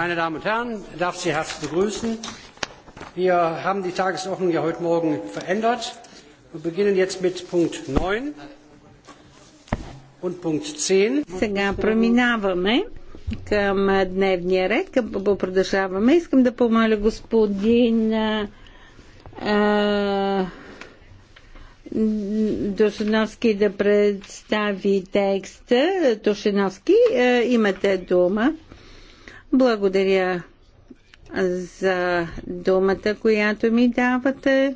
Meine Damen und Herren, ich darf Sie herzlich begrüßen. Wir haben die Tagesordnung ja heute Morgen verändert Wir beginnen jetzt mit Punkt 9 und Punkt 10. Сега преминаваме към дневния ред, към, продължаваме. Искам да помоля господин а, Душиновски да представи текста. Душиновски, имате дума. Благодаря за думата, която ми давате.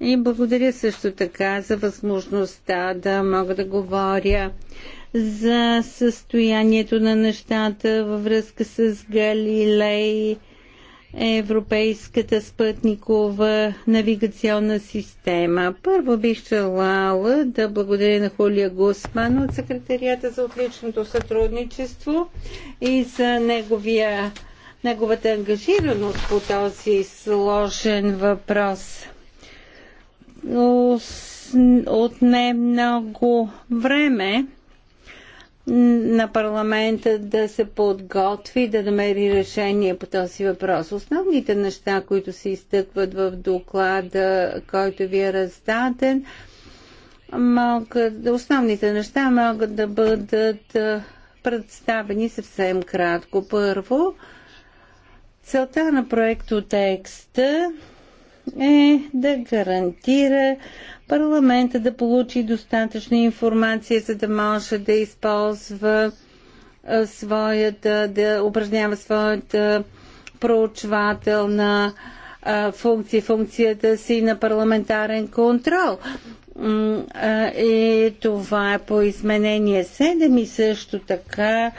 И благодаря също така за възможността да мога да говоря за състоянието на нещата във връзка с Галилей Европейската спътникова навигационна система. Първо бих желала да благодаря на Хулия Гусман от секретарията за отличното сътрудничество и за неговия, неговата ангажираност по този сложен въпрос. Отне много време на парламента да се подготви, да намери решение по този въпрос. Основните неща, които се изтъкват в доклада, който ви е раздаден, могат, основните неща могат да бъдат представени съвсем кратко. Първо, целта на проекто текста е да гарантира парламента да получи достатъчна информация, за да може да използва своята, да упражнява своята проучвателна функция, функцията си на парламентарен контрол и е, това е по изменение 7 и също така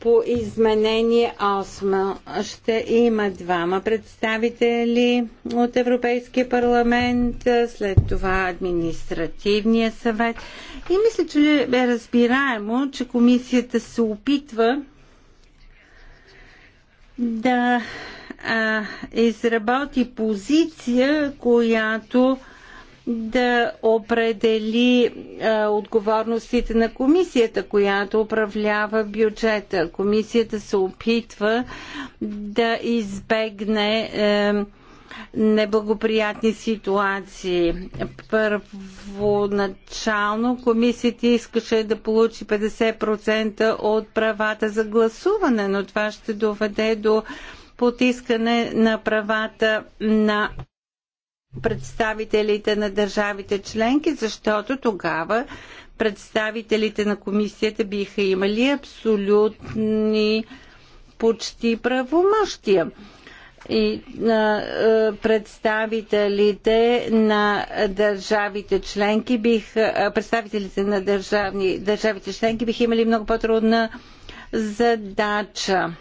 по изменение 8 ще има двама представители от Европейския парламент, след това административния съвет. И мисля, че е разбираемо, че комисията се опитва да а, изработи позиция, която да определи а, отговорностите на комисията, която управлява бюджета. Комисията се опитва да избегне а, е, неблагоприятни ситуации. Първоначално комисията искаше да получи 50% от правата за гласуване, но това ще доведе до потискане на правата на представителите на държавите членки, защото тогава представителите на комисията биха имали абсолютни почти правомощия. И а, представителите на държавите членки бих, представителите на държавни, държавите членки биха имали много по-трудна задача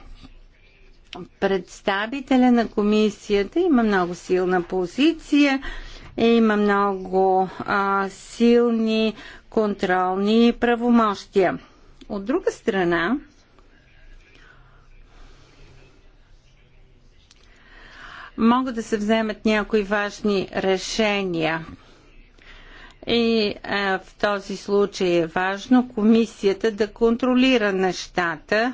представителя на комисията има много силна позиция, и има много а, силни контролни правомощия. От друга страна, могат да се вземат някои важни решения. И а, в този случай е важно комисията да контролира нещата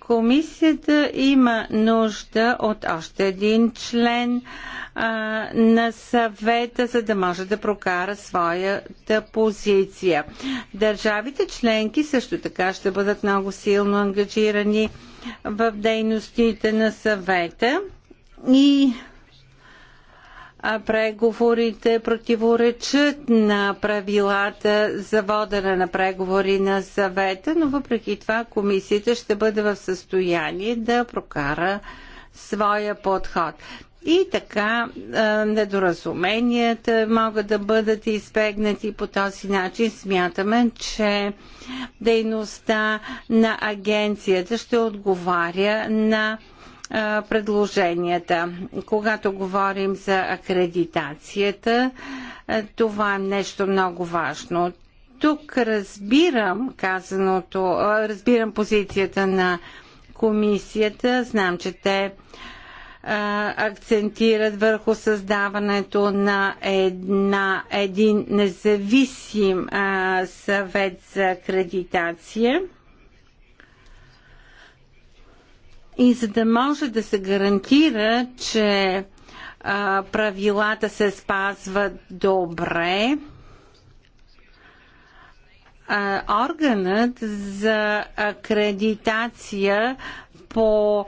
Комисията има нужда от още един член а, на съвета, за да може да прокара своята позиция. Държавите членки също така ще бъдат много силно ангажирани в дейностите на съвета и преговорите противоречат на правилата за водене на преговори на съвета, но въпреки това комисията ще бъде в състояние да прокара своя подход. И така недоразуменията могат да бъдат избегнати по този начин. Смятаме, че дейността на агенцията ще отговаря на предложенията. Когато говорим за акредитацията, това е нещо много важно. Тук разбирам казаното, разбирам позицията на комисията. Знам, че те акцентират върху създаването на една, един независим съвет за акредитация. И за да може да се гарантира, че а, правилата се спазват добре, а, органът за акредитация по, а,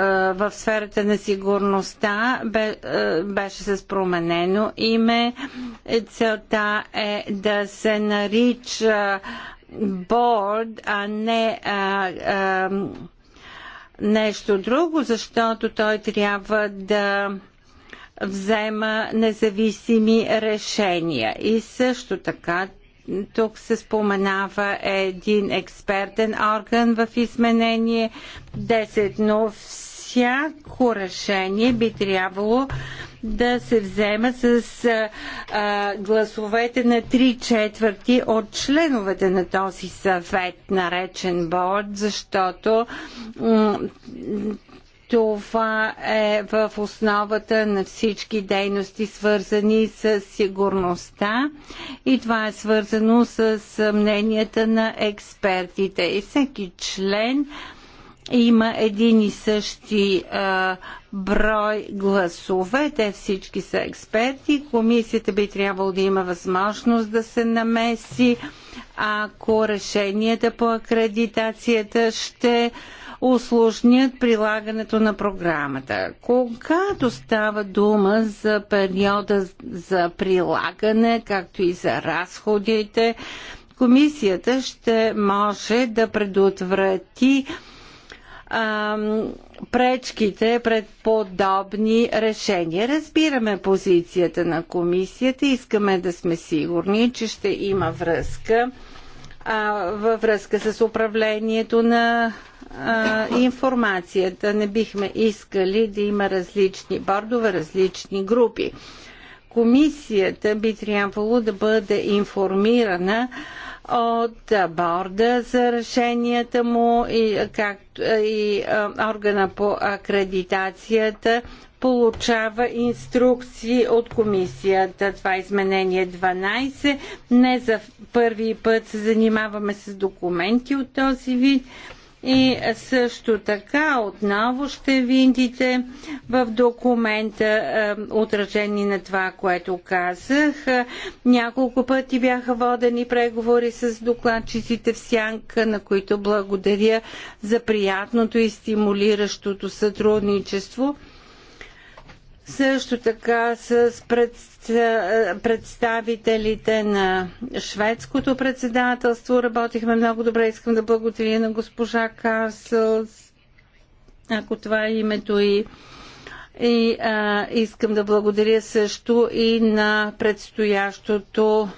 а, в сферата на сигурността бе, а, беше с променено име. Целта е да се нарича борд, а не а, а, нещо друго, защото той трябва да взема независими решения. И също така тук се споменава един експертен орган в изменение 10, но всяко решение би трябвало да се взема с а, гласовете на три четвърти от членовете на този съвет, наречен борд, защото това е в основата на всички дейности, свързани с сигурността и това е свързано с мненията на експертите. И всеки член има един и същи а, брой гласове, те всички са експерти, комисията би трябвало да има възможност да се намеси, ако решенията по акредитацията ще усложнят прилагането на програмата. Когато става дума за периода за прилагане, както и за разходите, комисията ще може да предотврати пречките пред подобни решения. Разбираме позицията на комисията, искаме да сме сигурни, че ще има връзка а, във връзка с управлението на а, информацията. Не бихме искали да има различни бордове, различни групи. Комисията би трябвало да бъде информирана от борда за решенията му и, как, и органа по акредитацията получава инструкции от комисията. Това е изменение 12. Не за първи път се занимаваме с документи от този вид. И също така отново ще видите в документа е, отражени на това, което казах. Няколко пъти бяха водени преговори с докладчиците в Сянка, на които благодаря за приятното и стимулиращото сътрудничество също така с представителите на шведското председателство. Работихме много добре. Искам да благодаря на госпожа Карселс, ако това е името и. И а, искам да благодаря също и на предстоящото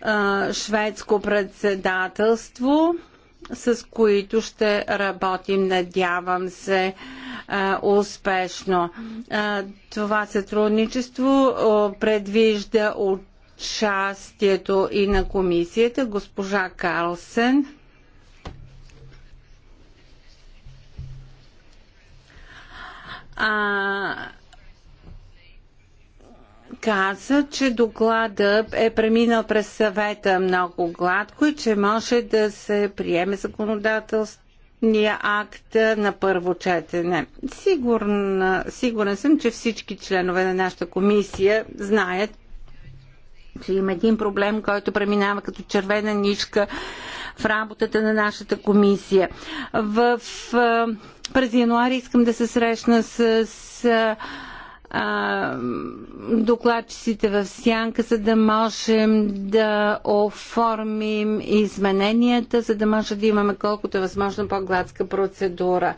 а, шведско председателство с които ще работим, надявам се, е, успешно. Е, това сътрудничество е, предвижда участието и на комисията госпожа Карлсен. А, каза, че докладът е преминал през съвета много гладко и че може да се приеме законодателния акт на първо четене. Сигурна, сигурен съм, че всички членове на нашата комисия знаят, че има един проблем, който преминава като червена нишка в работата на нашата комисия. В, през януари искам да се срещна с, с докладчиците в сянка, за да можем да оформим измененията, за да може да имаме колкото е възможно по-гладска процедура.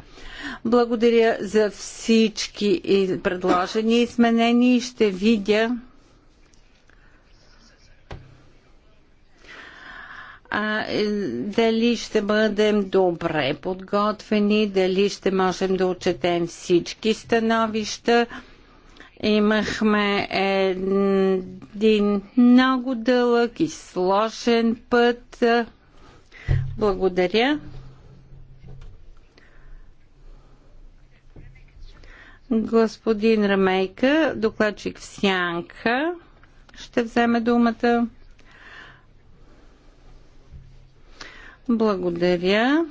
Благодаря за всички предложени изменения и ще видя а, е, дали ще бъдем добре подготвени, дали ще можем да отчетем всички становища. Имахме един много дълъг и сложен път. Благодаря. Господин Рамейка, докладчик в Сянка, ще вземе думата. Благодаря.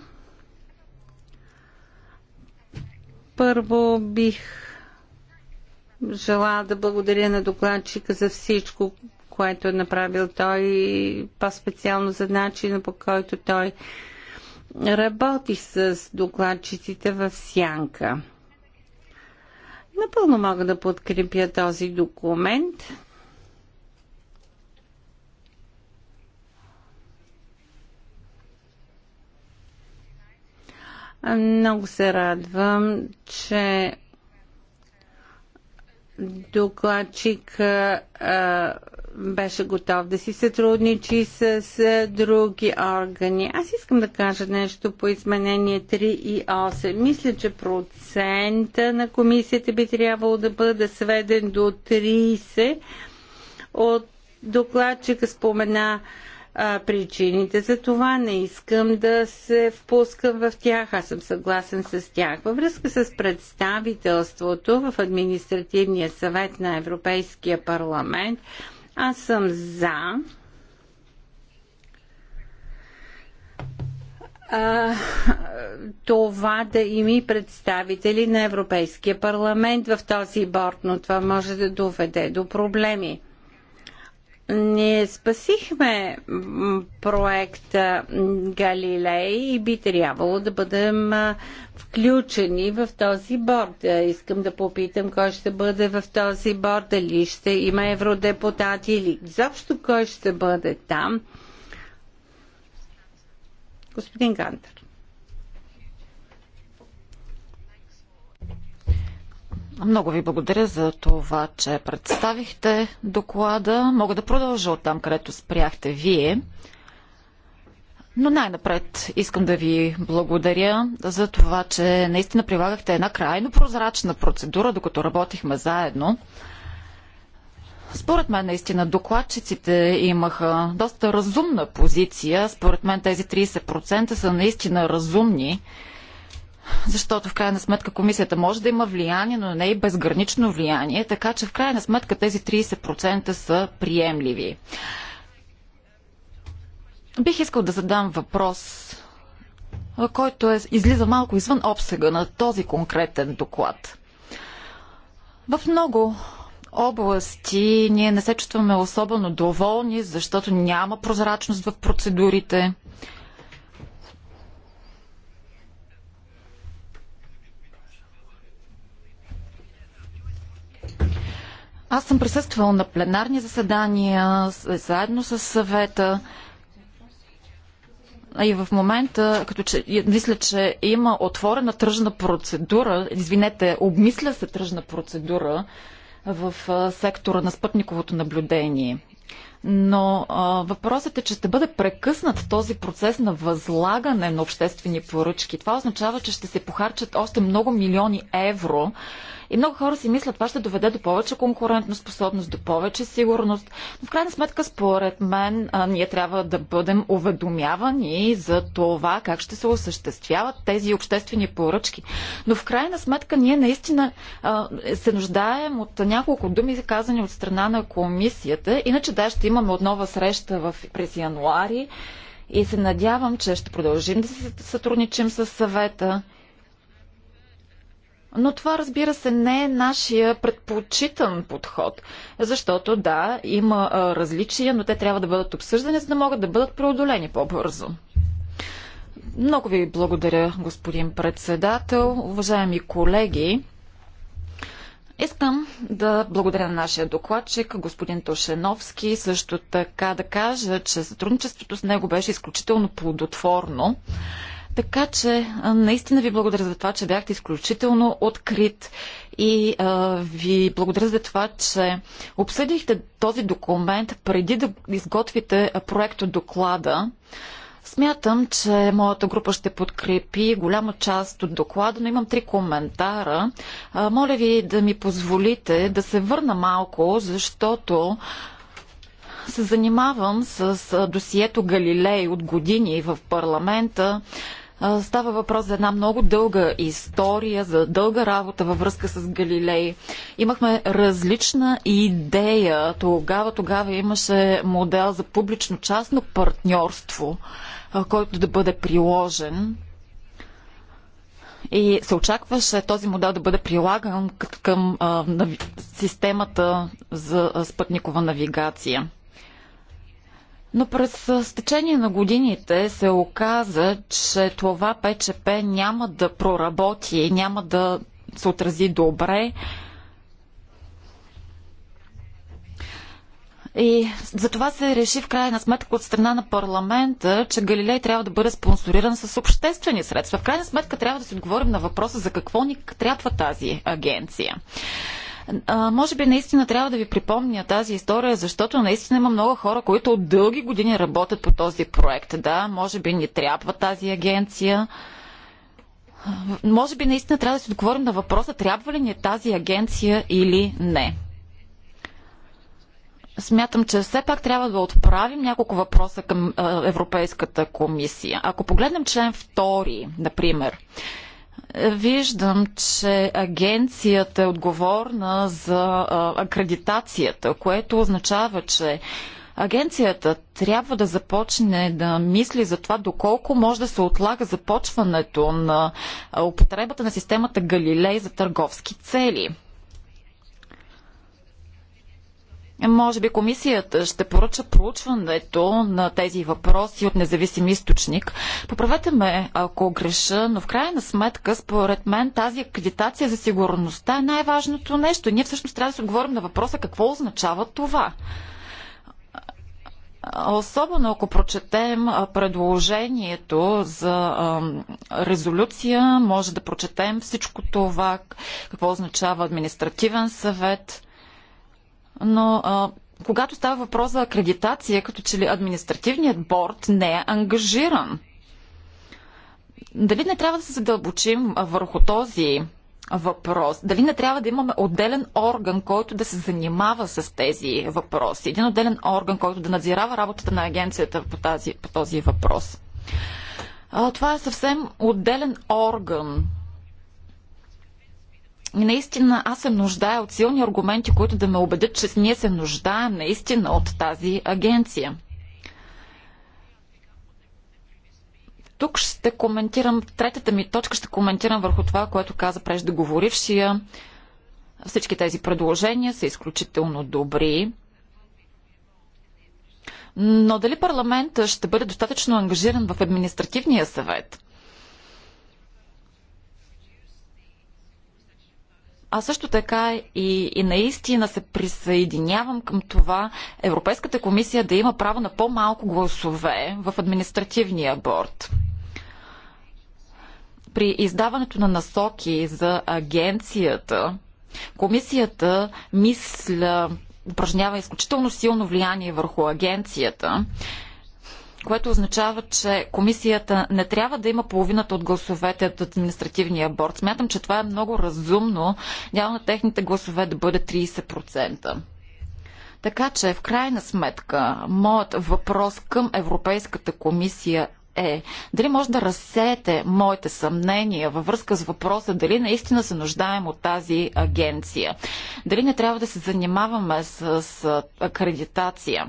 Първо бих желая да благодаря на докладчика за всичко, което е направил той по-специално за начина по който той работи с докладчиците в сянка. Напълно мога да подкрепя този документ. Много се радвам, че докладчик а, беше готов да си сътрудничи с, с други органи. Аз искам да кажа нещо по изменение 3 и 8. Мисля, че процента на комисията би трябвало да бъде сведен до 30. От докладчика спомена а, а, причините за това. Не искам да се впускам в тях. Аз съм съгласен с тях. Във връзка с представителството в Административния съвет на Европейския парламент, аз съм за това да има и представители на Европейския парламент в този борт, но това може да доведе до проблеми. Ние спасихме проекта Галилей и би трябвало да бъдем включени в този борд. Искам да попитам кой ще бъде в този борд, дали ще има евродепутати или защо кой ще бъде там. Господин Гантер. Много ви благодаря за това, че представихте доклада. Мога да продължа от там, където спряхте вие. Но най-напред искам да ви благодаря за това, че наистина прилагахте една крайно прозрачна процедура, докато работихме заедно. Според мен наистина докладчиците имаха доста разумна позиция. Според мен тези 30% са наистина разумни защото в крайна сметка комисията може да има влияние, но не и безгранично влияние, така че в крайна сметка тези 30% са приемливи. Бих искал да задам въпрос, който е, излиза малко извън обсега на този конкретен доклад. В много области ние не се чувстваме особено доволни, защото няма прозрачност в процедурите. Аз съм присъствал на пленарни заседания заедно с съвета. И в момента, като че, мисля, че има отворена тръжна процедура, извинете, обмисля се тръжна процедура в сектора на спътниковото наблюдение. Но а, въпросът е, че ще бъде прекъснат този процес на възлагане на обществени поръчки. Това означава, че ще се похарчат още много милиони евро, и много хора си мислят, това ще доведе до повече конкурентоспособност, до повече сигурност. Но в крайна сметка, според мен, а, ние трябва да бъдем уведомявани за това как ще се осъществяват тези обществени поръчки. Но в крайна сметка, ние наистина а, се нуждаем от няколко думи, казани от страна на комисията. Иначе, да, ще имаме отнова среща в, през януари и се надявам, че ще продължим да се сътрудничим с съвета но това, разбира се, не е нашия предпочитан подход, защото да, има а, различия, но те трябва да бъдат обсъждани, за да могат да бъдат преодолени по-бързо. Много ви благодаря, господин председател. Уважаеми колеги, Искам да благодаря на нашия докладчик, господин Тошеновски, също така да кажа, че сътрудничеството с него беше изключително плодотворно. Така че наистина ви благодаря за това, че бяхте изключително открит и а, ви благодаря за това, че обсъдихте този документ преди да изготвите проекто доклада. Смятам, че моята група ще подкрепи голяма част от доклада, но имам три коментара. А, моля ви да ми позволите да се върна малко, защото се занимавам с досието Галилей от години в парламента. Става въпрос за една много дълга история, за дълга работа във връзка с Галилей. Имахме различна идея. Тогава, тогава имаше модел за публично-частно партньорство, който да бъде приложен. И се очакваше този модел да бъде прилаган към а, нави... системата за спътникова навигация. Но през стечение на годините се оказа, че това ПЧП няма да проработи и няма да се отрази добре. И за това се реши в крайна сметка от страна на парламента, че Галилей трябва да бъде спонсориран с обществени средства. В крайна сметка трябва да си отговорим на въпроса за какво ни трябва тази агенция. А, може би наистина трябва да ви припомня тази история, защото наистина има много хора, които от дълги години работят по този проект. Да, може би ни трябва тази агенция. Може би наистина трябва да си отговорим на въпроса, трябва ли ни е тази агенция или не смятам, че все пак трябва да отправим няколко въпроса към Европейската комисия. Ако погледнем член 2, например, Виждам, че агенцията е отговорна за акредитацията, което означава, че агенцията трябва да започне да мисли за това доколко може да се отлага започването на употребата на системата Галилей за търговски цели. Може би комисията ще поръча проучването на тези въпроси от независим източник. Поправете ме, ако греша, но в крайна сметка, според мен, тази акредитация за сигурността е най-важното нещо. ние всъщност трябва да се отговорим на въпроса какво означава това. Особено ако прочетем предложението за резолюция, може да прочетем всичко това, какво означава административен съвет – но а, когато става въпрос за акредитация, като че ли административният борт не е ангажиран. Дали не трябва да се задълбочим върху този въпрос? Дали не трябва да имаме отделен орган, който да се занимава с тези въпроси? Един отделен орган, който да надзирава работата на агенцията по, тази, по този въпрос? А, това е съвсем отделен орган, наистина аз се нуждая от силни аргументи, които да ме убедят, че ние се нуждаем наистина от тази агенция. Тук ще коментирам, третата ми точка ще коментирам върху това, което каза преждеговорившия. Всички тези предложения са изключително добри. Но дали парламента ще бъде достатъчно ангажиран в административния съвет? а също така и, и наистина се присъединявам към това Европейската комисия да има право на по-малко гласове в административния борт. При издаването на насоки за агенцията, комисията мисля упражнява изключително силно влияние върху агенцията което означава, че комисията не трябва да има половината от гласовете от административния борт. Смятам, че това е много разумно. няма на техните гласове да бъде 30%. Така че, в крайна сметка, моят въпрос към Европейската комисия е дали може да разсеете моите съмнения във връзка с въпроса дали наистина се нуждаем от тази агенция. Дали не трябва да се занимаваме с, с акредитация.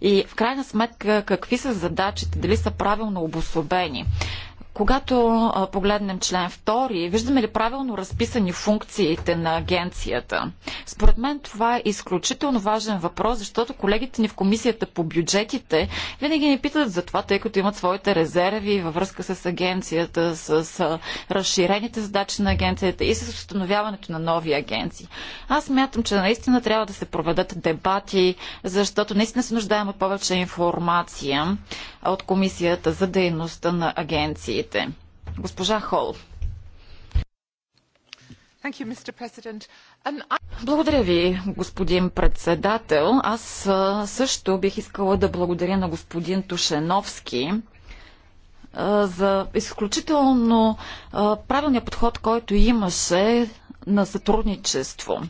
И в крайна сметка какви са задачите, дали са правилно обособени. Когато погледнем член 2, виждаме ли правилно разписани функциите на агенцията? Според мен това е изключително важен въпрос, защото колегите ни в комисията по бюджетите винаги ни питат за това, тъй като имат своите резерви във връзка с агенцията, с разширените задачи на агенцията и с установяването на нови агенции. Аз мятам, че наистина трябва да се проведат дебати, защото наистина се нуждаем от повече информация от комисията за дейността на агенции Госпожа Хол. Благодаря ви, господин председател. Аз също бих искала да благодаря на господин Тушеновски за изключително правилния подход, който имаше на сътрудничество.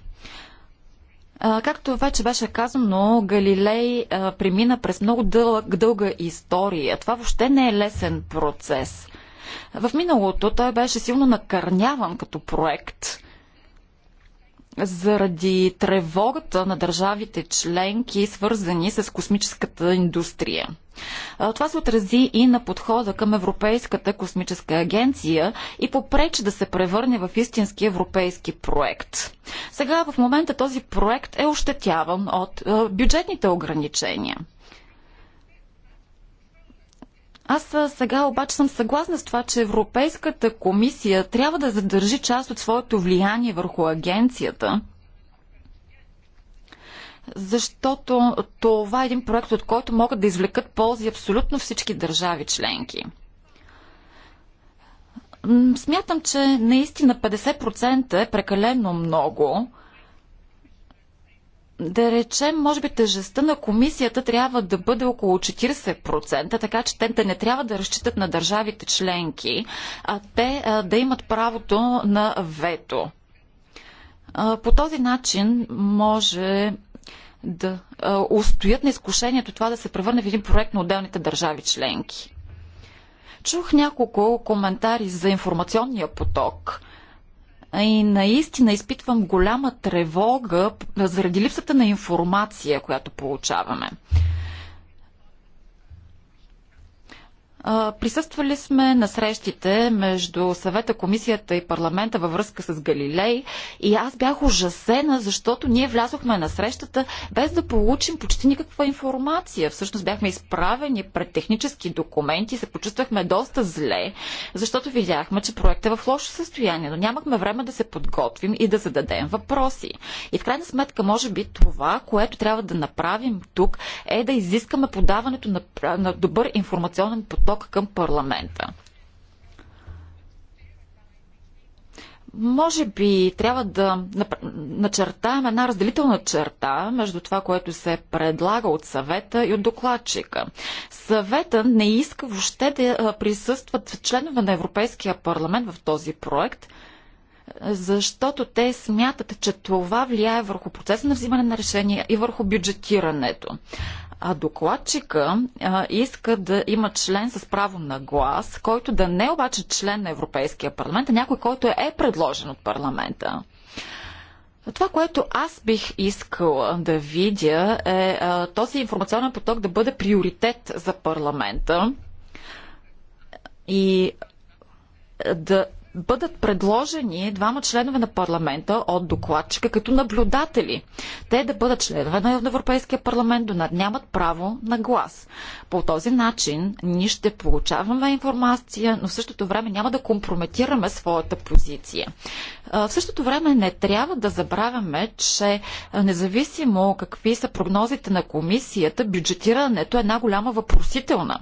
Както вече беше казано, Галилей премина през много дълга история. Това въобще не е лесен процес. В миналото той беше силно накърняван като проект заради тревогата на държавите членки, свързани с космическата индустрия. Това се отрази и на подхода към Европейската космическа агенция и попречи да се превърне в истински европейски проект. Сега в момента този проект е ощетяван от бюджетните ограничения. Аз сега обаче съм съгласна с това, че Европейската комисия трябва да задържи част от своето влияние върху агенцията, защото това е един проект, от който могат да извлекат ползи абсолютно всички държави членки. Смятам, че наистина 50% е прекалено много да речем, може би тежестта на комисията трябва да бъде около 40%, така че те да не трябва да разчитат на държавите членки, а те а, да имат правото на вето. А, по този начин може да а, устоят на изкушението това да се превърне в един проект на отделните държави членки. Чух няколко коментари за информационния поток – и наистина изпитвам голяма тревога заради липсата на информация, която получаваме. Присъствали сме на срещите между съвета, комисията и парламента във връзка с Галилей и аз бях ужасена, защото ние влязохме на срещата без да получим почти никаква информация. Всъщност бяхме изправени пред технически документи, се почувствахме доста зле, защото видяхме, че проектът е в лошо състояние, но нямахме време да се подготвим и да зададем въпроси. И в крайна сметка, може би това, което трябва да направим тук, е да изискаме подаването на, на добър информационен поток насока към парламента. Може би трябва да начертаем една разделителна черта между това, което се предлага от съвета и от докладчика. Съвета не иска въобще да присъстват членове на Европейския парламент в този проект, защото те смятат, че това влияе върху процеса на взимане на решения и върху бюджетирането. А докладчика а, иска да има член с право на глас, който да не е обаче член на Европейския парламент, а някой, който е предложен от парламента. Това, което аз бих искала да видя е а, този информационен поток да бъде приоритет за парламента и да бъдат предложени двама членове на парламента от докладчика като наблюдатели. Те да бъдат членове на Европейския парламент, но нямат право на глас. По този начин ние ще получаваме информация, но в същото време няма да компрометираме своята позиция. В същото време не трябва да забравяме, че независимо какви са прогнозите на комисията, бюджетирането е една голяма въпросителна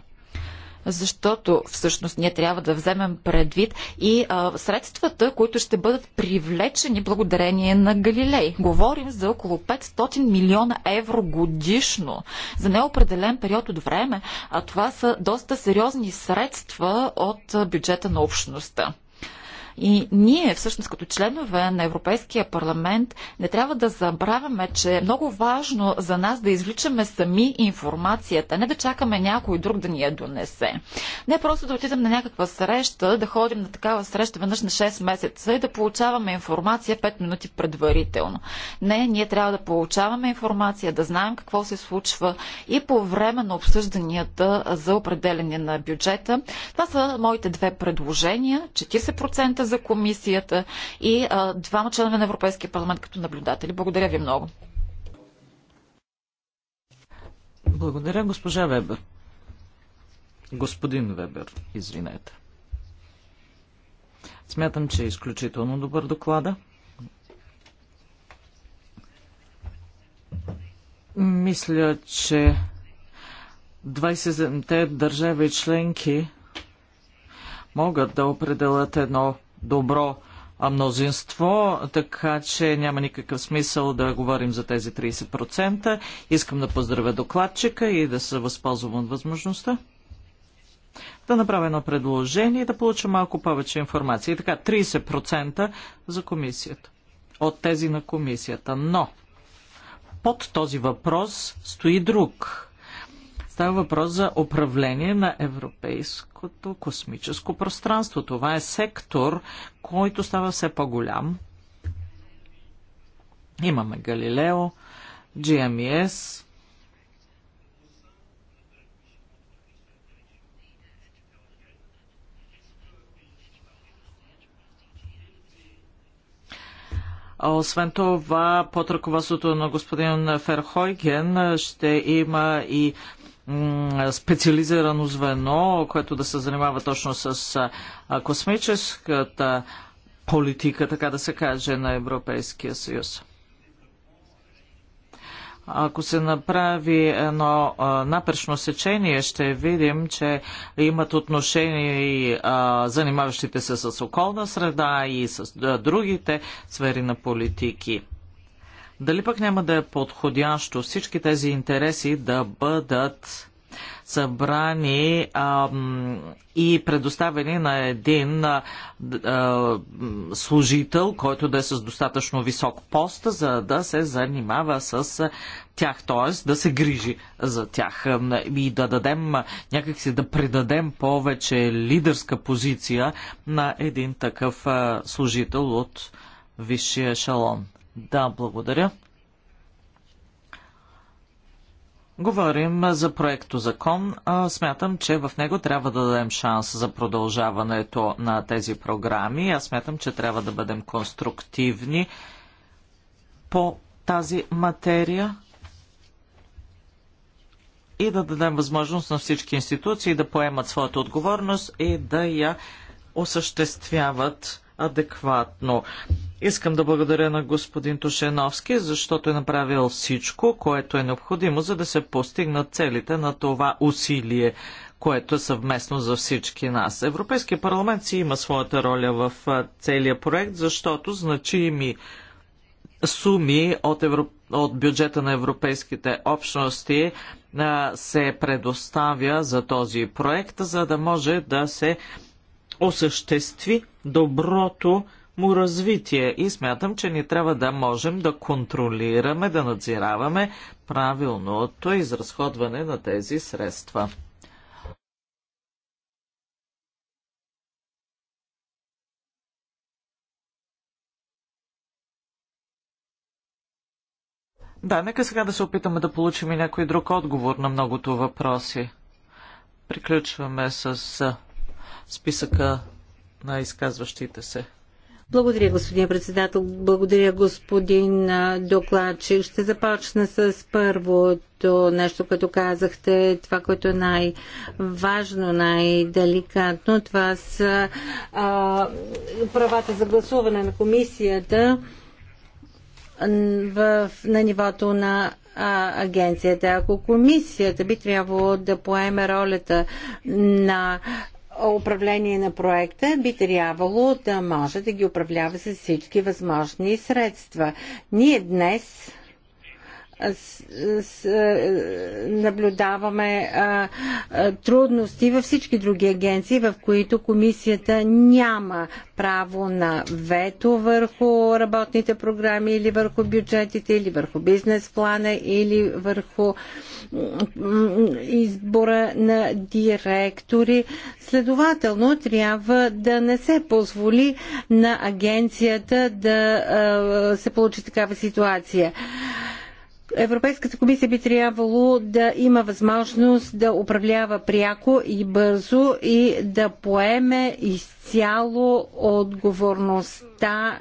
защото всъщност ние трябва да вземем предвид и а, средствата, които ще бъдат привлечени благодарение на Галилей. Говорим за около 500 милиона евро годишно за неопределен период от време, а това са доста сериозни средства от бюджета на общността. И ние, всъщност, като членове на Европейския парламент, не трябва да забравяме, че е много важно за нас да извличаме сами информацията, не да чакаме някой друг да ни я донесе. Не просто да отидем на някаква среща, да ходим на такава среща веднъж на 6 месеца и да получаваме информация 5 минути предварително. Не, ние трябва да получаваме информация, да знаем какво се случва и по време на обсъжданията за определение на бюджета. Това са моите две предложения. 40% за комисията и двама членове на Европейския парламент като наблюдатели. Благодаря ви много. Благодаря, госпожа Вебер. Господин Вебер, извинете. Смятам, че е изключително добър доклада. Мисля, че 27-те държави членки могат да определят едно добро мнозинство, така че няма никакъв смисъл да говорим за тези 30%. Искам да поздравя докладчика и да се възползвам от възможността да направя едно предложение и да получа малко повече информация. И така, 30% за комисията. От тези на комисията. Но под този въпрос стои друг. Става въпрос за управление на европейско европейското космическо пространство. Това е сектор, който става все по-голям. Имаме Галилео, GMES, Освен това, под ръководството на господин Ферхойген ще има и специализирано звено, което да се занимава точно с космическата политика, така да се каже, на Европейския съюз. Ако се направи едно напречно сечение, ще видим, че имат отношение и а, занимаващите се с околна среда и с а, другите сфери на политики. Дали пък няма да е подходящо всички тези интереси да бъдат събрани а, и предоставени на един а, а, служител, който да е с достатъчно висок пост, за да се занимава с тях, т.е. да се грижи за тях и да дадем някакси да предадем повече лидерска позиция на един такъв служител от висшия шалон. Да, благодаря. Говорим за проекто закон. Смятам, че в него трябва да дадем шанс за продължаването на тези програми. Аз смятам, че трябва да бъдем конструктивни по тази материя и да дадем възможност на всички институции да поемат своята отговорност и да я осъществяват адекватно. Искам да благодаря на господин Тушеновски, защото е направил всичко, което е необходимо, за да се постигнат целите на това усилие, което е съвместно за всички нас. Европейския парламент си има своята роля в целия проект, защото значими суми от, евро... от бюджета на европейските общности се предоставя за този проект, за да може да се осъществи доброто му развитие и смятам, че ни трябва да можем да контролираме, да надзираваме правилното изразходване на тези средства. Да, нека сега да се опитаме да получим и някой друг отговор на многото въпроси. Приключваме с списъка на изказващите се. Благодаря, господин председател. Благодаря, господин докладчик. Ще започна с първото нещо, като казахте, това, което е най-важно, най-деликатно. Това са а, правата за гласуване на комисията в, на нивото на а, агенцията. Ако комисията би трябвало да поеме ролята на управление на проекта би трябвало да може да ги управлява с всички възможни средства. Ние днес с, с, е, наблюдаваме а, а, трудности във всички други агенции, в които комисията няма право на вето върху работните програми или върху бюджетите, или върху бизнес плана, или върху избора на директори. Следователно, трябва да не се позволи на агенцията да а, се получи такава ситуация. Европейската комисия би трябвало да има възможност да управлява пряко и бързо и да поеме изцяло отговорността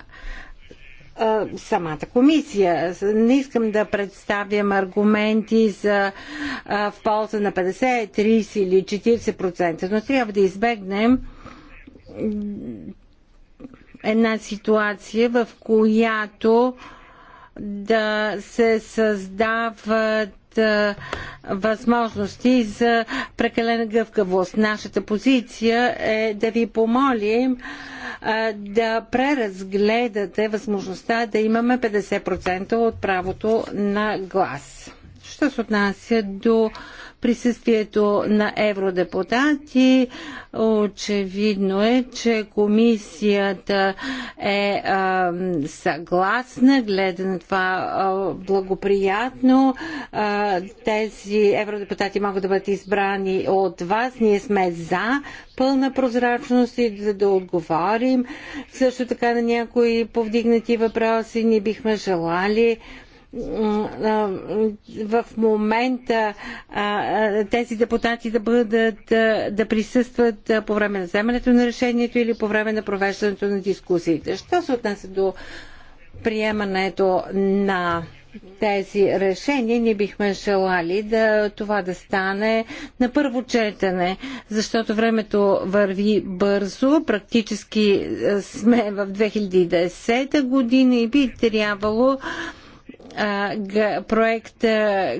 самата комисия. Не искам да представям аргументи за а, в полза на 50, 30 или 40%, но трябва да избегнем една ситуация, в която а, да се създават възможности за прекалена гъвкавост. Нашата позиция е да ви помолим да преразгледате възможността да имаме 50% от правото на глас. Що се отнася до присъствието на евродепутати. Очевидно е, че комисията е а, съгласна, гледа на това а, благоприятно. А, тези евродепутати могат да бъдат избрани от вас. Ние сме за пълна прозрачност и за да отговорим също така на някои повдигнати въпроси. ни бихме желали в момента тези депутати да бъдат да присъстват по време на вземането на решението или по време на провеждането на дискусиите. Що се отнася до приемането на тези решения, ние бихме желали да това да стане на първо четене, защото времето върви бързо, практически сме в 2010 година и би трябвало проект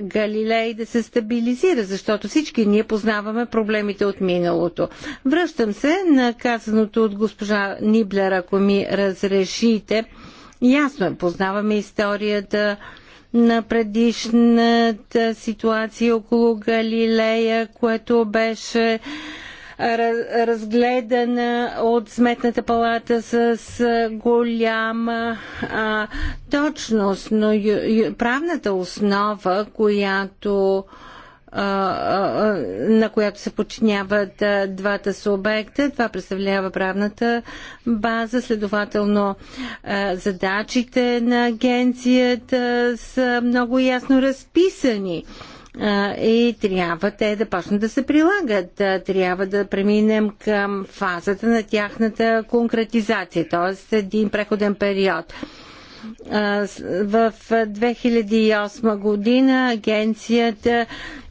Галилей да се стабилизира, защото всички ние познаваме проблемите от миналото. Връщам се на казаното от госпожа Ниблер, ако ми разрешите. Ясно е, познаваме историята на предишната ситуация около Галилея, което беше разгледана от Сметната палата с голяма а, точност, но ю, ю, правната основа, която на която се подчиняват двата субекта. Това представлява правната база. Следователно, задачите на агенцията са много ясно разписани и трябва те да почнат да се прилагат. Трябва да преминем към фазата на тяхната конкретизация, т.е. един преходен период. В 2008 година агенцията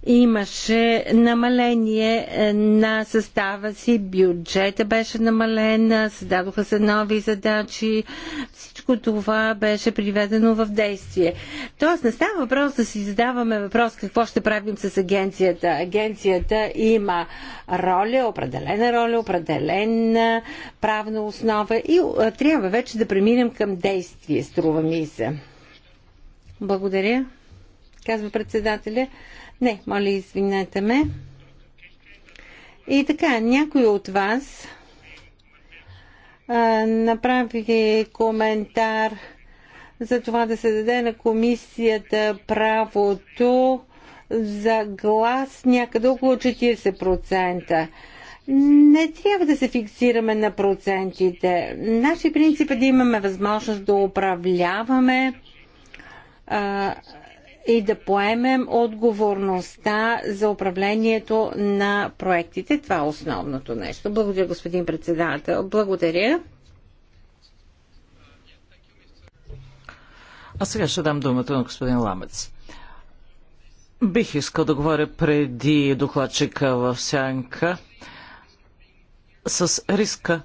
имаше намаление е, на състава си, бюджета беше намален, е, създадоха се нови задачи, всичко това беше приведено в действие. Тоест не става въпрос да си задаваме въпрос какво ще правим с агенцията. Агенцията има роля, определена роля, определена правна основа и е, трябва вече да преминем към действие, струва ми се. Благодаря казва председателя. Не, моля, извинете ме. И така, някой от вас а, направи коментар за това да се даде на комисията правото за глас някъде около 40%. Не трябва да се фиксираме на процентите. Наши принцип е да имаме възможност да управляваме а, и да поемем отговорността за управлението на проектите. Това е основното нещо. Благодаря, господин председател. Благодаря. А сега ще дам думата на господин Ламец. Бих искал да говоря преди докладчика в сянка с риска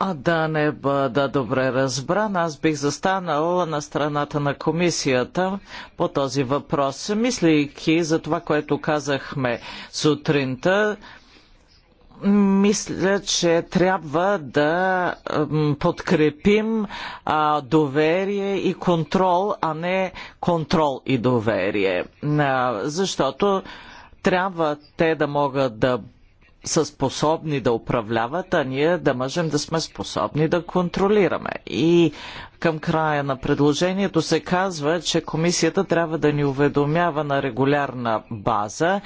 а да не бъда добре разбран, аз бих застанала на страната на комисията по този въпрос, мислейки за това, което казахме сутринта. Мисля, че трябва да подкрепим доверие и контрол, а не контрол и доверие. защото трябва те да могат да са способни да управляват, а ние да можем да сме способни да контролираме. И към края на предложението се казва, че комисията трябва да ни уведомява на регулярна база,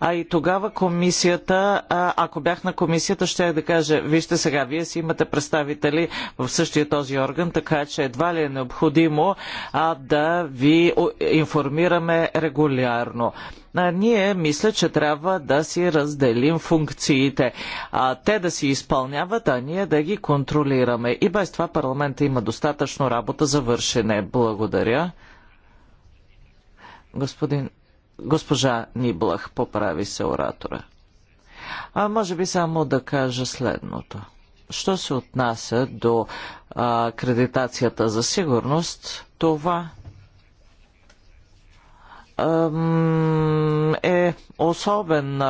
а и тогава комисията, ако бях на комисията, ще я да кажа, вижте сега, вие си имате представители в същия този орган, така че едва ли е необходимо а, да ви информираме регулярно. А, ние мисля, че трябва да си разделим функциите. А, те да си изпълняват, а ние да ги контролираме. И без това парламента има достатъчно достатъчно работа за вършене. Благодаря. Господин, госпожа Ниблах поправи се оратора. А може би само да кажа следното. Що се отнася до акредитацията за сигурност, това е особен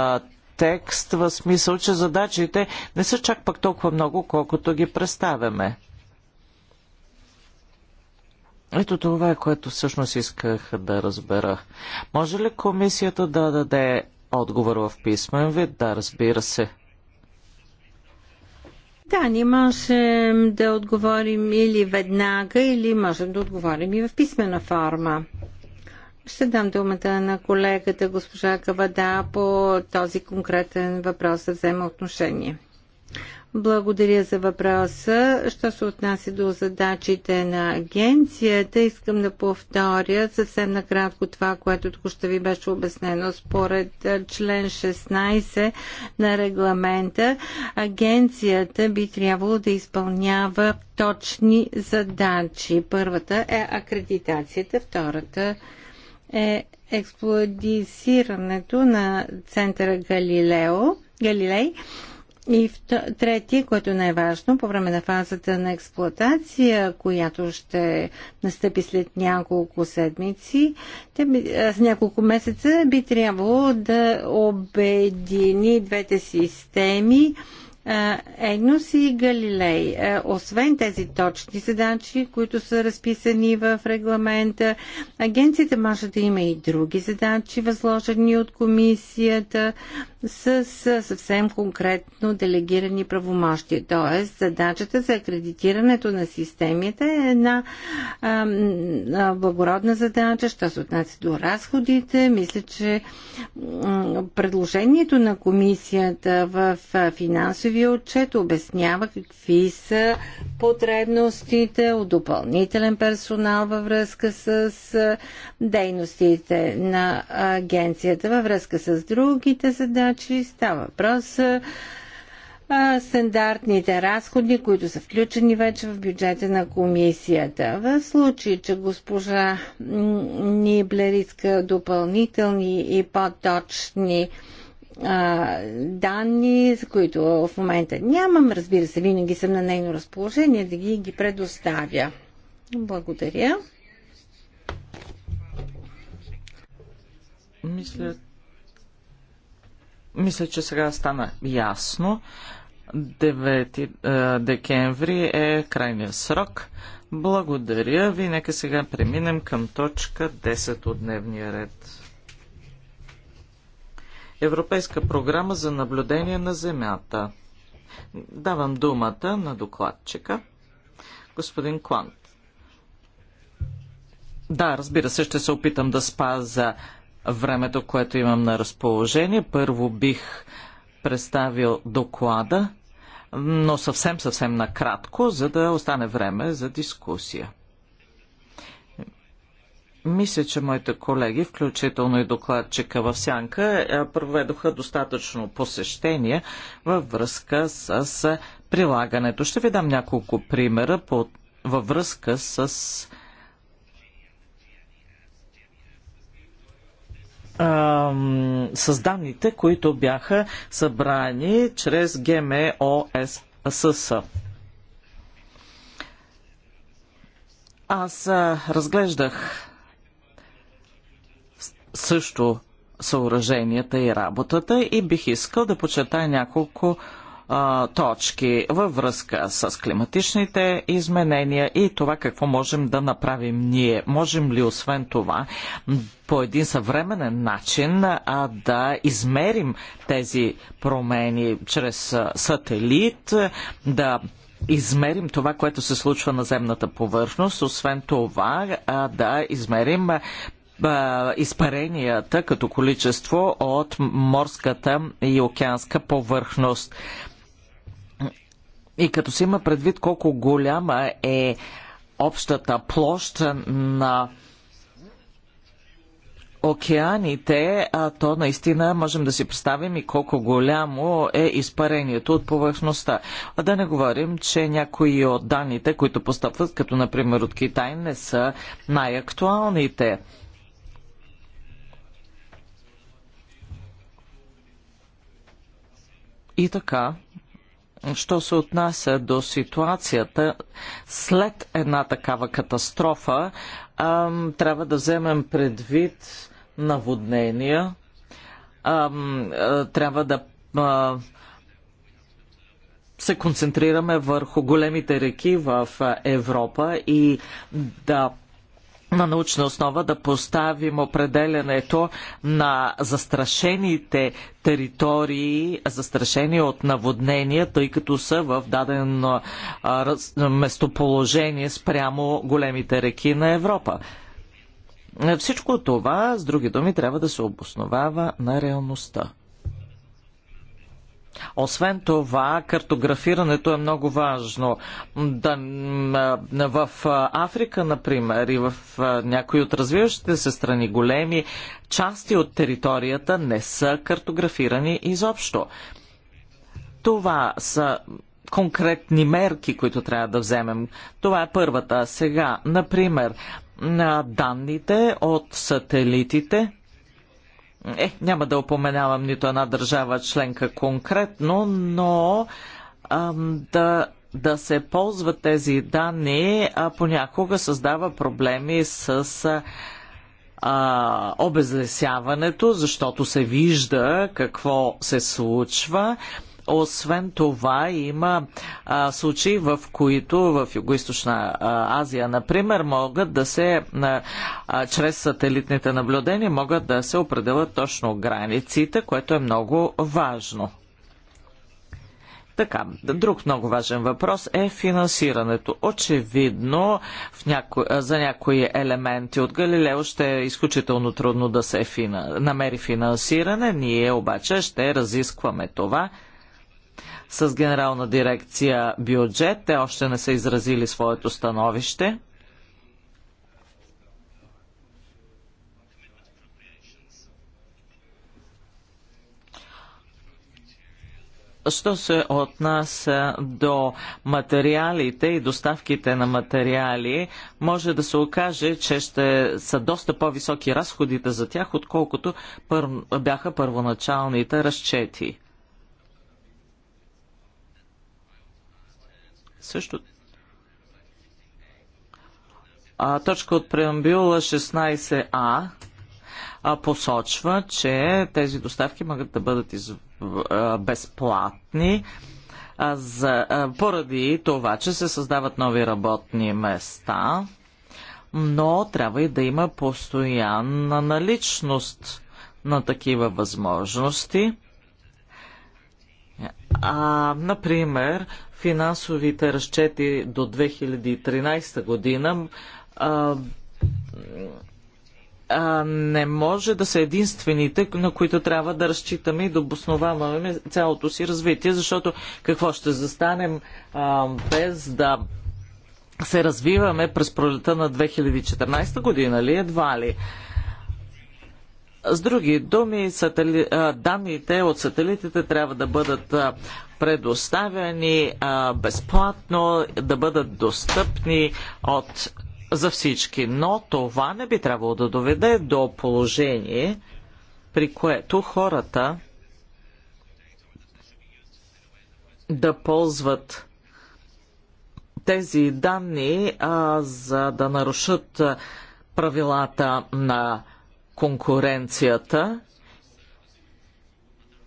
текст в смисъл, че задачите не са чак пък толкова много, колкото ги представяме. Ето това е, което всъщност исках да разбера. Може ли комисията да даде отговор в писмен вид? Да, разбира се. Да, ние можем да отговорим или веднага, или можем да отговорим и в писмена форма. Ще дам думата на колегата госпожа Кавада по този конкретен въпрос да взема отношение. Благодаря за въпроса. Що се отнася до задачите на агенцията, искам да повторя съвсем накратко това, което току-що ви беше обяснено. Според член 16 на регламента, агенцията би трябвало да изпълнява точни задачи. Първата е акредитацията, втората е експлодисирането на центъра Галилео, Галилей и трети, което не е важно, по време на фазата на експлоатация, която ще настъпи след няколко седмици, те би, с няколко месеца би трябвало да обедини двете системи Енус и Галилей. Освен тези точни задачи, които са разписани в регламента, агенцията може да има и други задачи, възложени от комисията с съвсем конкретно делегирани правомощия. Тоест, задачата за акредитирането на системите е една а, а, благородна задача, що се отнася до разходите. Мисля, че предложението на комисията в финансови първия отчет обяснява какви са потребностите от допълнителен персонал във връзка с дейностите на агенцията. Във връзка с другите задачи става въпрос стандартните разходи, които са включени вече в бюджета на комисията. В случай, че госпожа Ниблер иска допълнителни и по-точни а, данни, за които в момента нямам. Разбира се, винаги съм на нейно разположение да ги, ги предоставя. Благодаря. Мисля, мисля, че сега стана ясно. 9 декември е крайния срок. Благодаря ви. Нека сега преминем към точка 10 от дневния ред. Европейска програма за наблюдение на Земята. Давам думата на докладчика, господин Клант. Да, разбира се, ще се опитам да спаза времето, което имам на разположение. Първо бих представил доклада, но съвсем, съвсем накратко, за да остане време за дискусия. Мисля, че моите колеги, включително и докладчика в Сянка, е, проведоха достатъчно посещения във връзка с прилагането. Ще ви дам няколко примера по, във връзка с с данните, които бяха събрани чрез ГМОСС. Аз разглеждах също съоръженията и работата и бих искал да почетая няколко а, точки във връзка с климатичните изменения и това какво можем да направим ние. Можем ли освен това по един съвременен начин а, да измерим тези промени чрез сателит, да измерим това, което се случва на земната повърхност, освен това а, да измерим изпаренията като количество от морската и океанска повърхност. И като се има предвид колко голяма е общата площ на океаните, а то наистина можем да си представим и колко голямо е изпарението от повърхността. А да не говорим, че някои от данните, които постъпват, като например от Китай, не са най-актуалните. И така, що се отнася до ситуацията след една такава катастрофа, ам, трябва да вземем предвид наводнения, ам, а, трябва да а, се концентрираме върху големите реки в Европа и да на научна основа да поставим определенето на застрашените територии, застрашени от наводнения, тъй като са в дадено местоположение спрямо големите реки на Европа. Всичко това, с други думи, трябва да се обосновава на реалността. Освен това, картографирането е много важно. Да, в Африка, например, и в някои от развиващите се страни големи части от територията не са картографирани изобщо. Това са конкретни мерки, които трябва да вземем. Това е първата. Сега, например, данните от сателитите е, няма да упоменавам нито една държава членка конкретно, но ам, да да се ползват тези данни а, понякога създава проблеми с а, обезлесяването, защото се вижда какво се случва. Освен това, има а, случаи, в които в Юго-Источна Азия, например, могат да се, а, а, чрез сателитните наблюдения, могат да се определят точно границите, което е много важно. Така, друг много важен въпрос е финансирането. Очевидно, в няко... за някои елементи от Галилео ще е изключително трудно да се фина... намери финансиране. Ние обаче ще разискваме това с Генерална дирекция бюджет. Те още не са изразили своето становище. Що се отнася до материалите и доставките на материали, може да се окаже, че ще са доста по-високи разходите за тях, отколкото бяха първоначалните разчети. Също а, точка от преамбюла 16а а, посочва, че тези доставки могат да бъдат из, а, безплатни а, за, а, поради това, че се създават нови работни места, но трябва и да има постоянна наличност на такива възможности. А, например, финансовите разчети до 2013 година а, а, не може да са единствените, на които трябва да разчитаме и да обосноваваме цялото си развитие, защото какво ще застанем а, без да се развиваме през пролета на 2014 година ли, едва ли. С други думи, сатали... данните от сателитите трябва да бъдат предоставени безплатно, да бъдат достъпни от... за всички. Но това не би трябвало да доведе до положение, при което хората да ползват тези данни, а, за да нарушат правилата на конкуренцията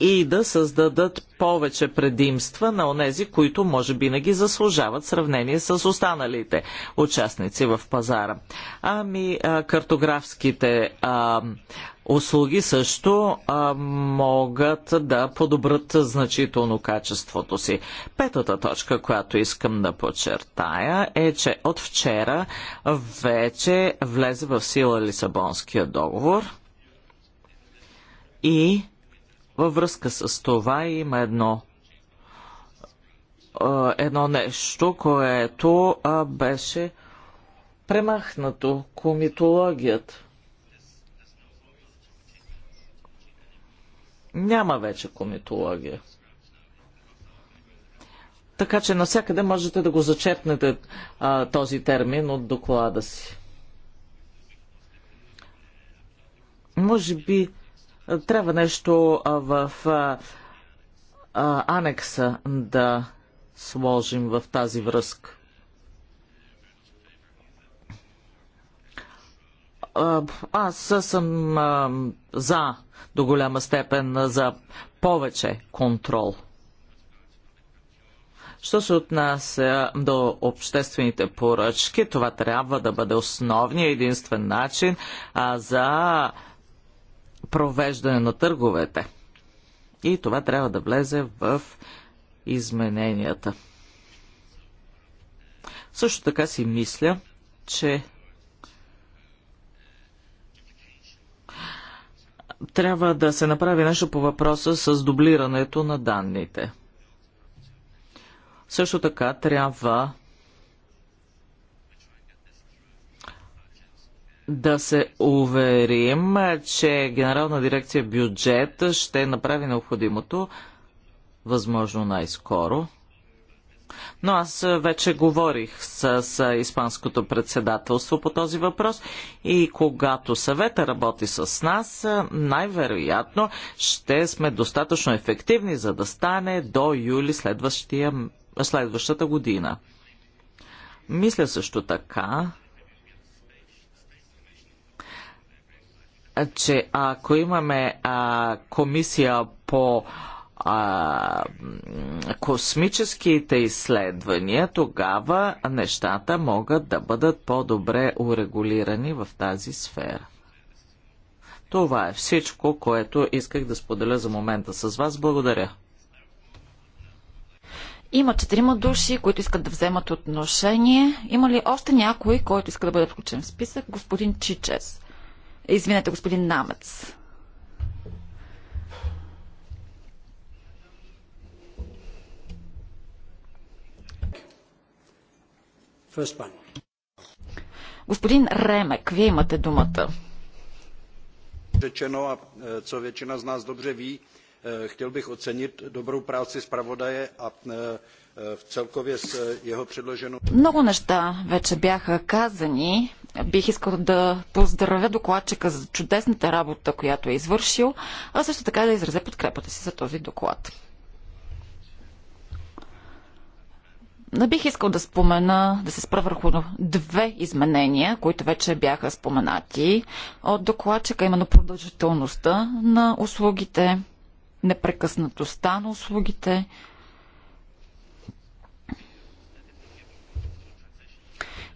и да създадат повече предимства на онези, които може би не ги заслужават в сравнение с останалите участници в пазара. Ами картографските а, услуги също а, могат да подобрат значително качеството си. Петата точка, която искам да подчертая е, че от вчера вече влезе в сила Лисабонския договор и във връзка с това има едно едно нещо, което беше премахнато комитологията. Няма вече комитология. Така че навсякъде можете да го зачепнете а, този термин от доклада си. Може би трябва нещо в анекса да сложим в тази връзка. аз съм а, за до голяма степен за повече контрол. Що се отнася до обществените поръчки, това трябва да бъде основният единствен начин а, за провеждане на търговете. И това трябва да влезе в измененията. Също така си мисля, че трябва да се направи нещо по въпроса с дублирането на данните. Също така трябва да се уверим, че Генерална дирекция бюджет ще направи необходимото, възможно най-скоро. Но аз вече говорих с, с Испанското председателство по този въпрос и когато съвета работи с нас, най-вероятно ще сме достатъчно ефективни, за да стане до юли следващата година. Мисля също така, че ако имаме а, комисия по а, космическите изследвания, тогава нещата могат да бъдат по-добре урегулирани в тази сфера. Това е всичко, което исках да споделя за момента с вас. Благодаря. Има четирима души, които искат да вземат отношение. Има ли още някой, който иска да бъде включен в списък? Господин Чичес. Извинете, господин Намец. Господин Ремек, вие имате думата. Řečeno a co většina z nás dobře ví, chtěl bych ocenit dobrou práci zpravodaje a Eh, Много неща вече бяха казани. Бих искал да поздравя докладчика за чудесната работа, която е извършил, а също така да изразя подкрепата си за този доклад. Не бих искал да спомена, да се спра върху две изменения, които вече бяха споменати от докладчика, именно продължителността на услугите, непрекъснатостта на услугите –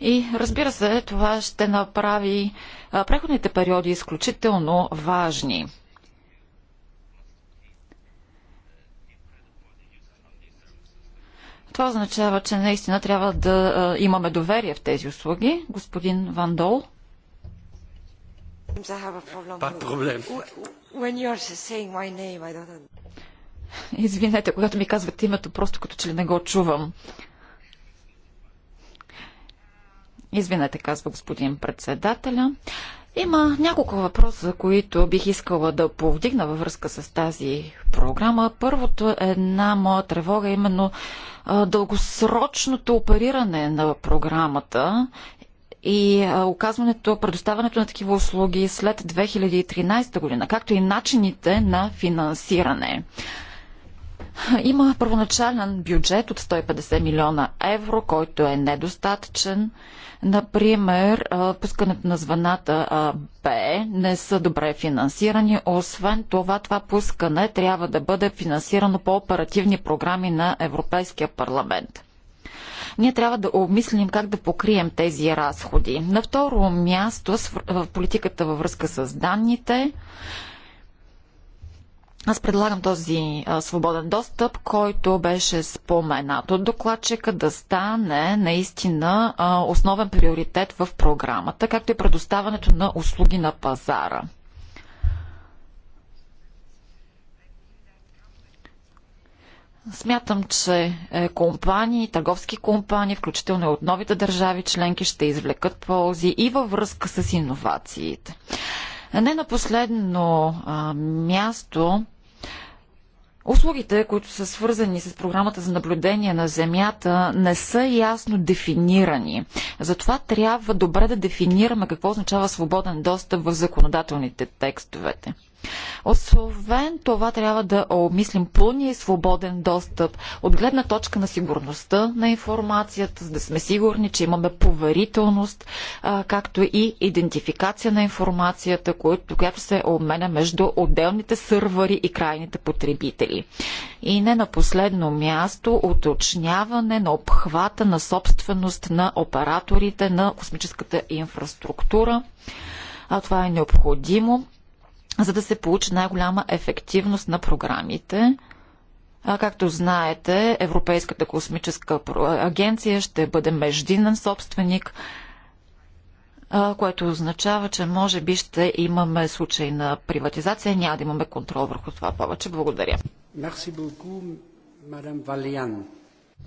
И разбира се, това ще направи преходните периоди изключително важни. Това означава, че наистина трябва да имаме доверие в тези услуги. Господин Ван Дол. Пак проблем. Извинете, когато ми казвате името, просто като че ли не го чувам. Извинете, казва господин председателя. Има няколко въпроса, които бих искала да повдигна във връзка с тази програма. Първото е една моя тревога, именно дългосрочното опериране на програмата и оказването, предоставянето на такива услуги след 2013 година, както и начините на финансиране. Има първоначален бюджет от 150 милиона евро, който е недостатъчен. Например, пускането на звената Б не са добре финансирани. Освен това, това пускане трябва да бъде финансирано по оперативни програми на Европейския парламент ние трябва да обмислим как да покрием тези разходи. На второ място в политиката във връзка с данните аз предлагам този а, свободен достъп, който беше споменат от докладчика, да стане наистина а, основен приоритет в програмата, както и предоставането на услуги на пазара. Смятам, че е, компании, търговски компании, включително и от новите държави членки, ще извлекат ползи и във връзка с иновациите. Не на последно а, място Услугите, които са свързани с програмата за наблюдение на Земята, не са ясно дефинирани. Затова трябва добре да дефинираме какво означава свободен достъп в законодателните текстовете. Освен това, трябва да обмислим пълния и свободен достъп от гледна точка на сигурността на информацията, за да сме сигурни, че имаме поверителност, както и идентификация на информацията, която се обменя между отделните сървъри и крайните потребители. И не на последно място, уточняване на обхвата на собственост на операторите на космическата инфраструктура. А това е необходимо за да се получи най-голяма ефективност на програмите. А, както знаете, Европейската космическа агенция ще бъде междинен собственик, а, което означава, че може би ще имаме случай на приватизация. Няма да имаме контрол върху това повече. Благодаря. Merci beaucoup,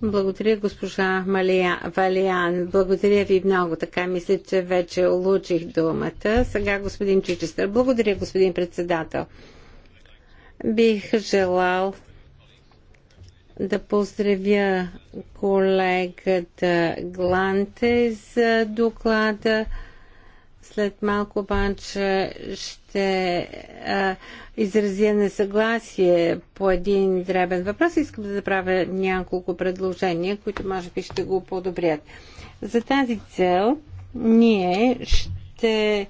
благодаря, госпожа Малия, Валиан. Благодаря ви много. Така мисля, че вече улучих думата. Сега господин Чичестър. Благодаря, господин председател. Бих желал да поздравя колегата Гланте за доклада. След малко обаче ще а, изразя несъгласие по един дребен въпрос. Искам да направя няколко предложения, които може би ще го подобрят. За тази цел ние ще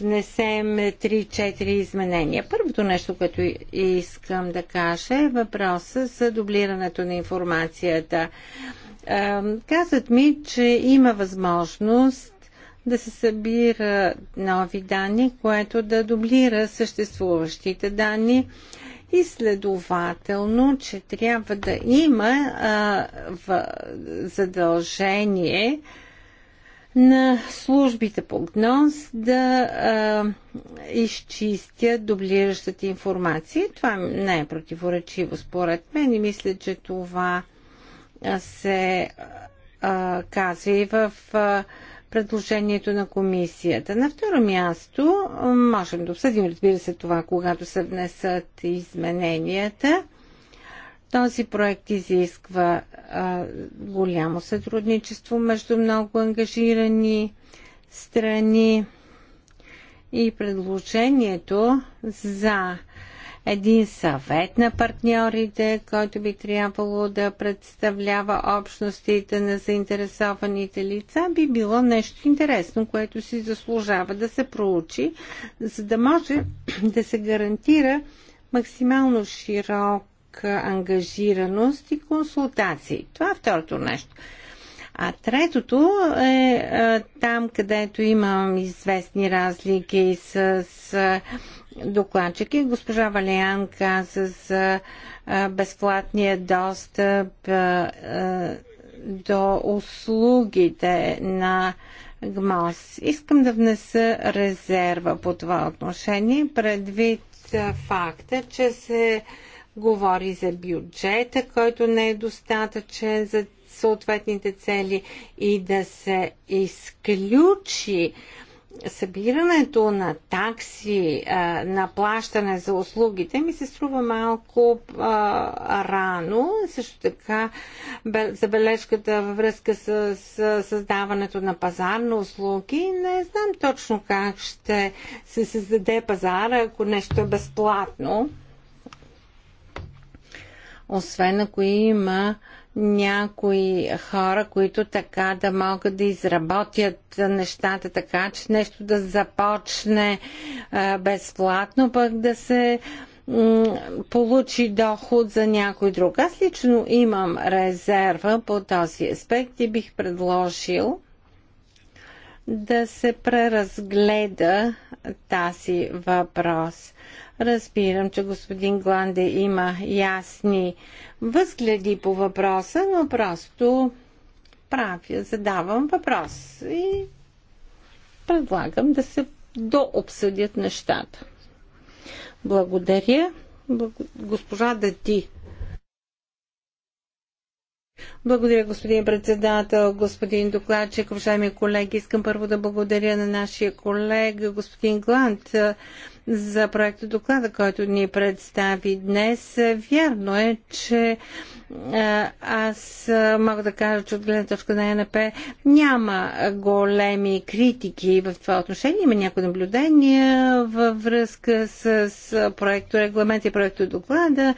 внесем 3-4 изменения. Първото нещо, което искам да кажа е въпроса за дублирането на информацията. Казват ми, че има възможност да се събира нови данни, което да дублира съществуващите данни и следователно, че трябва да има а, в задължение на службите по гноз да а, изчистят дублиращата информация. Това не е противоречиво според мен и мисля, че това се а, казва и в а, предложението на комисията. На второ място, можем да обсъдим, разбира се, това, когато се внесат измененията. Този проект изисква а, голямо сътрудничество между много ангажирани страни и предложението за един съвет на партньорите, който би трябвало да представлява общностите на заинтересованите лица, би било нещо интересно, което си заслужава да се проучи, за да може да се гарантира максимално широка ангажираност и консултации. Това е второто нещо. А третото е там, където имам известни разлики с докладчик и госпожа Валиан каза за безплатния достъп до услугите на ГМОС. Искам да внеса резерва по това отношение, предвид факта, че се говори за бюджета, който не е достатъчен за съответните цели и да се изключи събирането на такси, на плащане за услугите ми се струва малко рано. Също така забележката във връзка с, създаването на пазарни услуги. Не знам точно как ще се създаде пазара, ако нещо е безплатно. Освен ако има а, някои хора, които така да могат да изработят нещата така, че нещо да започне а, е, безплатно, пък да се получи доход за някой друг. Аз лично имам резерва по този аспект и бих предложил да се преразгледа тази въпрос. Разбирам, че господин Гланде има ясни възгледи по въпроса, но просто правя, задавам въпрос и предлагам да се дообсъдят нещата. Благодаря. Госпожа Дати благодаря, господин председател, господин докладчик, уважаеми колеги. Искам първо да благодаря на нашия колега, господин Глант, за проекта доклада, който ни представи днес. Вярно е, че аз мога да кажа, че от гледна точка на ЕНП няма големи критики в това отношение. Има някои наблюдения във връзка с проекто регламент и проекто доклада.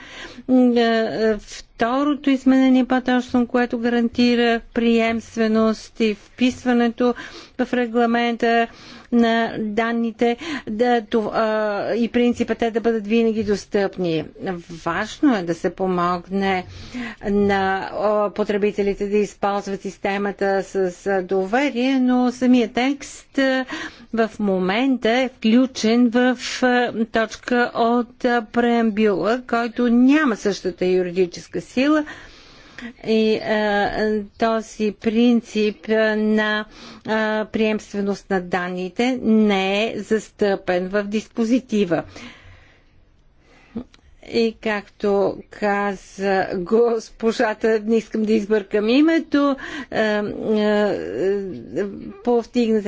В второто изменение по което гарантира приемственост и вписването в регламента на данните да, това, и принципа те да бъдат винаги достъпни. Важно е да се помогне на потребителите да използват системата с доверие, но самия текст в момента е включен в точка от преамбюла, който няма същата юридическа сила – и а, този принцип на а, приемственост на данните не е застъпен в диспозитива. И както каза госпожата, не искам да избъркам името, е, е,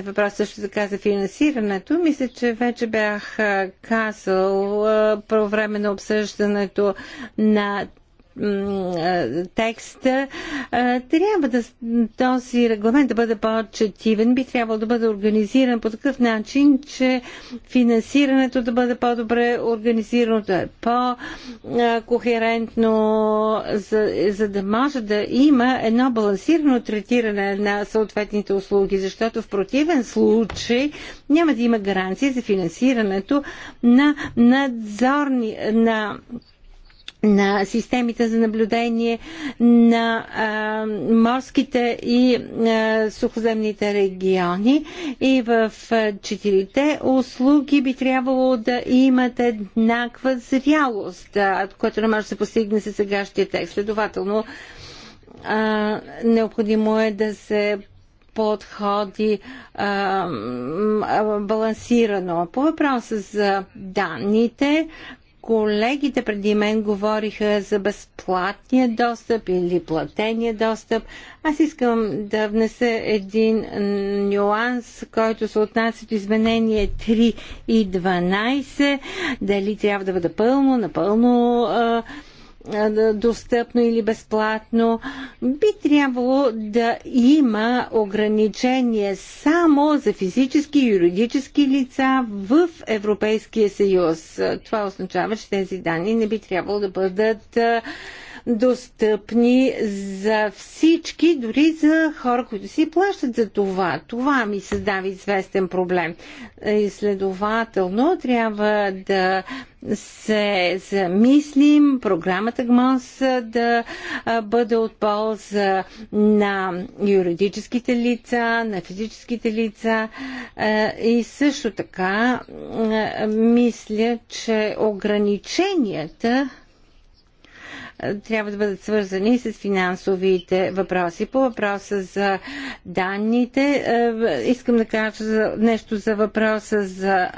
въпрос също така за финансирането. Мисля, че вече бях казал по време на обсъждането на текста. Трябва да този регламент да бъде по-четивен, би трябвало да бъде организиран по такъв начин, че финансирането да бъде по-добре организирано, да е по-кохерентно, за, за да може да има едно балансирано третиране на съответните услуги, защото в противен случай няма да има гаранция за финансирането на надзорни, на на системите за наблюдение на а, морските и а, сухоземните региони и в четирите услуги би трябвало да имат еднаква зрялост, а, което не може да се постигне с сегашния текст. Следователно, а, необходимо е да се подходи а, балансирано. По въпроса за данните, Колегите преди мен говориха за безплатния достъп или платения достъп. Аз искам да внеса един нюанс, който се отнася до изменение 3 и 12. Дали трябва да бъде пълно, напълно. А, достъпно или безплатно. Би трябвало да има ограничение само за физически и юридически лица в Европейския съюз. Това означава, че тези данни не би трябвало да бъдат достъпни за всички, дори за хора, които си плащат за това. Това ми създава известен проблем. И следователно трябва да се замислим, програмата ГМОС да бъде от полза на юридическите лица, на физическите лица и също така мисля, че ограниченията трябва да бъдат свързани с финансовите въпроси. По въпроса за данните, е, искам да кажа нещо за въпроса за, е,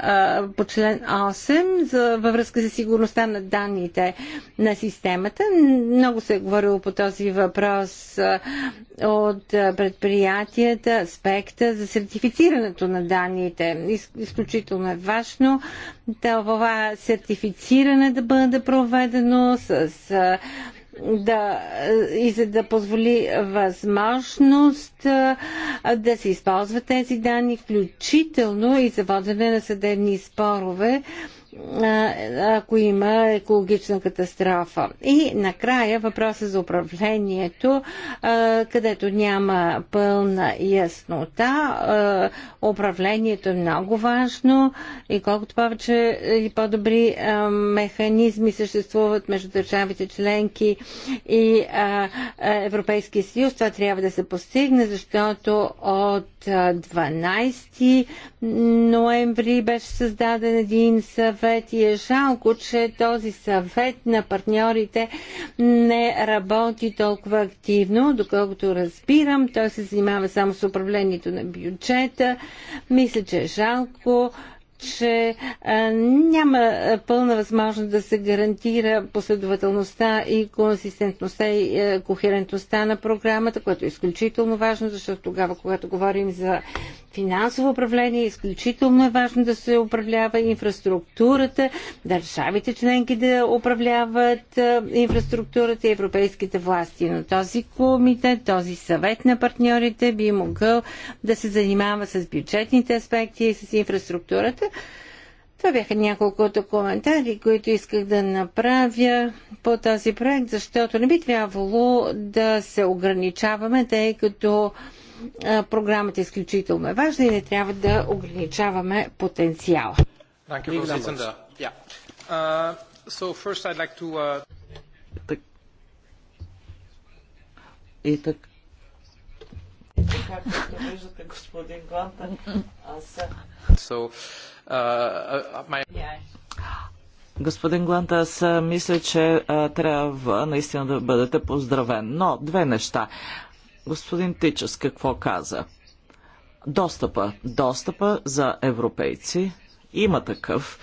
по член 8 за, във връзка за сигурността на данните на системата. Много се е говорило по този въпрос е, от предприятията, аспекта за сертифицирането на данните. Изключително е важно това сертифициране да бъде проведено с да, и за да позволи възможност да се използват тези данни, включително и за водене на съдебни спорове ако има екологична катастрофа. И накрая въпроса за управлението, където няма пълна яснота. Управлението е много важно и колкото повече и по-добри механизми съществуват между държавите членки и Европейския съюз, това трябва да се постигне, защото от 12 ноември беше създаден един съвет съвет и е жалко, че този съвет на партньорите не работи толкова активно. Доколкото разбирам, той се занимава само с управлението на бюджета. Мисля, че е жалко че а, няма пълна възможност да се гарантира последователността и консистентността и а, кохерентността на програмата, което е изключително важно, защото тогава, когато говорим за Финансово управление изключително е важно да се управлява инфраструктурата, държавите членки да управляват инфраструктурата и европейските власти. Но този комитет, този съвет на партньорите би могъл да се занимава с бюджетните аспекти и с инфраструктурата. Това бяха няколкото коментари, които исках да направя по този проект, защото не би трябвало да се ограничаваме, тъй като програмата е изключително важна и не трябва да ограничаваме потенциала. Uh, uh, и така. Uh, господин аз... Гланта, аз мисля, че трябва наистина да бъдете поздравен. Но две неща господин Тичес какво каза. Достъпа. Достъпа за европейци. Има такъв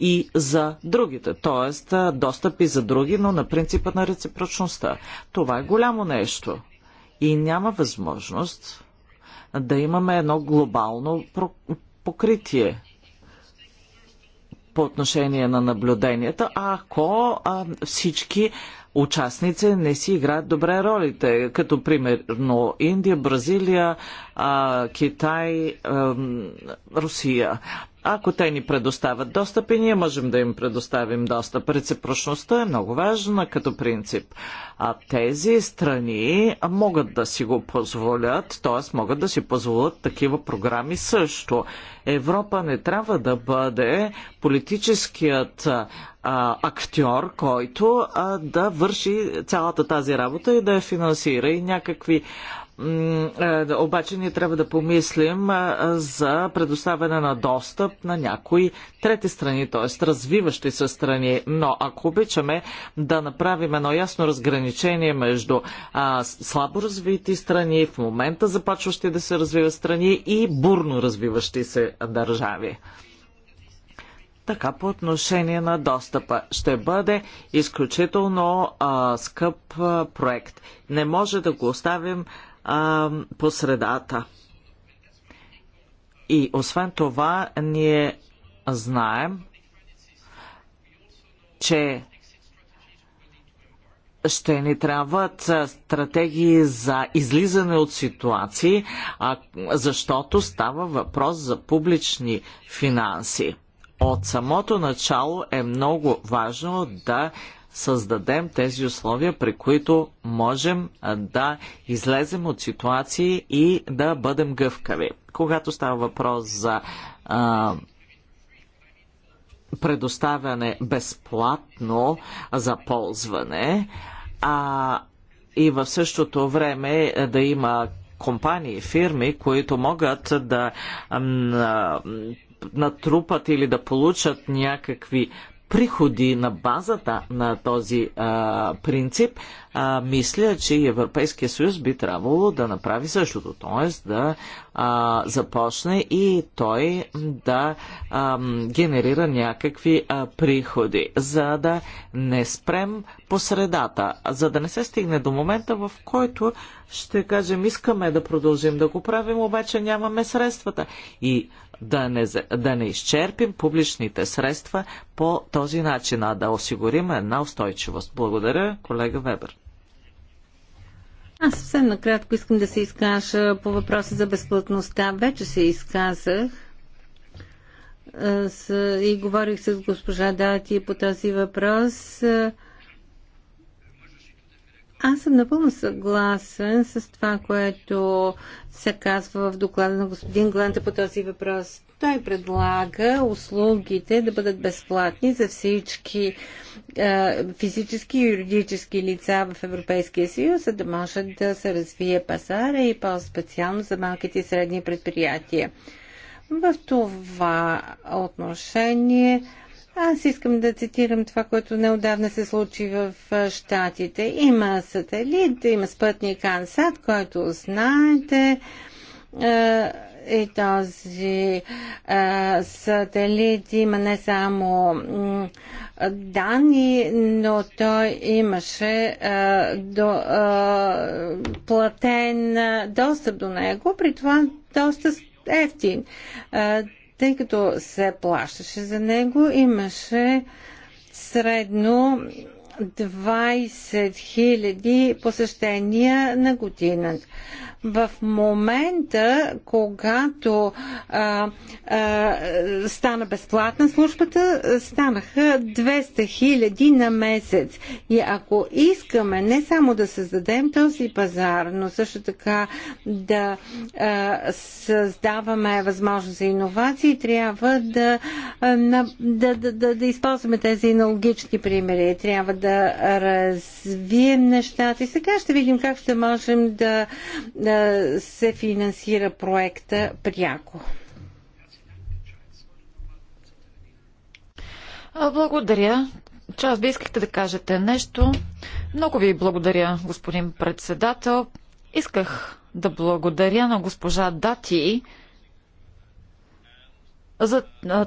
и за другите, т.е. достъп и за други, но на принципа на реципрочността. Това е голямо нещо. И няма възможност да имаме едно глобално покритие по отношение на наблюденията, ако а, всички участници не си играят добре ролите, като примерно Индия, Бразилия, Китай, Русия. Ако те ни предоставят достъп и ние можем да им предоставим достъп. Реципрочността е много важна като принцип. А тези страни могат да си го позволят, т.е. могат да си позволят такива програми също. Европа не трябва да бъде политическият а, актьор, който а, да върши цялата тази работа и да я финансира и някакви е, обаче ние трябва да помислим е, за предоставяне на достъп на някои трети страни, т.е. развиващи се страни. Но ако обичаме да направим едно ясно разграничение между а, слабо развити страни, в момента започващи да се развиват страни и бурно развиващи се държави. Така по отношение на достъпа ще бъде изключително а, скъп а, проект. Не може да го оставим а, по средата. И освен това, ние знаем, че ще ни трябват стратегии за излизане от ситуации, защото става въпрос за публични финанси. От самото начало е много важно да създадем тези условия, при които можем да излезем от ситуации и да бъдем гъвкави. Когато става въпрос за а, предоставяне безплатно за ползване, а и в същото време да има компании, фирми, които могат да натрупат или да получат някакви приходи на базата на този а, принцип, а, мисля, че Европейския съюз би трябвало да направи същото, т.е. да а, започне и той да а, генерира някакви а, приходи, за да не спрем по средата, за да не се стигне до момента, в който ще кажем искаме да продължим да го правим, обаче нямаме средствата. И да не, да не изчерпим публичните средства по този начин, а да осигурим една устойчивост. Благодаря, колега Вебер. Аз съвсем накратко искам да се изкажа по въпроса за безплатността. Вече се изказах и говорих с госпожа Дати по този въпрос. Аз съм напълно съгласен с това, което се казва в доклада на господин Гланта по този въпрос. Той предлага услугите да бъдат безплатни за всички е, физически и юридически лица в Европейския съюз, за да може да се развие пазара и по-специално за малките и средни предприятия. В това отношение аз искам да цитирам това, което неодавна се случи в Штатите. Има сателит, има спътник Ансат, който знаете и този сателит има не само данни, но той имаше до, платен достъп до него, при това доста ефтин тъй като се плащаше за него, имаше средно 20 000 посещения на година. В момента, когато а, а, стана безплатна службата, станаха 200 000 на месец. И ако искаме не само да създадем този пазар, но също така да а, създаваме възможност за иновации, трябва да, а, да, да, да, да използваме тези аналогични примери. Трябва да да развием нещата. И сега ще видим как ще можем да, да се финансира проекта пряко. Благодаря. Че аз би искахте да кажете нещо. Много ви благодаря, господин председател. Исках да благодаря на госпожа Дати за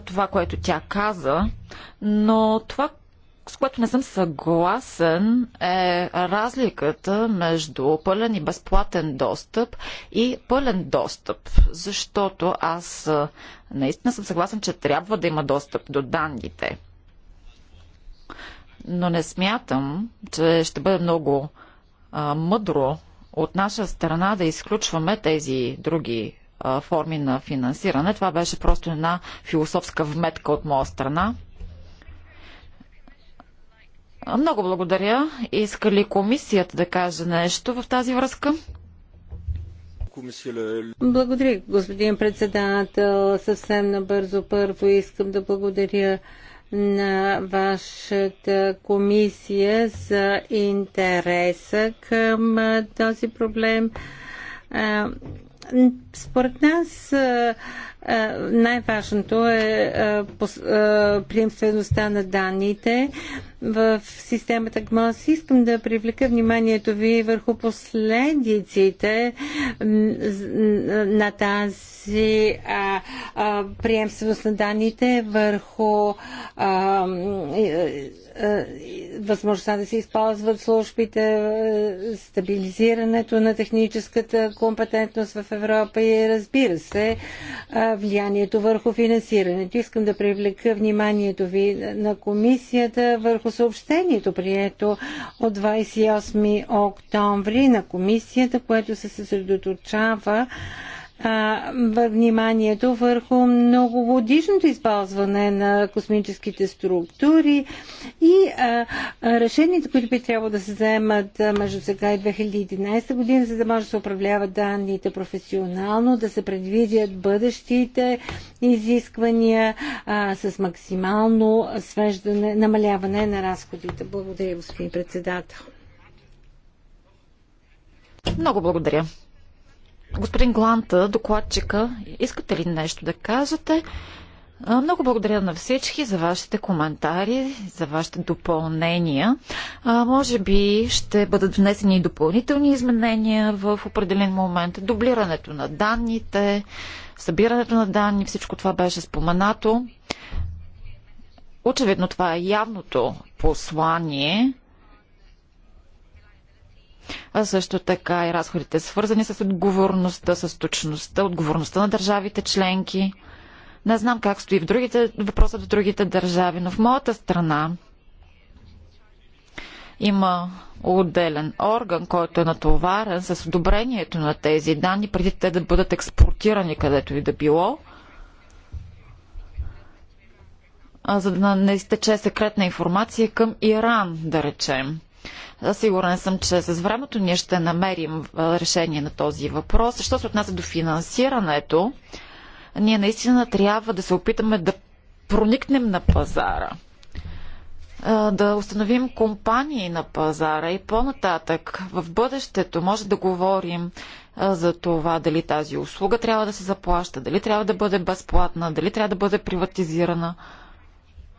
това, което тя каза, но това, с което не съм съгласен е разликата между пълен и безплатен достъп и пълен достъп, защото аз наистина съм съгласен, че трябва да има достъп до данните. Но не смятам, че ще бъде много а, мъдро от наша страна да изключваме тези други а, форми на финансиране. Това беше просто една философска вметка от моя страна. Много благодаря. Иска ли комисията да каже нещо в тази връзка? Благодаря, господин председател. Съвсем набързо първо искам да благодаря на вашата комисия за интереса към този проблем. Според нас е, най-важното е, е, е приемствеността на данните в системата ГМОС. Искам да привлека вниманието ви върху последиците на тази приемственост на данните върху а, е, възможността да се използват службите, е, стабилизирането на техническата компетентност в Европа и разбира се е, влиянието върху финансирането. Искам да привлека вниманието ви на комисията върху съобщението, прието от 28 октомври на комисията, което се съсредоточава вниманието върху многогодишното използване на космическите структури и решенията, които би трябвало да се вземат между сега и 2011 година, за да може да се управляват данните професионално, да се предвидят бъдещите изисквания а, с максимално свеждане, намаляване на разходите. Благодаря, господин председател. Много благодаря. Господин Гланта, докладчика, искате ли нещо да кажете? Много благодаря на всички за вашите коментари, за вашите допълнения. А, може би ще бъдат внесени и допълнителни изменения в определен момент. Дублирането на данните, събирането на данни, всичко това беше споменато. Очевидно това е явното послание а също така и разходите свързани с отговорността, с точността, отговорността на държавите членки. Не знам как стои в другите, въпросът в другите държави, но в моята страна има отделен орган, който е натоварен с одобрението на тези данни, преди те да бъдат експортирани където и да било, за да не изтече секретна информация към Иран, да речем. Сигурен съм, че с времето ние ще намерим решение на този въпрос. Що се отнася до финансирането, ние наистина трябва да се опитаме да проникнем на пазара да установим компании на пазара и по-нататък в бъдещето може да говорим за това дали тази услуга трябва да се заплаща, дали трябва да бъде безплатна, дали трябва да бъде приватизирана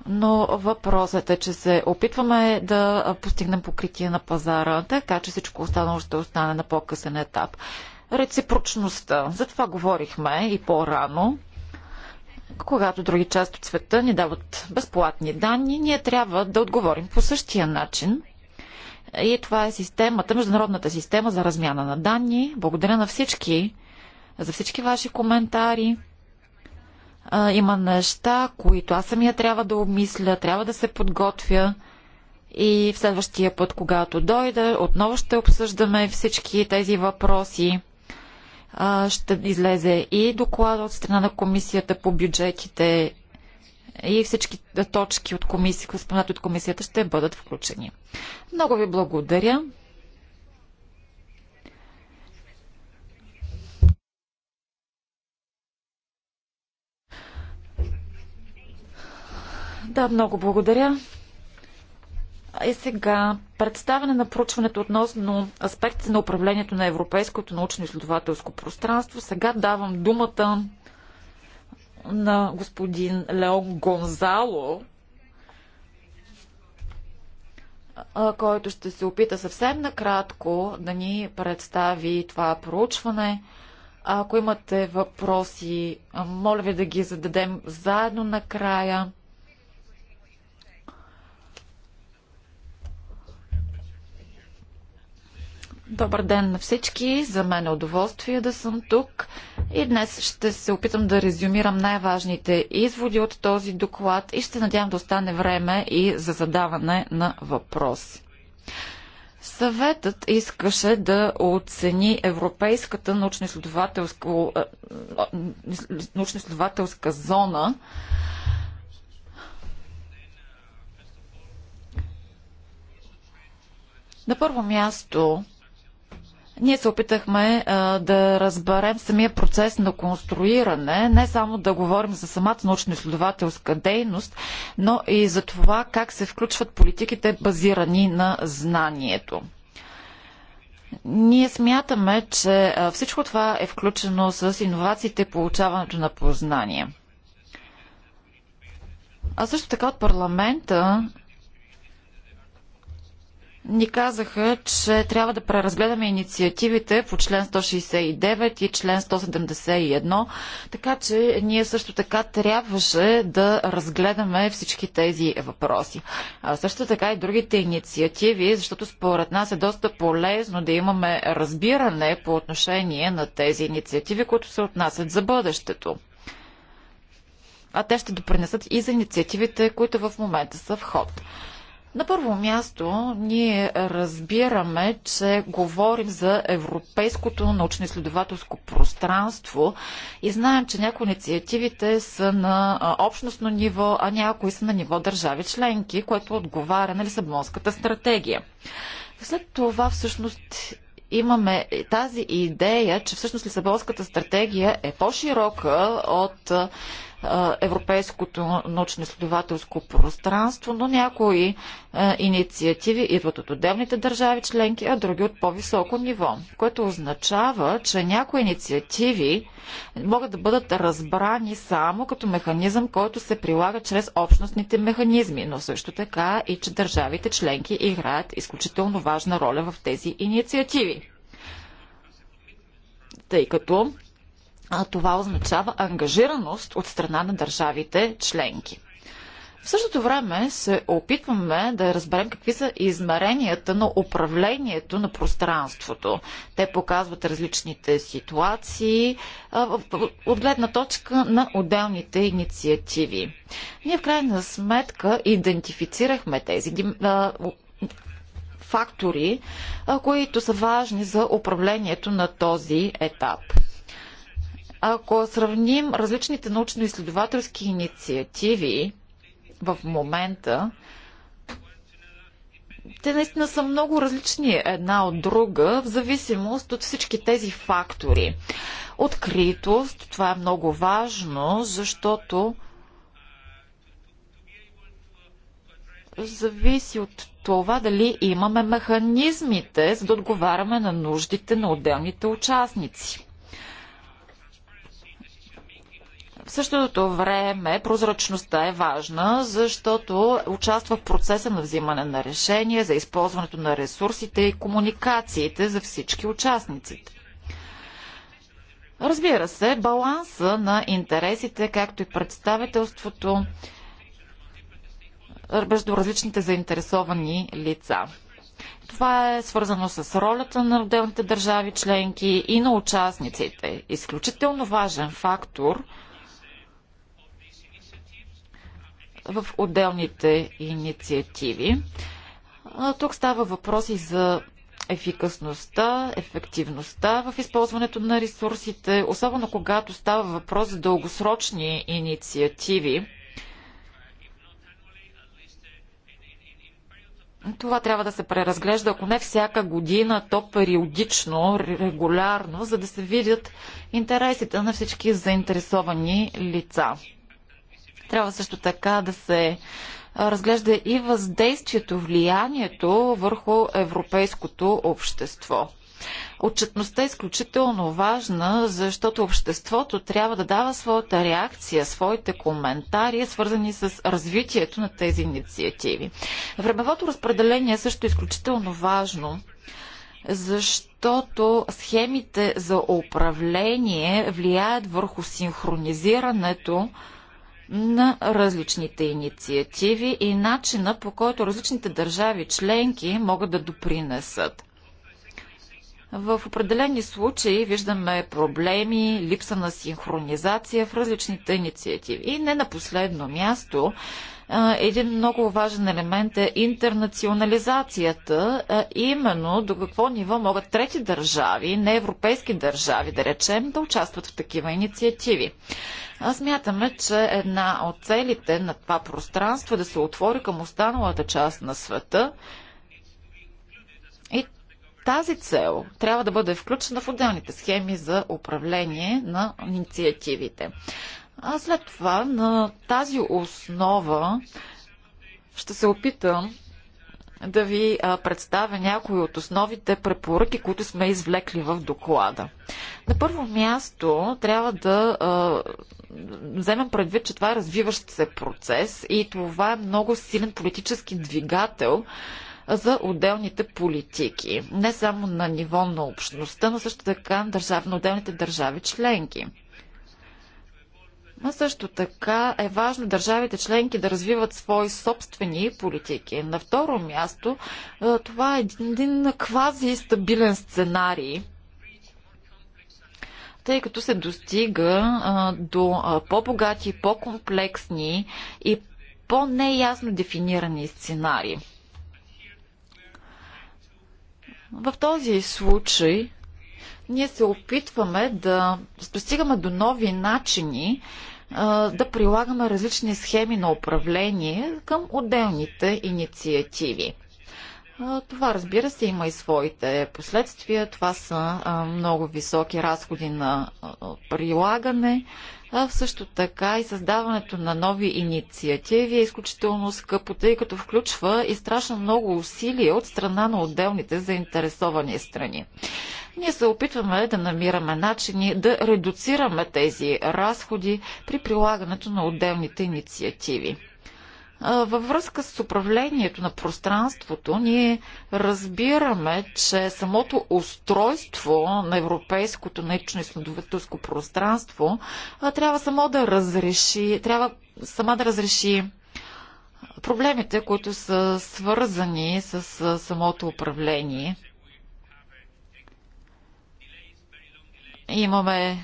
но въпросът е, че се опитваме да постигнем покритие на пазара, така че всичко останало ще остане на по-късен етап. Реципрочността. За това говорихме и по-рано. Когато други части от света ни дават безплатни данни, ние трябва да отговорим по същия начин. И това е системата, международната система за размяна на данни. Благодаря на всички за всички ваши коментари. А, има неща, които аз самия трябва да обмисля, трябва да се подготвя. И в следващия път, когато дойда, отново ще обсъждаме всички тези въпроси. А, ще излезе и доклад от страна на комисията по бюджетите и всички точки от комисията, от комисията, ще бъдат включени. Много ви благодаря. Да, много благодаря. И сега представяне на проучването относно аспектите на управлението на Европейското научно-изследователско пространство. Сега давам думата на господин Леон Гонзало, който ще се опита съвсем накратко да ни представи това проучване. Ако имате въпроси, моля ви да ги зададем заедно накрая. Добър ден на всички. За мен е удоволствие да съм тук и днес ще се опитам да резюмирам най-важните изводи от този доклад и ще надявам да остане време и за задаване на въпроси. Съветът искаше да оцени Европейската е, е, научно-изследователска зона На първо място ние се опитахме а, да разберем самия процес на конструиране, не само да говорим за самата научно-изследователска дейност, но и за това как се включват политиките базирани на знанието. Ние смятаме, че всичко това е включено с иновациите и получаването на познания. А също така от парламента ни казаха, че трябва да преразгледаме инициативите по член 169 и член 171, така че ние също така трябваше да разгледаме всички тези въпроси. А също така и другите инициативи, защото според нас е доста полезно да имаме разбиране по отношение на тези инициативи, които се отнасят за бъдещето. А те ще допринесат и за инициативите, които в момента са в ход. На първо място, ние разбираме, че говорим за европейското научно-изследователско пространство и знаем, че някои инициативите са на общностно ниво, а някои са на ниво държави членки, което отговаря на Лисабонската стратегия. След това всъщност имаме тази идея, че всъщност Лисабонската стратегия е по-широка от европейското научно-изследователско пространство, но някои инициативи идват от отделните държави членки, а други от по-високо ниво, което означава, че някои инициативи могат да бъдат разбрани само като механизъм, който се прилага чрез общностните механизми, но също така и че държавите членки играят изключително важна роля в тези инициативи. Тъй като а това означава ангажираност от страна на държавите членки. В същото време се опитваме да разберем какви са измеренията на управлението на пространството. Те показват различните ситуации от гледна точка на отделните инициативи. Ние в крайна сметка идентифицирахме тези фактори, които са важни за управлението на този етап. Ако сравним различните научно-изследователски инициативи в момента, те наистина са много различни една от друга, в зависимост от всички тези фактори. Откритост, това е много важно, защото зависи от това дали имаме механизмите, за да отговаряме на нуждите на отделните участници. В същото време прозрачността е важна, защото участва в процеса на взимане на решения, за използването на ресурсите и комуникациите за всички участниците. Разбира се, баланса на интересите, както и представителството между различните заинтересовани лица. Това е свързано с ролята на отделните държави членки и на участниците. Изключително важен фактор – в отделните инициативи. Тук става въпроси за ефикасността, ефективността в използването на ресурсите, особено когато става въпрос за дългосрочни инициативи. Това трябва да се преразглежда, ако не всяка година, то периодично, регулярно, за да се видят интересите на всички заинтересовани лица. Трябва също така да се разглежда и въздействието, влиянието върху европейското общество. Отчетността е изключително важна, защото обществото трябва да дава своята реакция, своите коментари, свързани с развитието на тези инициативи. Времевото разпределение е също изключително важно, защото схемите за управление влияят върху синхронизирането на различните инициативи и начина по който различните държави членки могат да допринесат. В определени случаи виждаме проблеми, липса на синхронизация в различните инициативи. И не на последно място, един много важен елемент е интернационализацията, именно до какво ниво могат трети държави, не европейски държави, да речем, да участват в такива инициативи. Смятаме, че една от целите на това пространство е да се отвори към останалата част на света и тази цел трябва да бъде включена в отделните схеми за управление на инициативите. А след това на тази основа ще се опитам да ви представя някои от основите препоръки, които сме извлекли в доклада. На първо място трябва да а, вземем предвид, че това е развиващ се процес и това е много силен политически двигател за отделните политики. Не само на ниво на общността, но също така на държав, на отделните държави членки. Но също така е важно държавите членки да развиват свои собствени политики. На второ място, това е един, един квази стабилен сценарий, тъй като се достига до по-богати, по-комплексни и по-неясно дефинирани сценарии. В този случай ние се опитваме да достигаме до нови начини да прилагаме различни схеми на управление към отделните инициативи. Това, разбира се, има и своите последствия. Това са много високи разходи на прилагане. А също така и създаването на нови инициативи е изключително скъпо, тъй като включва и страшно много усилия от страна на отделните заинтересовани страни. Ние се опитваме да намираме начини да редуцираме тези разходи при прилагането на отделните инициативи. Във връзка с управлението на пространството, ние разбираме, че самото устройство на европейското и изследователско пространство трябва само да разреши, трябва сама да разреши проблемите, които са свързани с самото управление. Имаме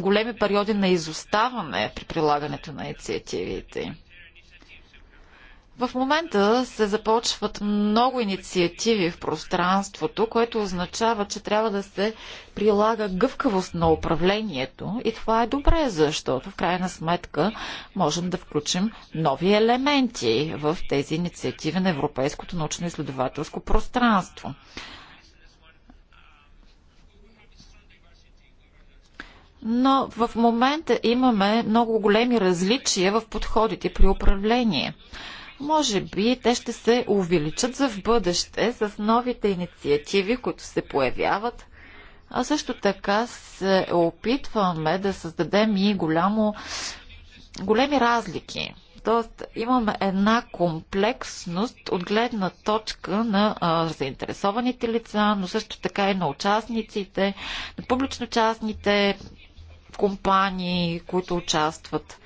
големи периоди на изоставане при прилагането на инициативите. В момента се започват много инициативи в пространството, което означава, че трябва да се прилага гъвкавост на управлението и това е добре, защото в крайна сметка можем да включим нови елементи в тези инициативи на Европейското научно-изследователско пространство. Но в момента имаме много големи различия в подходите при управление. Може би те ще се увеличат за в бъдеще с новите инициативи, които се появяват. А също така се опитваме да създадем и голямо, големи разлики. Тоест имаме една комплексност от гледна точка на а, заинтересованите лица, но също така и на участниците, на публично-частните компании, които участват.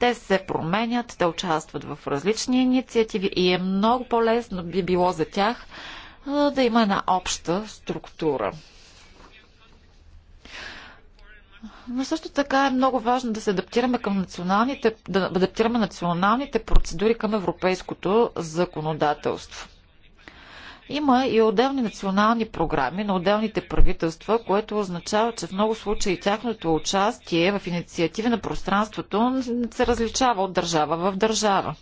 Те се променят, те участват в различни инициативи и е много по-лесно би било за тях да има една обща структура. Но също така е много важно да се адаптираме към националните, да адаптираме националните процедури към европейското законодателство. Има и отделни национални програми на отделните правителства, което означава, че в много случаи тяхното участие в инициативи на пространството се различава от държава в държава.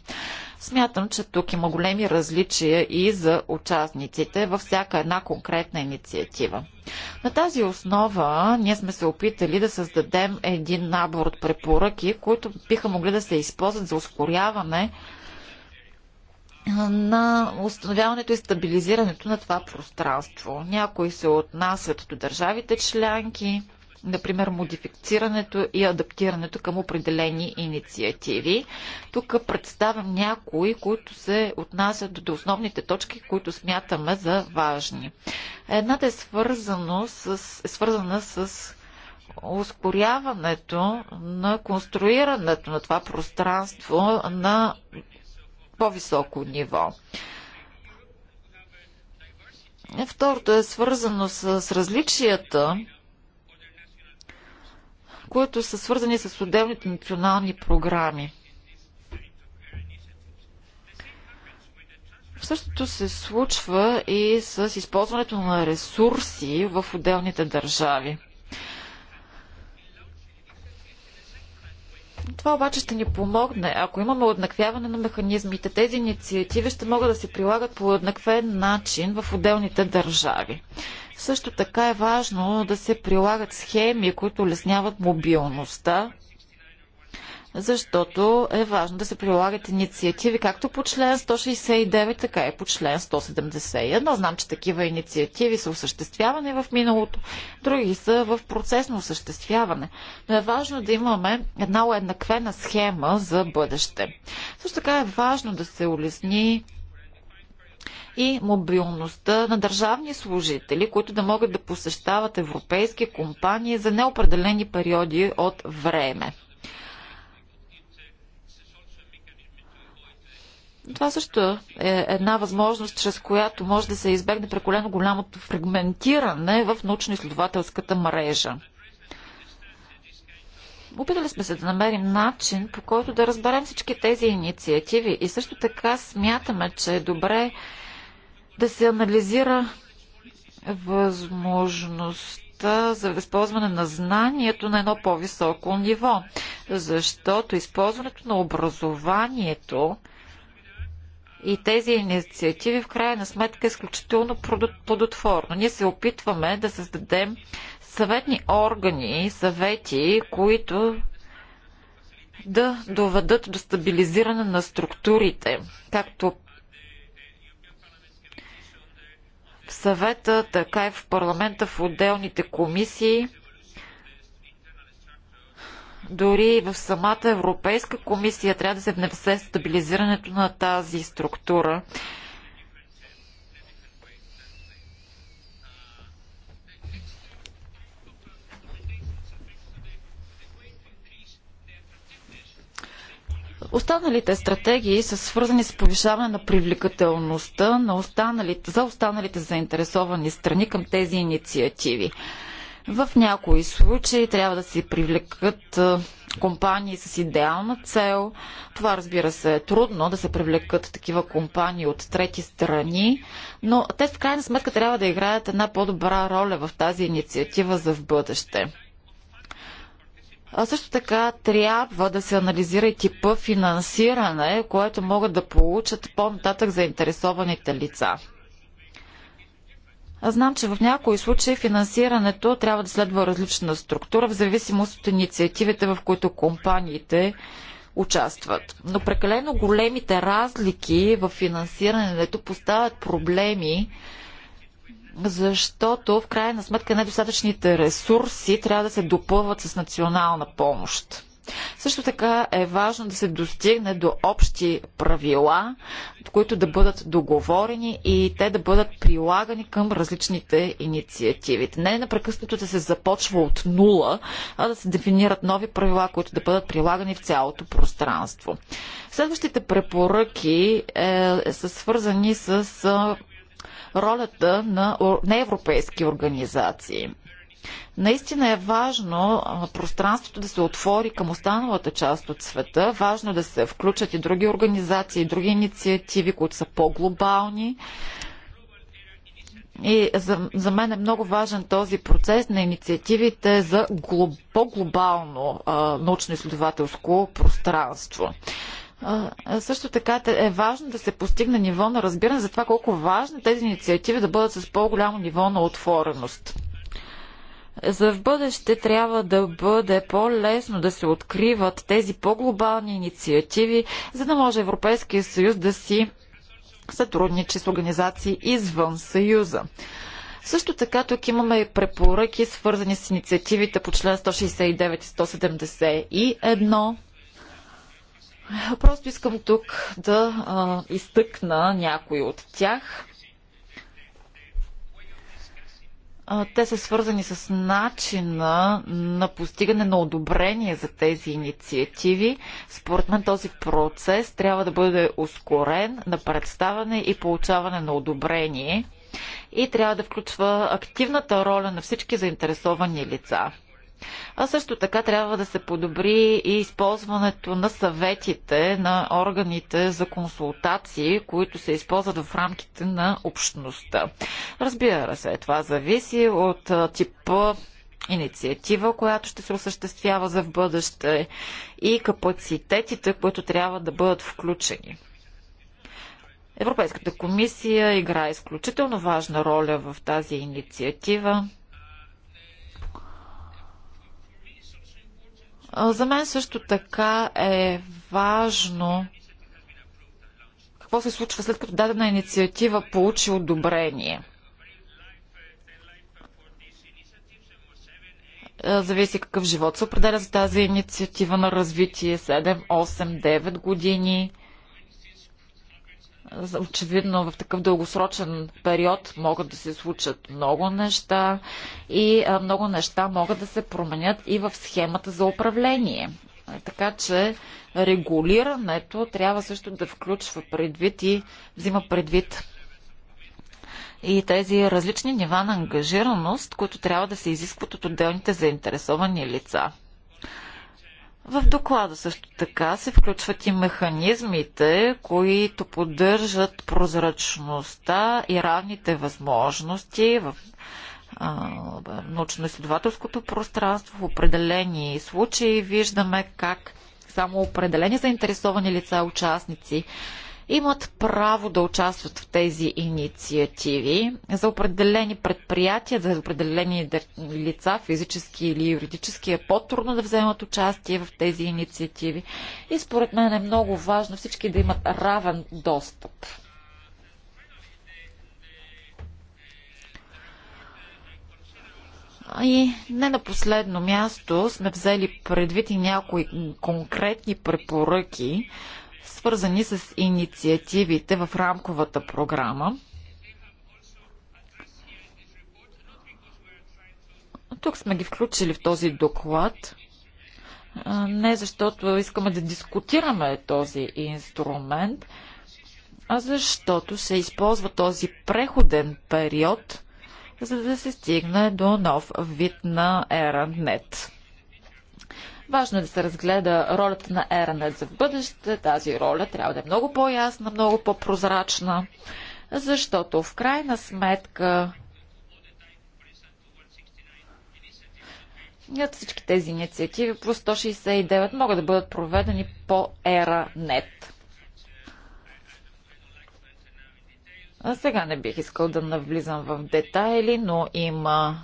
Смятам, че тук има големи различия и за участниците във всяка една конкретна инициатива. На тази основа ние сме се опитали да създадем един набор от препоръки, които биха могли да се използват за ускоряване на установяването и стабилизирането на това пространство. Някои се отнасят до държавите членки, например модифицирането и адаптирането към определени инициативи. Тук представям някои, които се отнасят до основните точки, които смятаме за важни. Едната е, свързано с, е свързана с ускоряването на конструирането на това пространство на по-високо ниво. Второто е свързано с различията, които са свързани с отделните национални програми. Същото се случва и с използването на ресурси в отделните държави. Това обаче ще ни помогне. Ако имаме уеднаквяване на механизмите, тези инициативи ще могат да се прилагат по уеднаквен начин в отделните държави. Също така е важно да се прилагат схеми, които лесняват мобилността защото е важно да се прилагат инициативи както по член 169, така и по член 171. Знам, че такива инициативи са осъществявани в миналото, други са в процес на осъществяване. Но е важно да имаме една уеднаквена схема за бъдеще. Също така е важно да се улесни и мобилността на държавни служители, които да могат да посещават европейски компании за неопределени периоди от време. Това също е една възможност, чрез която може да се избегне прекалено голямото фрагментиране в научно-изследователската мрежа. Опитали сме се да намерим начин, по който да разберем всички тези инициативи и също така смятаме, че е добре да се анализира възможността за използване на знанието на едно по-високо ниво, защото използването на образованието и тези инициативи в крайна сметка е изключително плодотворно. Ние се опитваме да създадем съветни органи, съвети, които да доведат до стабилизиране на структурите, както в съвета, така и в парламента, в отделните комисии – дори в самата Европейска комисия трябва да се внесе стабилизирането на тази структура. Останалите стратегии са свързани с повишаване на привлекателността на останалите, за останалите заинтересовани страни към тези инициативи. В някои случаи трябва да се привлекат компании с идеална цел. Това, разбира се, е трудно да се привлекат такива компании от трети страни, но те в крайна сметка трябва да играят една по-добра роля в тази инициатива за в бъдеще. А също така трябва да се анализира и типа финансиране, което могат да получат по-нататък заинтересованите лица. Знам, че в някои случаи финансирането трябва да следва различна структура, в зависимост от инициативите, в които компаниите участват. Но прекалено големите разлики в финансирането поставят проблеми, защото в крайна сметка недостатъчните ресурси трябва да се допълват с национална помощ. Също така е важно да се достигне до общи правила, които да бъдат договорени и те да бъдат прилагани към различните инициативи. Не е напрекъснато да се започва от нула, а да се дефинират нови правила, които да бъдат прилагани в цялото пространство. Следващите препоръки е, са свързани с ролята на неевропейски организации. Наистина е важно пространството да се отвори към останалата част от света. Важно е да се включат и други организации, и други инициативи, които са по-глобални. И за, за мен е много важен този процес на инициативите за глоб, по-глобално научно-изследователско пространство. Също така е важно да се постигне ниво на разбиране за това колко важно тези инициативи да бъдат с по-голямо ниво на отвореност за в бъдеще трябва да бъде по-лесно да се откриват тези по-глобални инициативи, за да може Европейския съюз да си сътрудничи с организации извън съюза. Също така тук имаме и препоръки, свързани с инициативите по член 169 и 171. Просто искам тук да а, изтъкна някои от тях. Те са свързани с начина на постигане на одобрение за тези инициативи. Според мен този процес трябва да бъде ускорен на представане и получаване на одобрение и трябва да включва активната роля на всички заинтересовани лица. А също така трябва да се подобри и използването на съветите на органите за консултации, които се използват в рамките на общността. Разбира се, това зависи от типа инициатива, която ще се осъществява за в бъдеще и капацитетите, които трябва да бъдат включени. Европейската комисия играе изключително важна роля в тази инициатива. За мен също така е важно какво се случва след като дадена инициатива получи одобрение. Зависи какъв живот се определя за тази инициатива на развитие 7, 8, 9 години. Очевидно в такъв дългосрочен период могат да се случат много неща и много неща могат да се променят и в схемата за управление. Така че регулирането трябва също да включва предвид и взима предвид и тези различни нива на ангажираност, които трябва да се изискват от отделните заинтересовани лица. В доклада също така се включват и механизмите, които поддържат прозрачността и равните възможности в научно-изследователското пространство. В определени случаи виждаме как само определени заинтересовани лица, участници имат право да участват в тези инициативи за определени предприятия, за определени лица, физически или юридически, е по-трудно да вземат участие в тези инициативи. И според мен е много важно всички да имат равен достъп. И не на последно място сме взели предвид и някои конкретни препоръки, свързани с инициативите в рамковата програма. Тук сме ги включили в този доклад, не защото искаме да дискутираме този инструмент, а защото се използва този преходен период, за да се стигне до нов вид на Еранет. Важно е да се разгледа ролята на Еранет за бъдеще. Тази роля трябва да е много по-ясна, много по-прозрачна, защото в крайна сметка от всички тези инициативи по 169 могат да бъдат проведени по ЕРА.нет. А сега не бих искал да навлизам в детайли, но има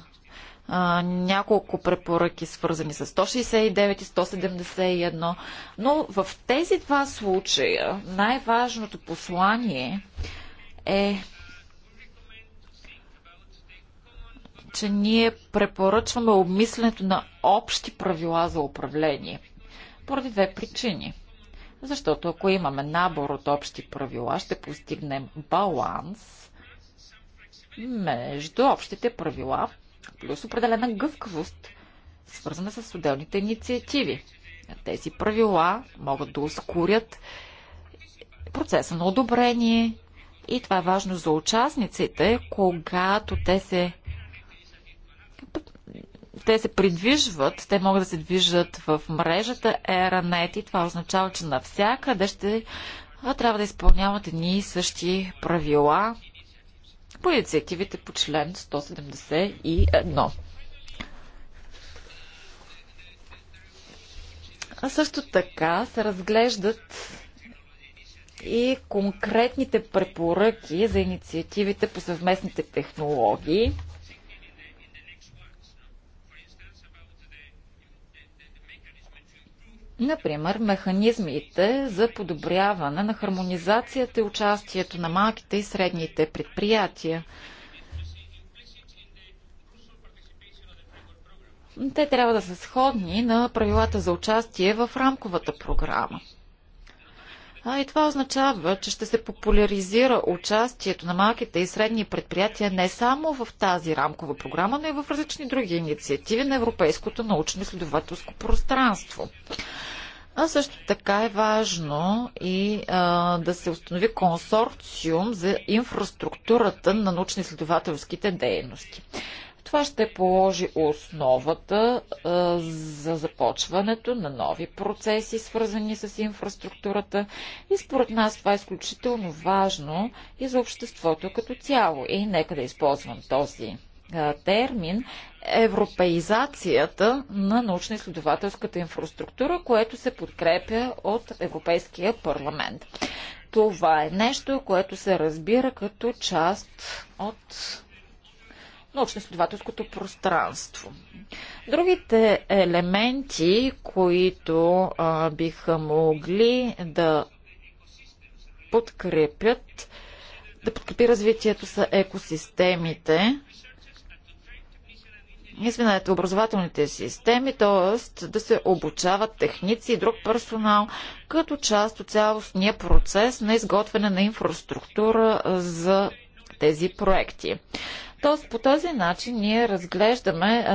а, няколко препоръки, свързани с 169 и 171, но в тези два случая най-важното послание е че ние препоръчваме обмисленето на общи правила за управление. Поради две причини. Защото ако имаме набор от общи правила, ще постигнем баланс между общите правила плюс определена гъвкавост, свързана с отделните инициативи. Тези правила могат да ускорят процеса на одобрение и това е важно за участниците, когато те се те се придвижват, те могат да се движат в мрежата ERANET и това означава, че навсякъде ще трябва да изпълняват едни и същи правила, по инициативите по член 171. А също така се разглеждат и конкретните препоръки за инициативите по съвместните технологии Например, механизмите за подобряване на хармонизацията и участието на малките и средните предприятия. Те трябва да са сходни на правилата за участие в рамковата програма. А и това означава, че ще се популяризира участието на малките и средни предприятия не само в тази рамкова програма, но и в различни други инициативи на европейското научно-изследователско пространство. А също така е важно и а, да се установи консорциум за инфраструктурата на научно-изследователските дейности. Това ще положи основата а, за започването на нови процеси, свързани с инфраструктурата. И според нас това е изключително важно и за обществото като цяло. И нека да използвам този термин европеизацията на научно-изследователската инфраструктура, което се подкрепя от Европейския парламент. Това е нещо, което се разбира като част от научно-изследователското пространство. Другите елементи, които а, биха могли да подкрепят, да подкрепи развитието са екосистемите, извинете, образователните системи, т.е. да се обучават техници и друг персонал като част от цялостния процес на изготвяне на инфраструктура за тези проекти. Тоест, по този начин ние разглеждаме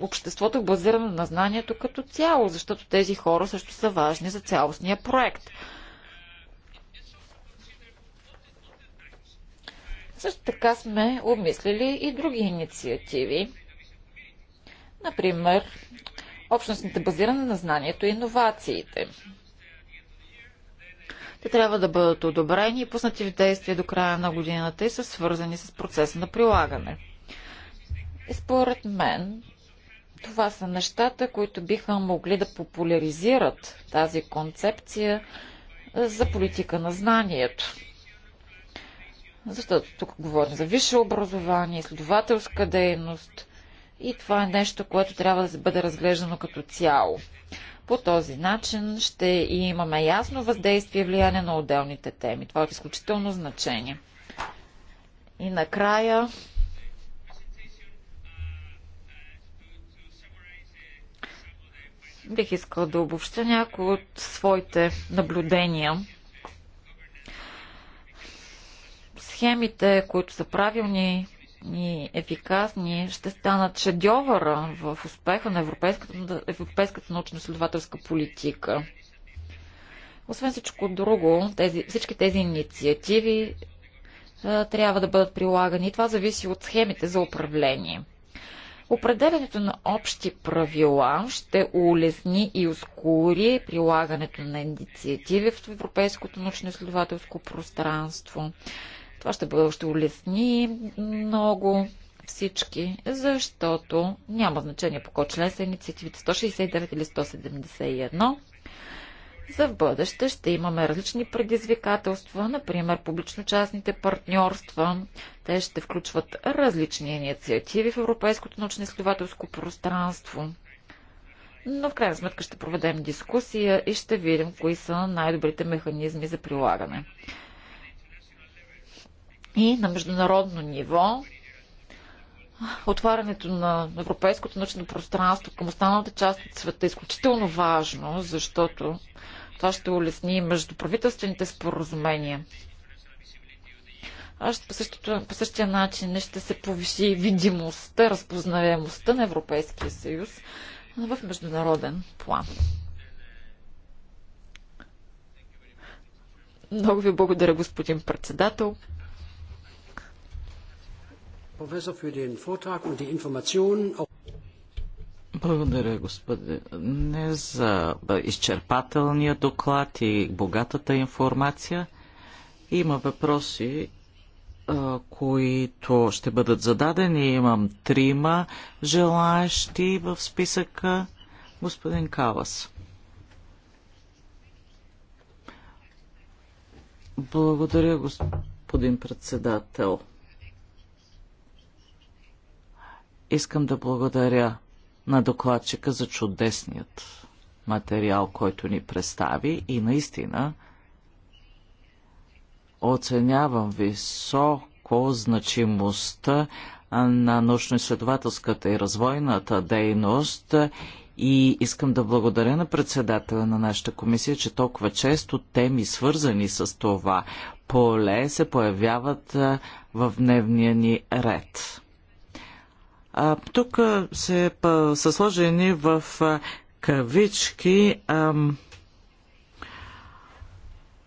обществото базирано на знанието като цяло, защото тези хора също са важни за цялостния проект. Също така сме обмислили и други инициативи Например, общностните базиране на знанието и иновациите. Те трябва да бъдат одобрени и пуснати в действие до края на годината и са свързани с процеса на прилагане. И според мен, това са нещата, които биха могли да популяризират тази концепция за политика на знанието. Защото тук говорим за висше образование, изследователска дейност, и това е нещо, което трябва да бъде разглеждано като цяло. По този начин ще имаме ясно въздействие и влияние на отделните теми. Това е изключително значение. И накрая бих искала да обобща някои от своите наблюдения. Схемите, които са правилни и ефикасни, ще станат шедьовъра в успеха на европейската, европейската научно-изследователска политика. Освен всичко друго, тези, всички тези инициативи а, е, трябва да бъдат прилагани това зависи от схемите за управление. Определенето на общи правила ще улесни и ускори прилагането на инициативи в европейското научно-изследователско пространство. Това ще, бъде, още улесни много всички, защото няма значение по кой член са инициативите 169 или 171. За в бъдеще ще имаме различни предизвикателства, например публично-частните партньорства. Те ще включват различни инициативи в Европейското научно-изследователско пространство. Но в крайна сметка ще проведем дискусия и ще видим кои са най-добрите механизми за прилагане и на международно ниво отварянето на европейското научно пространство към останалата част от света е изключително важно, защото това ще улесни междуправителствените споразумения. по, същото, по същия начин ще се повиши видимостта, разпознаваемостта на Европейския съюз в международен план. Много ви благодаря, господин председател. Благодаря, Не за изчерпателния доклад и богатата информация. Има въпроси, които ще бъдат зададени. Имам трима желаящи в списъка. Господин Калас. Благодаря, господин председател. Искам да благодаря на докладчика за чудесният материал, който ни представи и наистина оценявам високо значимостта на научно-изследователската и развойната дейност и искам да благодаря на председателя на нашата комисия, че толкова често теми, свързани с това поле, се появяват в дневния ни ред. А, тук се, па, са сложени в кавички ам,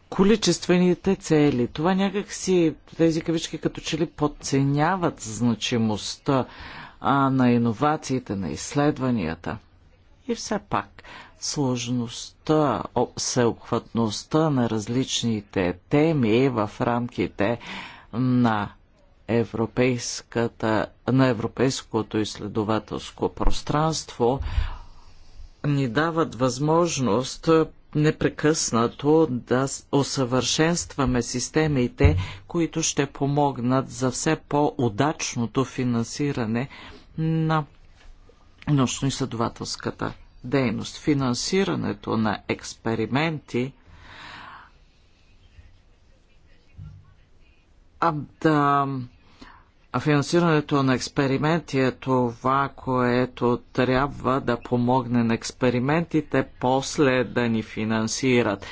количествените цели. Това някакси тези кавички като че ли подценяват значимостта а, на иновациите, на изследванията. И все пак сложността, всеобхватността на различните теми в рамките на на европейското изследователско пространство ни дават възможност непрекъснато да усъвършенстваме системите, които ще помогнат за все по-удачното финансиране на научно-изследователската дейност. Финансирането на експерименти а да финансирането на експерименти е това, което трябва да помогне на експериментите после да ни финансират.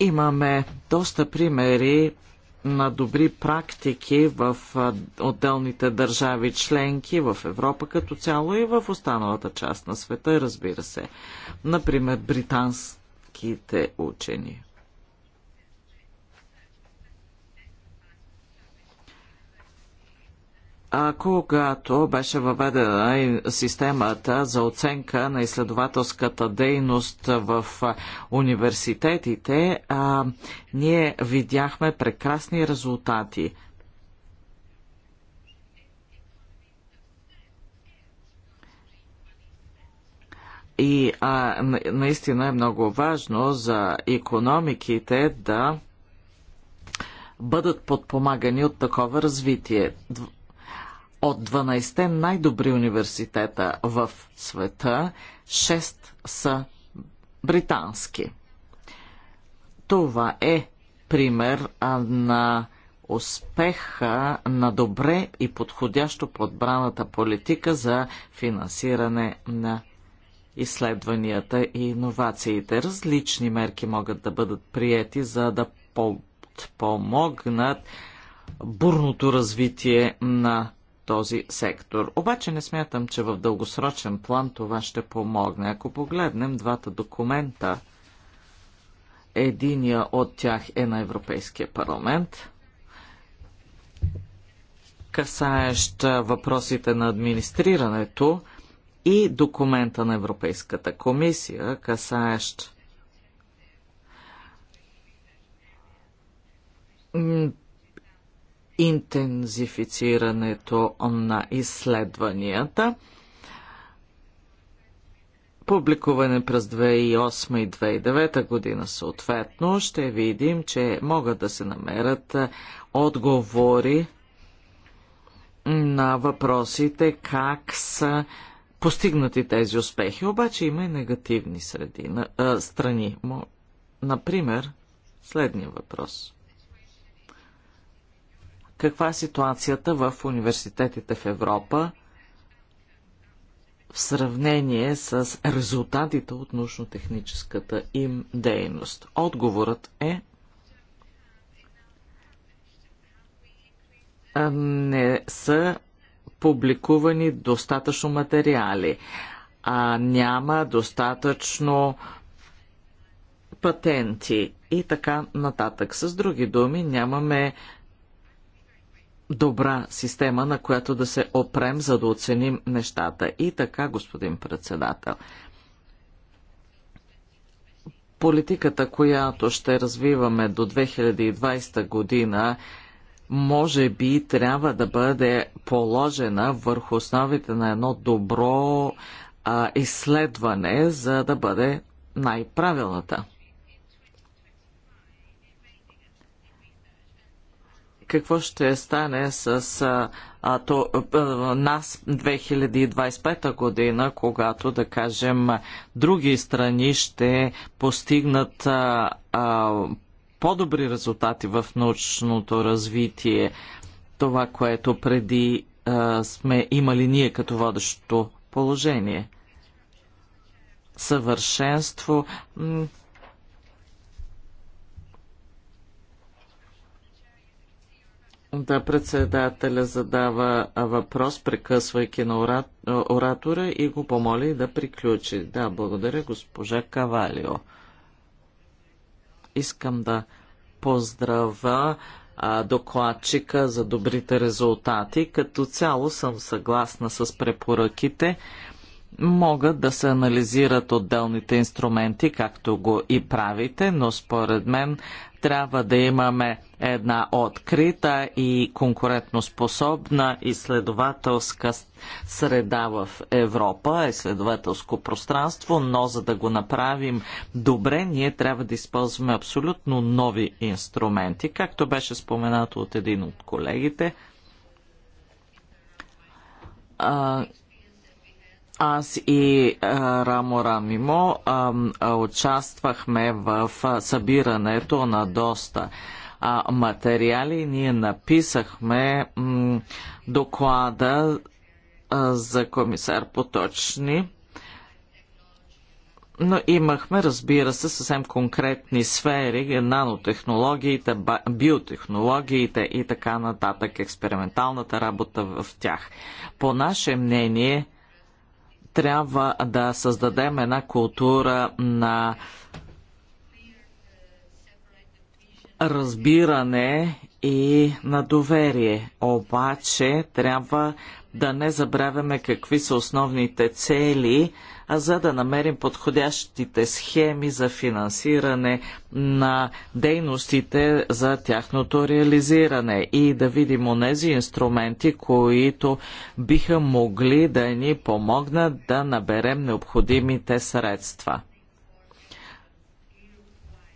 Имаме доста примери на добри практики в отделните държави членки, в Европа като цяло и в останалата част на света, разбира се. Например, британските учени. когато беше въведена системата за оценка на изследователската дейност в университетите, ние видяхме прекрасни резултати. И а, наистина е много важно за економиките да бъдат подпомагани от такова развитие. От 12-те най-добри университета в света, 6 са британски. Това е пример на успеха на добре и подходящо подбраната политика за финансиране на изследванията и иновациите. Различни мерки могат да бъдат приети, за да помогнат бурното развитие на този сектор. Обаче не смятам, че в дългосрочен план това ще помогне. Ако погледнем двата документа, единия от тях е на Европейския парламент, касаещ въпросите на администрирането и документа на Европейската комисия, касаещ интензифицирането на изследванията. Публикуване през 2008 и 2009 година съответно, ще видим, че могат да се намерят отговори на въпросите как са постигнати тези успехи. Обаче има и негативни среди, а, страни. Например, следния въпрос – каква е ситуацията в университетите в Европа в сравнение с резултатите от научно-техническата им дейност. Отговорът е не са публикувани достатъчно материали, а няма достатъчно патенти и така нататък. С други думи, нямаме добра система, на която да се опрем, за да оценим нещата. И така, господин председател, политиката, която ще развиваме до 2020 година, може би трябва да бъде положена върху основите на едно добро а, изследване, за да бъде най-правилната. какво ще стане с а, а, то, а, нас 2025 година, когато, да кажем, други страни ще постигнат а, а, по-добри резултати в научното развитие, това, което преди а, сме имали ние като водещото положение. Съвършенство. Да, председателя задава въпрос, прекъсвайки на ора... оратора и го помоли да приключи. Да, благодаря, госпожа Кавалио. Искам да поздравя а, докладчика за добрите резултати. Като цяло съм съгласна с препоръките могат да се анализират отделните инструменти, както го и правите, но според мен трябва да имаме една открита и конкурентоспособна изследователска среда в Европа, изследователско пространство, но за да го направим добре, ние трябва да използваме абсолютно нови инструменти, както беше споменато от един от колегите аз и Рамо Рамимо участвахме в събирането на доста материали. Ние написахме доклада за комисар Поточни но имахме, разбира се, съвсем конкретни сфери, нанотехнологиите, биотехнологиите и така нататък, експерименталната работа в тях. По наше мнение, трябва да създадем една култура на разбиране и на доверие. Обаче трябва да не забравяме какви са основните цели – а за да намерим подходящите схеми за финансиране на дейностите за тяхното реализиране и да видим онези инструменти, които биха могли да ни помогнат да наберем необходимите средства.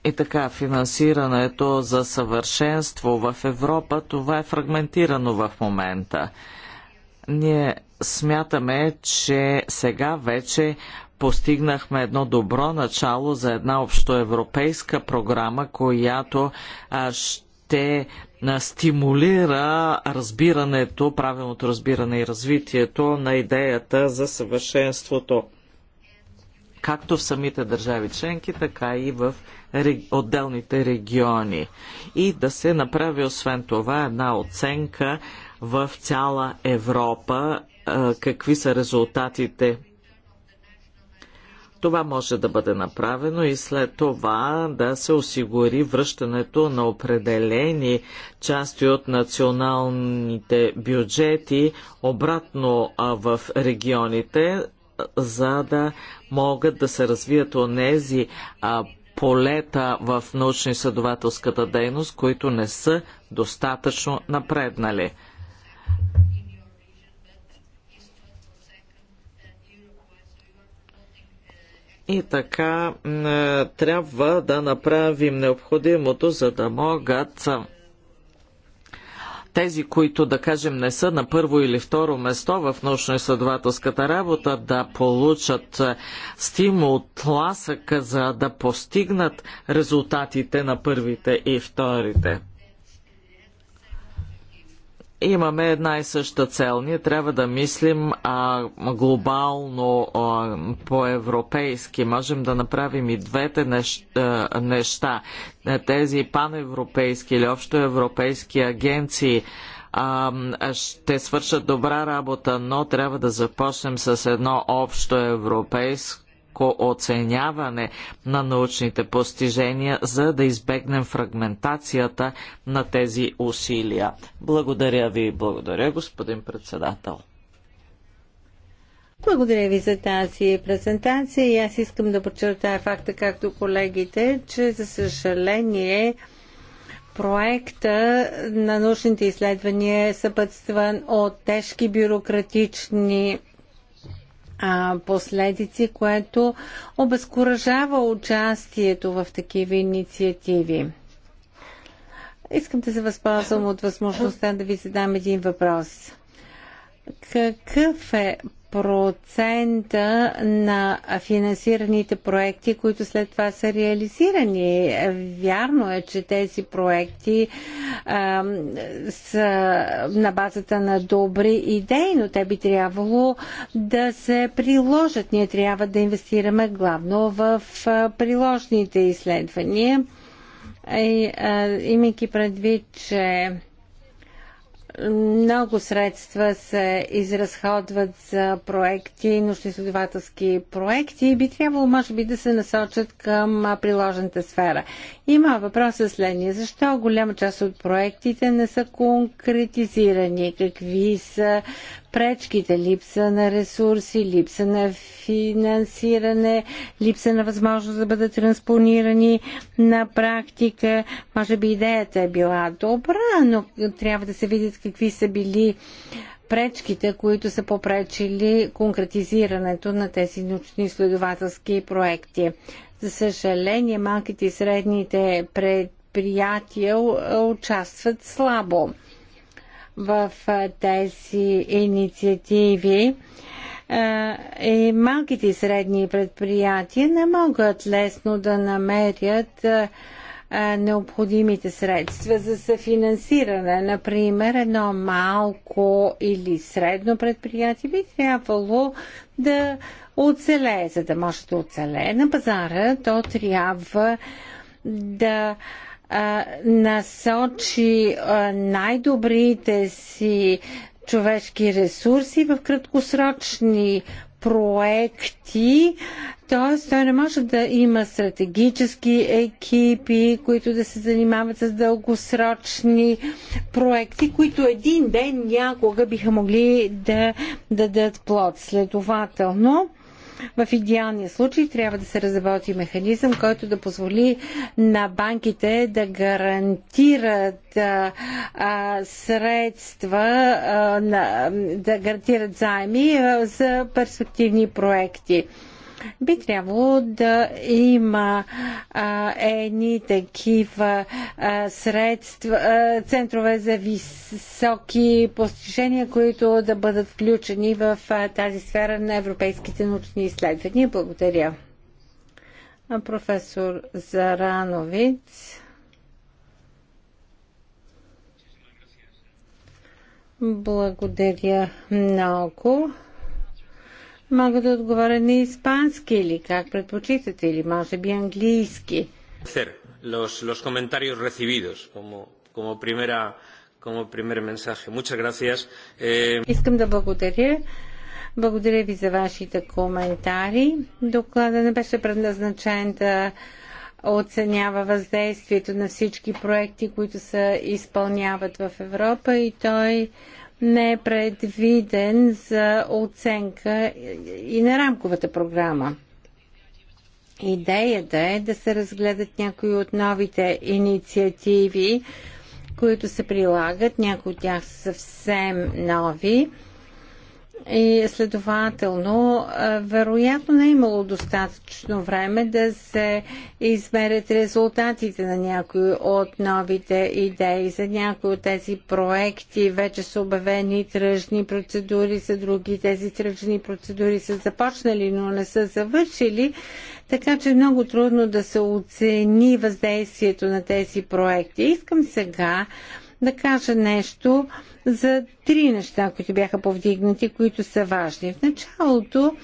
И така, финансирането за съвършенство в Европа, това е фрагментирано в момента. Ние смятаме, че сега вече постигнахме едно добро начало за една общоевропейска програма, която ще стимулира разбирането, правилното разбиране и развитието на идеята за съвършенството както в самите държави членки, така и в отделните региони. И да се направи освен това една оценка в цяла Европа а, какви са резултатите. Това може да бъде направено и след това да се осигури връщането на определени части от националните бюджети обратно в регионите, за да могат да се развият онези полета в научно-изследователската дейност, които не са достатъчно напреднали. И така е, трябва да направим необходимото, за да могат тези, които да кажем не са на първо или второ место в научно-изследователската работа, да получат е, стимул, тласък, за да постигнат резултатите на първите и вторите имаме една и съща цел. Ние трябва да мислим а, глобално а, по-европейски. Можем да направим и двете неща. неща. Тези паневропейски или общоевропейски агенции а, ще свършат добра работа, но трябва да започнем с едно общо европейско пряко оценяване на научните постижения, за да избегнем фрагментацията на тези усилия. Благодаря ви, благодаря господин председател. Благодаря ви за тази презентация и аз искам да подчертая факта, както колегите, че за съжаление проекта на научните изследвания е съпътстван от тежки бюрократични а, последици, което обезкуражава участието в такива инициативи. Искам да се възползвам от възможността да ви задам един въпрос. Какъв е процента на финансираните проекти, които след това са реализирани. Вярно е, че тези проекти а, са на базата на добри идеи, но те би трябвало да се приложат. Ние трябва да инвестираме главно в приложните изследвания. И, а, имайки предвид, че много средства се изразходват за проекти, научно-изследователски проекти и би трябвало, може би, да се насочат към приложната сфера. Има въпрос е следния. Защо голяма част от проектите не са конкретизирани? Какви са пречките, липса на ресурси, липса на финансиране, липса на възможност да бъдат транспонирани на практика. Може би идеята е била добра, но трябва да се видят какви са били пречките, които са попречили конкретизирането на тези научни изследователски проекти. За съжаление, малките и средните предприятия участват слабо в тези инициативи и малките и средни предприятия не могат лесно да намерят необходимите средства за съфинансиране. Например, едно малко или средно предприятие би трябвало да оцелее. За да може да оцелее на пазара, то трябва да насочи най-добрите си човешки ресурси в краткосрочни проекти, т.е. той не може да има стратегически екипи, които да се занимават с дългосрочни проекти, които един ден някога биха могли да дадат плод. Следователно, в идеалния случай трябва да се разработи механизъм, който да позволи на банките да гарантират а, а, средства, а, на, да гарантират заеми а, за перспективни проекти. Би трябвало да има а, едни такива а, средства, а, центрове за високи постижения, които да бъдат включени в а, тази сфера на европейските научни изследвания. Благодаря. А професор Зарановиц. Благодаря много. Мога да отговоря на испански или как предпочитате, или може би английски. Los, los comentarios recibidos como, como, primera, como primer mensaje. Muchas gracias. Eh... Искам да благодаря. Благодаря ви за вашите коментари. Доклада не беше предназначен да оценява въздействието на всички проекти, които се изпълняват в Европа и той не е предвиден за оценка и на рамковата програма. Идеята е да се разгледат някои от новите инициативи, които се прилагат. Някои от тях са съвсем нови и следователно вероятно не е имало достатъчно време да се измерят резултатите на някои от новите идеи. За някои от тези проекти вече са обявени тръжни процедури, за други тези тръжни процедури са започнали, но не са завършили. Така че е много трудно да се оцени въздействието на тези проекти. Искам сега да кажа нещо за три неща, които бяха повдигнати, които са важни. В началото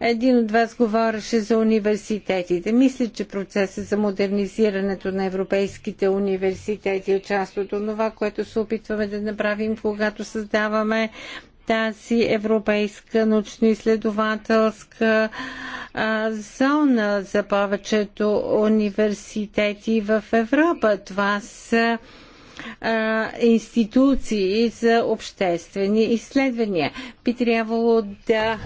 един от вас говореше за университетите. Мисля, че процесът за модернизирането на европейските университети е част от това, което се опитваме да направим, когато създаваме тази европейска научно-изследователска зона за повечето университети в Европа. Това са а, институции за обществени изследвания. Би трябвало да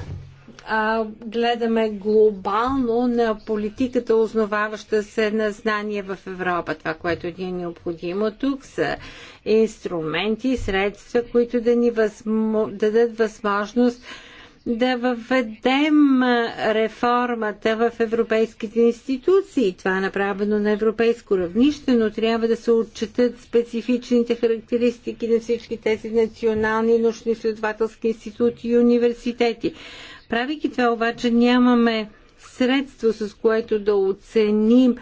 а, гледаме глобално на политиката, основаваща се на знание в Европа. Това, което ни е необходимо тук са инструменти, средства, които да ни дадат възможност да въведем реформата в европейските институции. Това е направено на европейско равнище, но трябва да се отчетат специфичните характеристики на всички тези национални научни изследователски институти и университети. Правейки това обаче нямаме средство, с което да оценим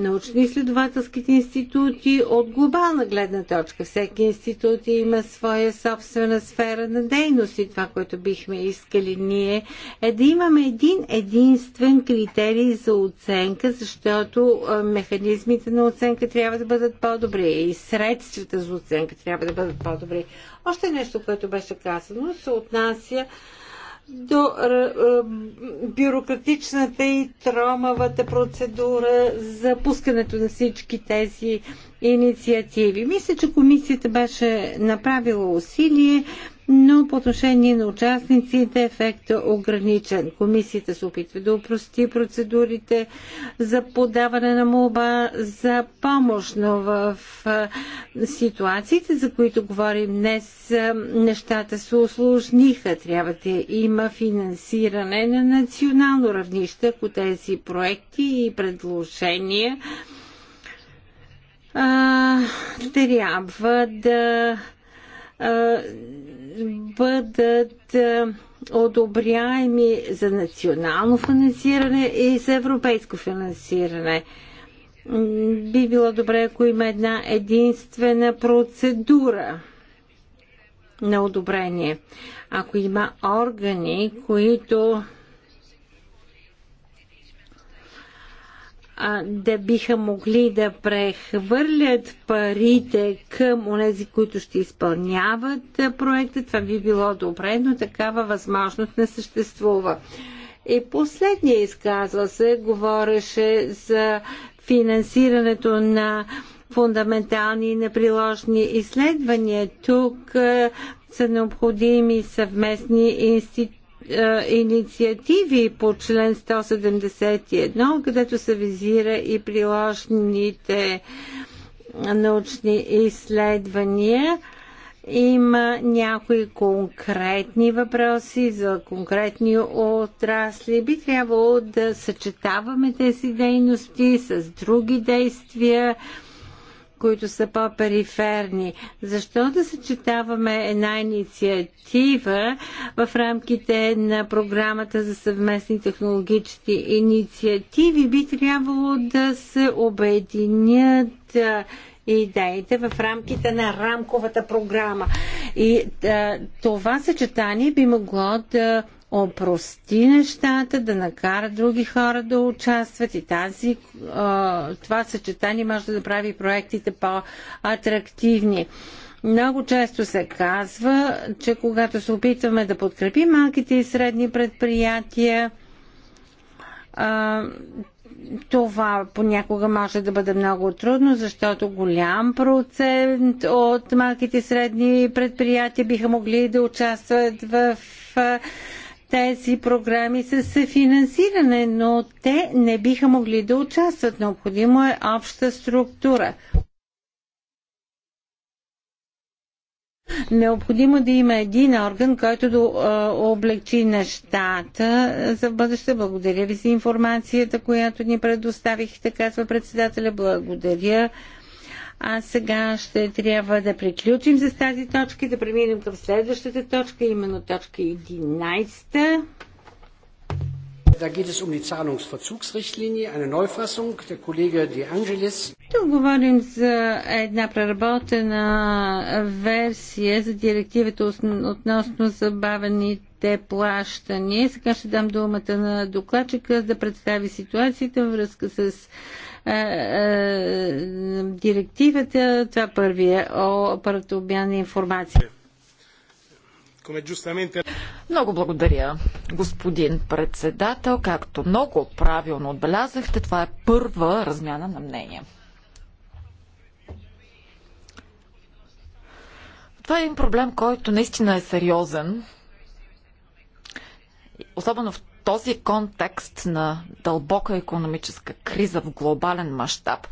научно-изследователските институти от глобална гледна точка. Всеки институт има своя собствена сфера на дейност и това, което бихме искали ние е да имаме един единствен критерий за оценка, защото механизмите на оценка трябва да бъдат по-добри и средствата за оценка трябва да бъдат по-добри. Още нещо, което беше казано, се отнася до е, бюрократичната и тромавата процедура за пускането на всички тези инициативи. Мисля, че комисията беше направила усилие но по отношение на участниците ефект е ограничен. Комисията се опитва да упрости процедурите за подаване на молба за помощ, но в ситуациите, за които говорим днес, нещата се усложниха. Трябва да има финансиране на национално равнище, ако тези проекти и предложения а, трябва да бъдат одобряеми за национално финансиране и за европейско финансиране. Би било добре, ако има една единствена процедура на одобрение. Ако има органи, които а, да биха могли да прехвърлят парите към онези, които ще изпълняват проекта. Това би било добре, но такава възможност не съществува. И последния изказва се, говореше за финансирането на фундаментални и неприложни изследвания. Тук са необходими съвместни институти е, инициативи по член 171, където се визира и приложните научни изследвания. Има някои конкретни въпроси за конкретни отрасли. Би трябвало да съчетаваме тези дейности с други действия които са по-периферни. Защо да съчетаваме една инициатива в рамките на програмата за съвместни технологически инициативи? Би трябвало да се обединят идеите в рамките на рамковата програма. И а, това съчетание би могло да опрости нещата, да накара други хора да участват и тази, това съчетание може да прави проектите по-атрактивни. Много често се казва, че когато се опитваме да подкрепим малките и средни предприятия, това понякога може да бъде много трудно, защото голям процент от малките и средни предприятия биха могли да участват в тези програми с съфинансиране, но те не биха могли да участват. Необходимо е обща структура. Необходимо да има един орган, който да облегчи нещата за бъдеще. Благодаря ви за информацията, която ни предоставихте, казва председателя. Благодаря а сега ще трябва да приключим с тази точка и да преминем към следващата точка, именно точка 11. Da geht es um die Zahlungsverzugsrichtlinie, eine Neufassung. Der Kollege De Angelis. Тук говорим за една преработена версия за директивата относно забавените плащания. Сега ще дам думата на докладчика да представи ситуацията във връзка с е, е, директивата. Това първия е о първата обмяна информация. Много благодаря, господин председател. Както много правилно отбелязахте, това е първа размяна на мнения. Това е един проблем, който наистина е сериозен. Особено в този контекст на дълбока економическа криза в глобален мащаб,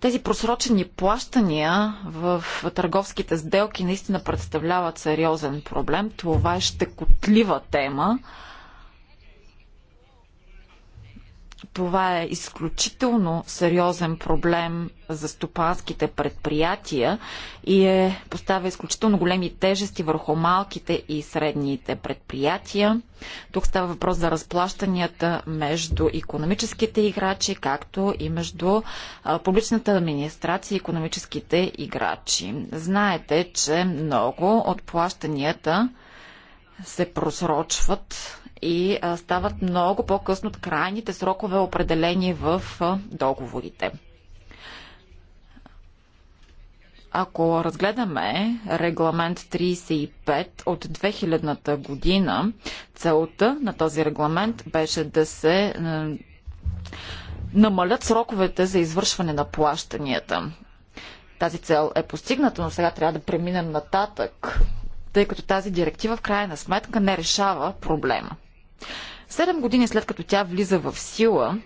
тези просрочени плащания в търговските сделки наистина представляват сериозен проблем. Това е щекотлива тема. Това е изключително сериозен проблем за стопанските предприятия и е поставя изключително големи тежести върху малките и средните предприятия. Тук става въпрос за разплащанията между економическите играчи, както и между публичната администрация и економическите играчи. Знаете, че много от плащанията се просрочват и стават много по-късно от крайните срокове, определени в договорите. Ако разгледаме регламент 35 от 2000-та година, целта на този регламент беше да се намалят сроковете за извършване на плащанията. Тази цел е постигната, но сега трябва да преминем нататък, тъй като тази директива в крайна сметка не решава проблема. Седем години след като тя влиза в сила,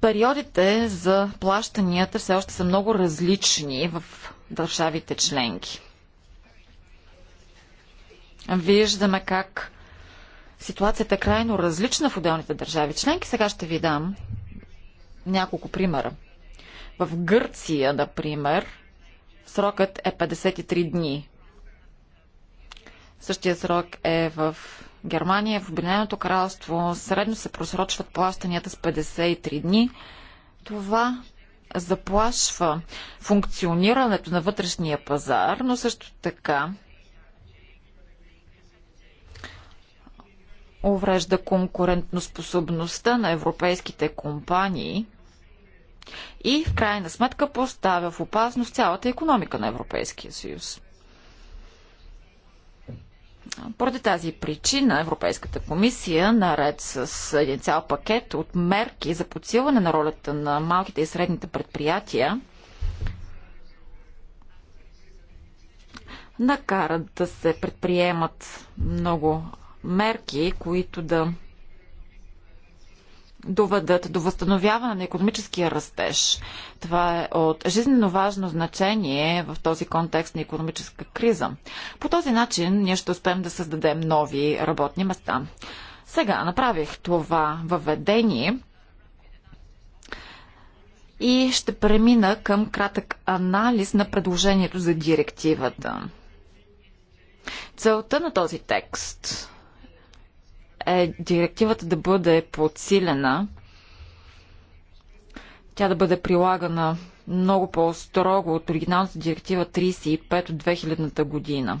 периодите за плащанията все още са много различни в държавите членки. Виждаме как ситуацията е крайно различна в отделните държави членки. Сега ще ви дам няколко примера. В Гърция, например, срокът е 53 дни. Същия срок е в Германия, в Обединеното кралство средно се просрочват плащанията с 53 дни. Това заплашва функционирането на вътрешния пазар, но също така уврежда конкурентноспособността на европейските компании и в крайна сметка поставя в опасност цялата економика на Европейския съюз. Поради тази причина Европейската комисия, наред с един цял пакет от мерки за подсилване на ролята на малките и средните предприятия, накарат да се предприемат много мерки, които да доведат до възстановяване на економическия растеж. Това е от жизненно важно значение в този контекст на економическа криза. По този начин ние ще успеем да създадем нови работни места. Сега направих това въведение и ще премина към кратък анализ на предложението за директивата. Целта на този текст е директивата да бъде подсилена, тя да бъде прилагана много по-строго от оригиналната директива 35 от 2000 година.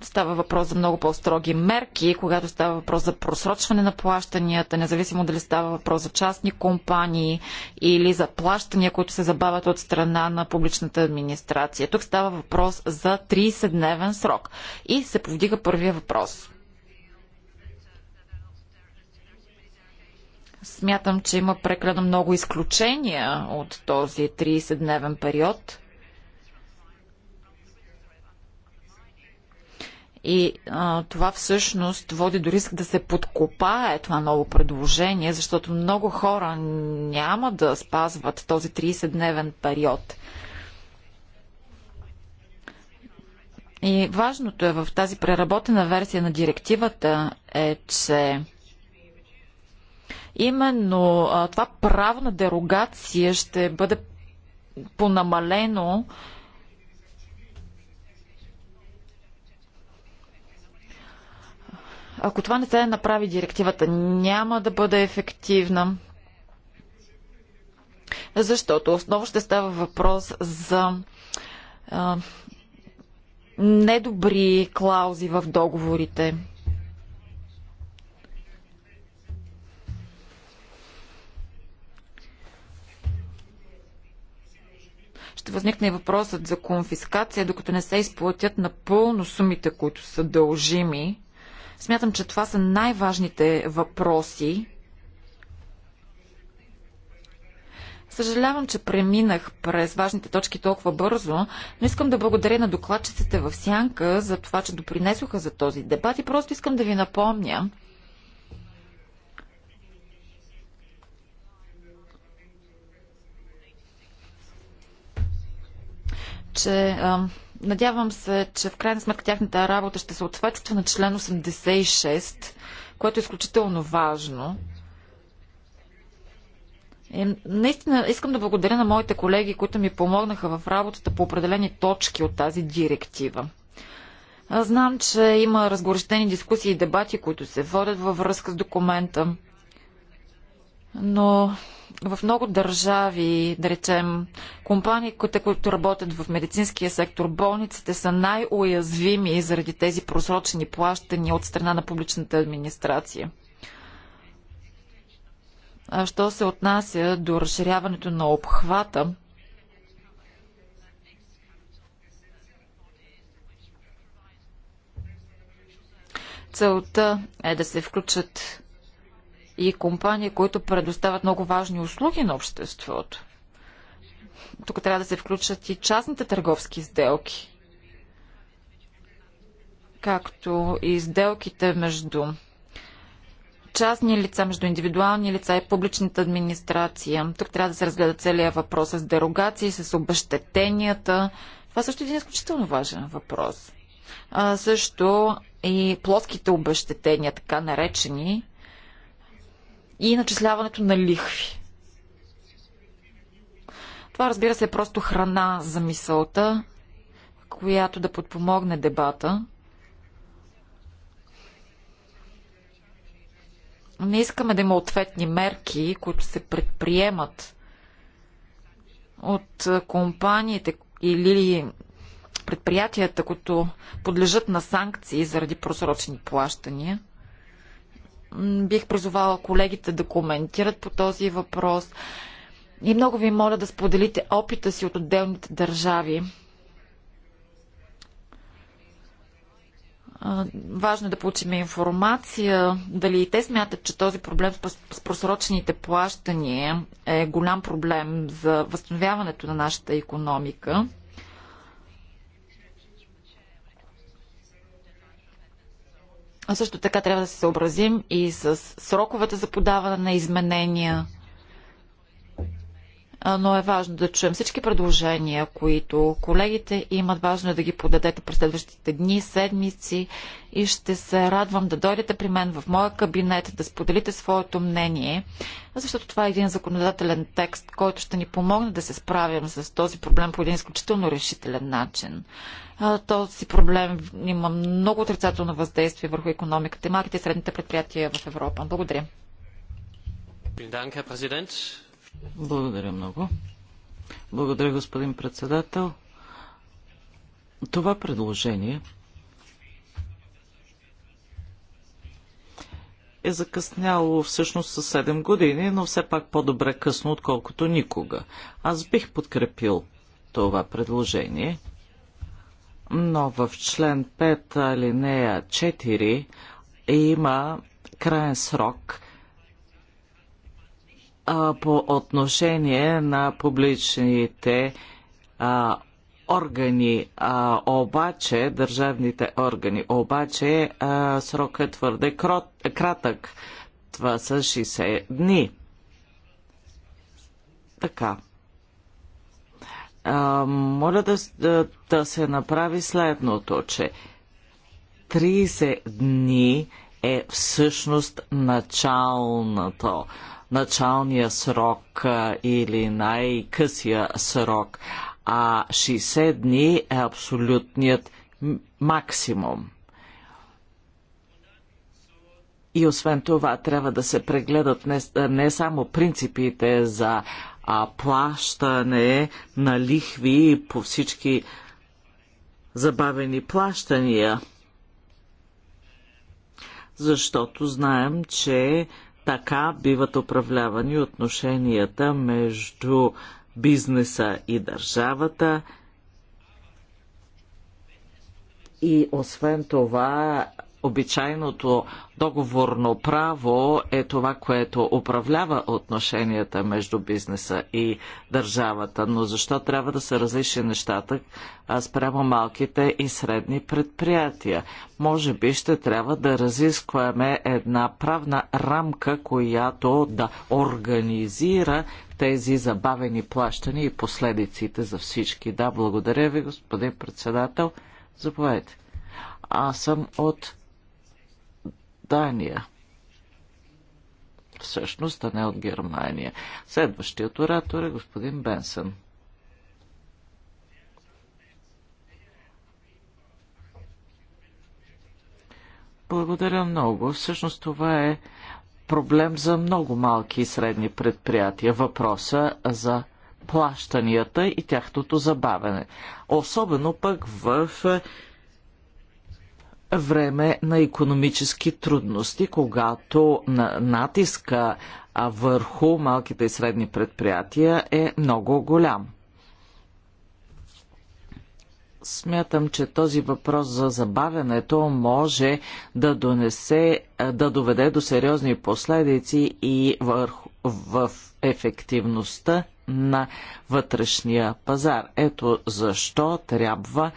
става въпрос за много по-строги мерки, когато става въпрос за просрочване на плащанията, независимо дали става въпрос за частни компании или за плащания, които се забавят от страна на публичната администрация. Тук става въпрос за 30-дневен срок. И се повдига първия въпрос. Смятам, че има прекалено много изключения от този 30-дневен период – И а, това всъщност води до риск да се подкопае това ново предложение, защото много хора няма да спазват този 30-дневен период. И важното е в тази преработена версия на директивата е, че именно а, това право на дерогация ще бъде понамалено Ако това не се направи, директивата няма да бъде ефективна, защото основно ще става въпрос за а, недобри клаузи в договорите. ще възникне и въпросът за конфискация, докато не се изплатят напълно сумите, които са дължими. Смятам, че това са най-важните въпроси. Съжалявам, че преминах през важните точки толкова бързо, но искам да благодаря на докладчиците в Сянка за това, че допринесоха за този дебат и просто искам да ви напомня, че а, Надявам се, че в крайна сметка тяхната работа ще се отсветства на член 86, което е изключително важно. И наистина искам да благодаря на моите колеги, които ми помогнаха в работата по определени точки от тази директива. Знам, че има разгорещени дискусии и дебати, които се водят във връзка с документа но в много държави, да речем, компаниите, които работят в медицинския сектор, болниците са най-уязвими заради тези просрочени плащания от страна на публичната администрация. А що се отнася до разширяването на обхвата, целта е да се включат и компании, които предоставят много важни услуги на обществото. Тук трябва да се включат и частните търговски сделки, както и сделките между частни лица, между индивидуални лица и публичната администрация. Тук трябва да се разгледа целият въпрос с дерогации, с обещетенията. Това също е един изключително важен въпрос. А, също и плоските обещетения, така наречени, и начисляването на лихви. Това, разбира се, е просто храна за мисълта, която да подпомогне дебата. Не искаме да има ответни мерки, които се предприемат от компаниите или предприятията, които подлежат на санкции заради просрочни плащания бих призовала колегите да коментират по този въпрос и много ви моля да споделите опита си от отделните държави. Важно е да получим информация дали и те смятат, че този проблем с просрочените плащания е голям проблем за възстановяването на нашата економика. А също така трябва да се съобразим и с сроковете за подаване на изменения. Но е важно да чуем всички предложения, които колегите имат. Важно е да ги подадете през следващите дни, седмици и ще се радвам да дойдете при мен в моя кабинет, да споделите своето мнение, защото това е един законодателен текст, който ще ни помогне да се справим с този проблем по един изключително решителен начин. Този проблем има много отрицателно въздействие върху економиката и малките и средните предприятия в Европа. Благодаря. Благодаря много. Благодаря, господин председател. Това предложение е закъсняло всъщност със 7 години, но все пак по-добре късно, отколкото никога. Аз бих подкрепил това предложение – но в член 5 алинея 4 има крайен срок а, по отношение на публичните а, органи, а, обаче, държавните органи, обаче а, срокът е твърде крот, кратък. Това са 60 дни. Така а, моля да, да, да се направи следното, че 30 дни е всъщност началното, началния срок а, или най-късия срок, а 60 дни е абсолютният максимум. И освен това трябва да се прегледат не, не само принципите за а, плащане на лихви по всички забавени плащания. Защото знаем, че така биват управлявани отношенията между бизнеса и държавата. И освен това, обичайното договорно право е това, което управлява отношенията между бизнеса и държавата. Но защо трябва да се различи нещата спрямо малките и средни предприятия? Може би ще трябва да разискваме една правна рамка, която да организира тези забавени плащания и последиците за всички. Да, благодаря ви, господин председател. Заповядайте. Аз съм от Дания. Всъщност, а не от Германия. Следващият оратор е господин Бенсън. Благодаря много. Всъщност това е проблем за много малки и средни предприятия. Въпроса за плащанията и тяхното забавене. Особено пък в време на економически трудности, когато натиска върху малките и средни предприятия е много голям. Смятам, че този въпрос за забавянето може да, донесе, да доведе до сериозни последици и върху, в ефективността на вътрешния пазар. Ето защо трябва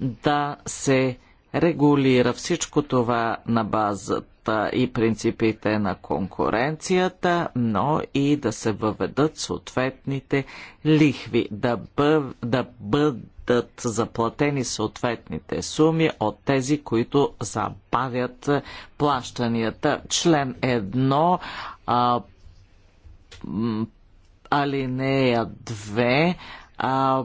да се регулира всичко това на базата и принципите на конкуренцията, но и да се въведат съответните лихви, да, бъв, да бъдат заплатени съответните суми от тези, които забавят плащанията. Член 1 а, алинея 2 а,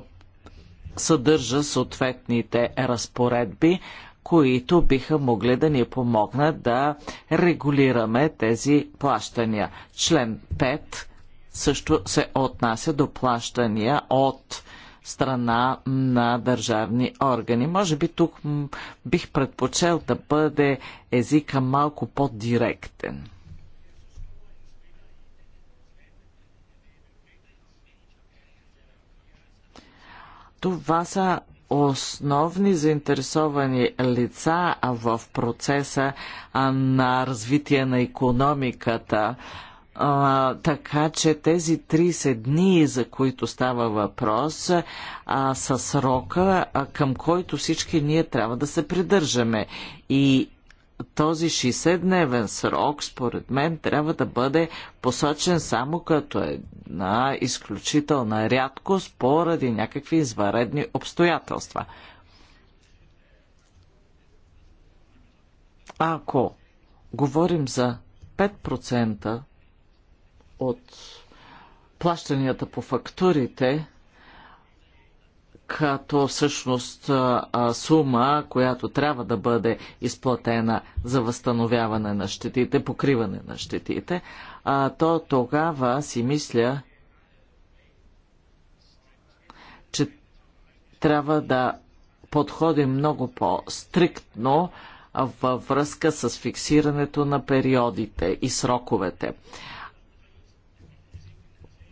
съдържа съответните разпоредби които биха могли да ни помогнат да регулираме тези плащания. Член 5 също се отнася до плащания от страна на държавни органи. Може би тук бих предпочел да бъде езика малко по-директен. Това са основни заинтересовани лица в процеса на развитие на економиката. А, така че тези 30 дни, за които става въпрос, а, са срока, а, към който всички ние трябва да се придържаме. И този 60-дневен срок, според мен, трябва да бъде посочен само като една изключителна рядкост поради някакви изваредни обстоятелства. Ако говорим за 5% от плащанията по фактурите, като всъщност сума, която трябва да бъде изплатена за възстановяване на щетите, покриване на щетите, то тогава си мисля, че трябва да подходим много по-стриктно във връзка с фиксирането на периодите и сроковете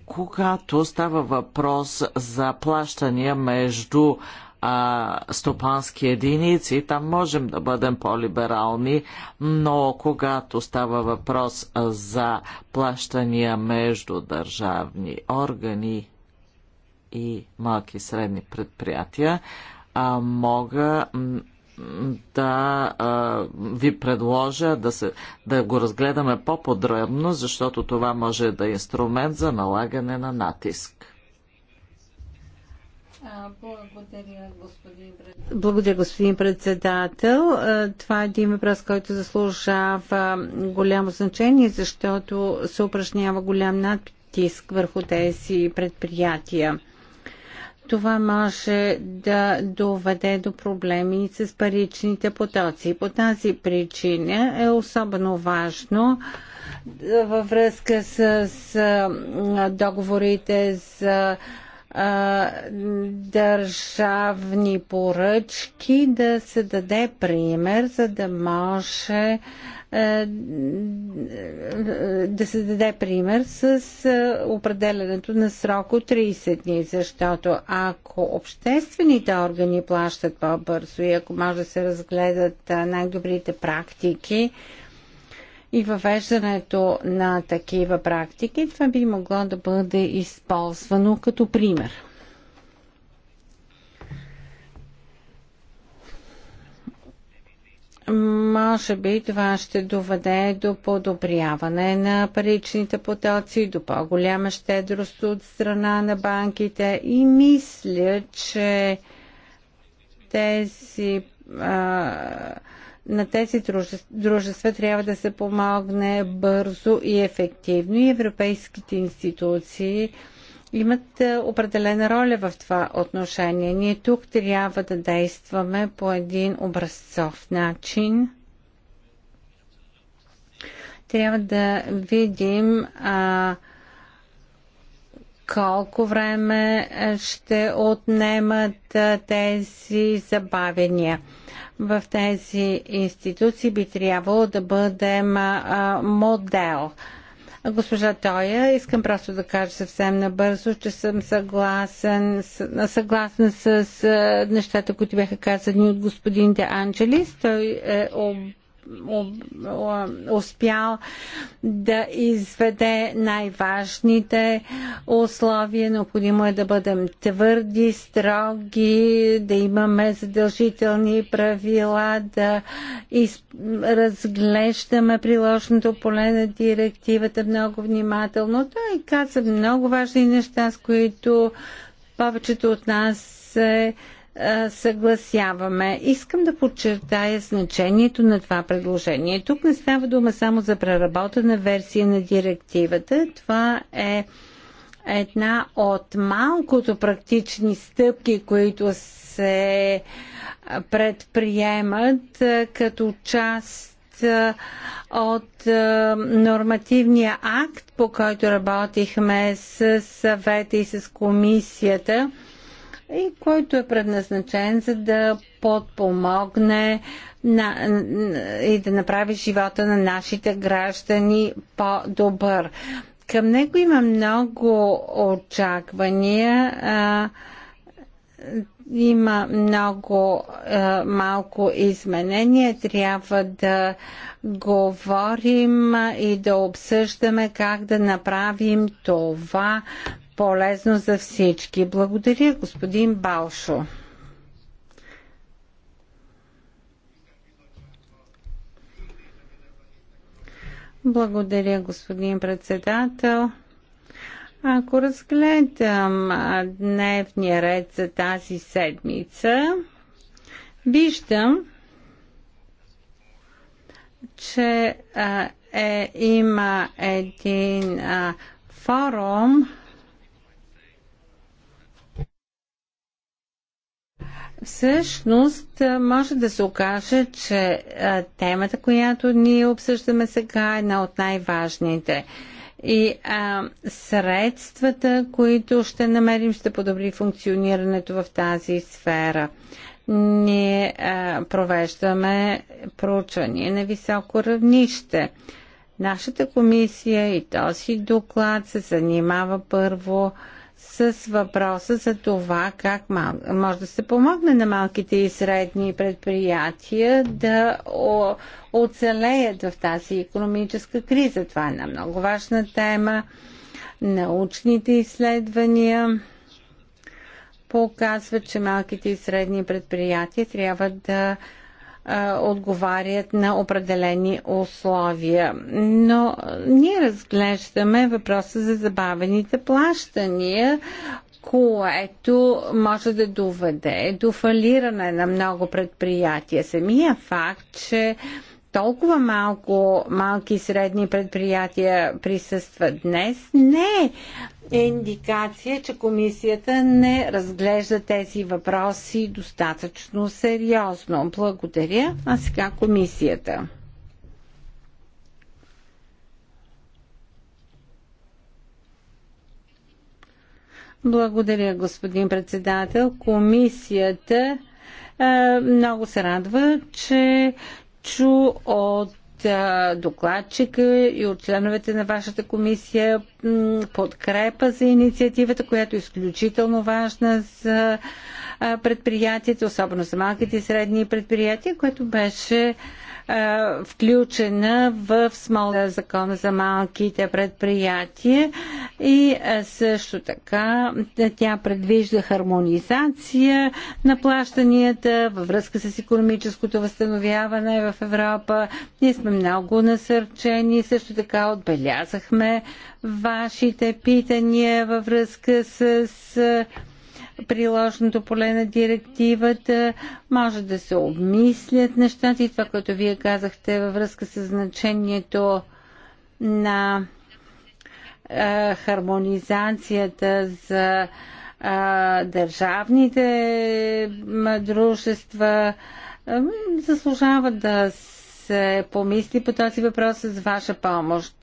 когато става въпрос за плащания между а, стопански единици, там можем да бъдем по-либерални, но когато става въпрос за плащания между държавни органи и малки и средни предприятия, а, мога да а, ви предложа да, се, да го разгледаме по-подробно, защото това може да е инструмент за налагане на натиск. Благодаря господин... председател. Това е един въпрос, който заслужава голямо значение, защото се упражнява голям натиск върху тези предприятия това може да доведе до проблеми с паричните потоци. По тази причина е особено важно във връзка с договорите за а, държавни поръчки, да се даде пример, за да може е, да се даде пример с е, определенето на срок от 30 дни, защото ако обществените органи плащат по-бързо и ако може да се разгледат е, най-добрите практики, и въвеждането на такива практики, това би могло да бъде използвано като пример. Може би това ще доведе до подобряване на паричните потоци, до по-голяма щедрост от страна на банките и мисля, че тези а, на тези дружества трябва да се помогне бързо и ефективно и европейските институции имат е, определена роля в това отношение. Ние тук трябва да действаме по един образцов начин. Трябва да видим а, колко време е, ще отнемат е, тези забавения в тези институции би трябвало да бъдем модел. Госпожа Тоя, искам просто да кажа съвсем набързо, че съм съгласен, съгласен с нещата, които бяха казани от господин Де Анджелис. Той е об успял да изведе най-важните условия. Необходимо е да бъдем твърди, строги, да имаме задължителни правила, да из... разглеждаме приложното поле на директивата много внимателно. Той каза много важни неща, с които повечето от нас се е, съгласяваме. Искам да подчертая значението на това предложение. Тук не става дума само за преработена версия на директивата. Това е една от малкото практични стъпки, които се предприемат е, като част е, от нормативния акт, по който работихме с съвета и с комисията и който е предназначен за да подпомогне на, и да направи живота на нашите граждани по-добър. Към него има много очаквания. А, има много е, малко изменения. Трябва да говорим и да обсъждаме как да направим това по-лесно за всички. Благодаря, господин Балшо. Благодаря, господин председател. Ако разгледам дневния ред за тази седмица, виждам, че а, е, има един а, форум Всъщност може да се окаже, че темата, която ние обсъждаме сега е една от най-важните. И а, средствата, които ще намерим, ще подобри функционирането в тази сфера. Ние а, провеждаме проучвания на високо равнище. Нашата комисия и този доклад се занимава първо а, с въпроса за това как мал... може да се помогне на малките и средни предприятия да о... оцелеят в тази економическа криза. Това е една много важна тема. Научните изследвания показват, че малките и средни предприятия трябва да отговарят на определени условия. Но ние разглеждаме въпроса за забавените плащания, което може да доведе до фалиране на много предприятия. Самия факт, че толкова малко малки и средни предприятия присъстват днес, не е индикация, че комисията не разглежда тези въпроси достатъчно сериозно. Благодаря. А сега комисията. Благодаря, господин председател. Комисията много се радва, че чу от докладчика и от членовете на вашата комисия подкрепа за инициативата, която е изключително важна за предприятията, особено за малките и средни предприятия, което беше е, включена в смол закона за малките предприятия и е, също така е, тя предвижда хармонизация на плащанията във връзка с економическото възстановяване в Европа. Ние сме много насърчени, също така отбелязахме вашите питания във връзка с приложното поле на директивата, може да се обмислят нещата и това, което вие казахте във връзка с значението на е, хармонизацията за е, държавните дружества, е, заслужава да се помисли по този въпрос с ваша помощ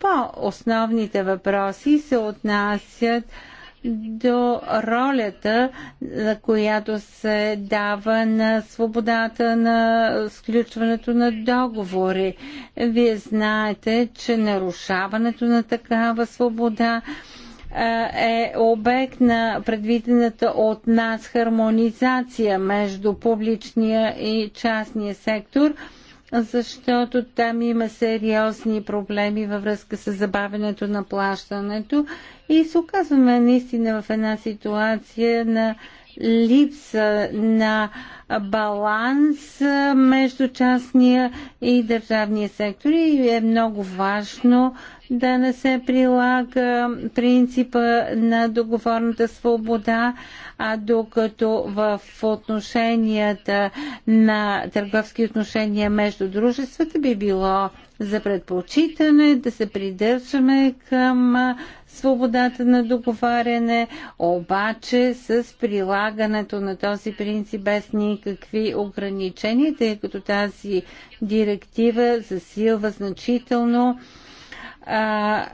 по-основните въпроси се отнасят до ролята, за която се дава на свободата на сключването на договори. Вие знаете, че нарушаването на такава свобода е обект на предвидената от нас хармонизация между публичния и частния сектор – защото там има сериозни проблеми във връзка с забавянето на плащането и се оказваме наистина в една ситуация на липса на баланс между частния и държавния сектор и е много важно да не се прилага принципа на договорната свобода, а докато в отношенията на търговски отношения между дружествата би било за предпочитане да се придържаме към свободата на договаряне, обаче с прилагането на този принцип без никакви ограничения, тъй като тази директива засилва значително а,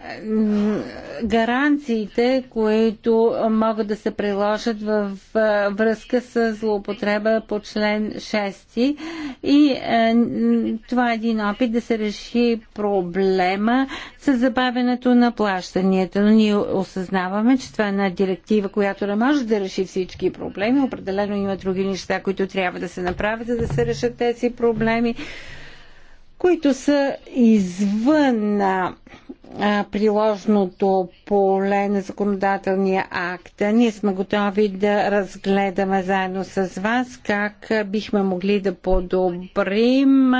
гаранциите, които могат да се приложат в а, връзка с злоупотреба по член 6. И а, това е един опит да се реши проблема с забавянето на плащанията. Но ние осъзнаваме, че това е една директива, която не може да реши всички проблеми. Определено има други неща, които трябва да се направят, за да се решат тези проблеми които са извън а, приложното поле на законодателния акт. Ние сме готови да разгледаме заедно с вас как бихме могли да подобрим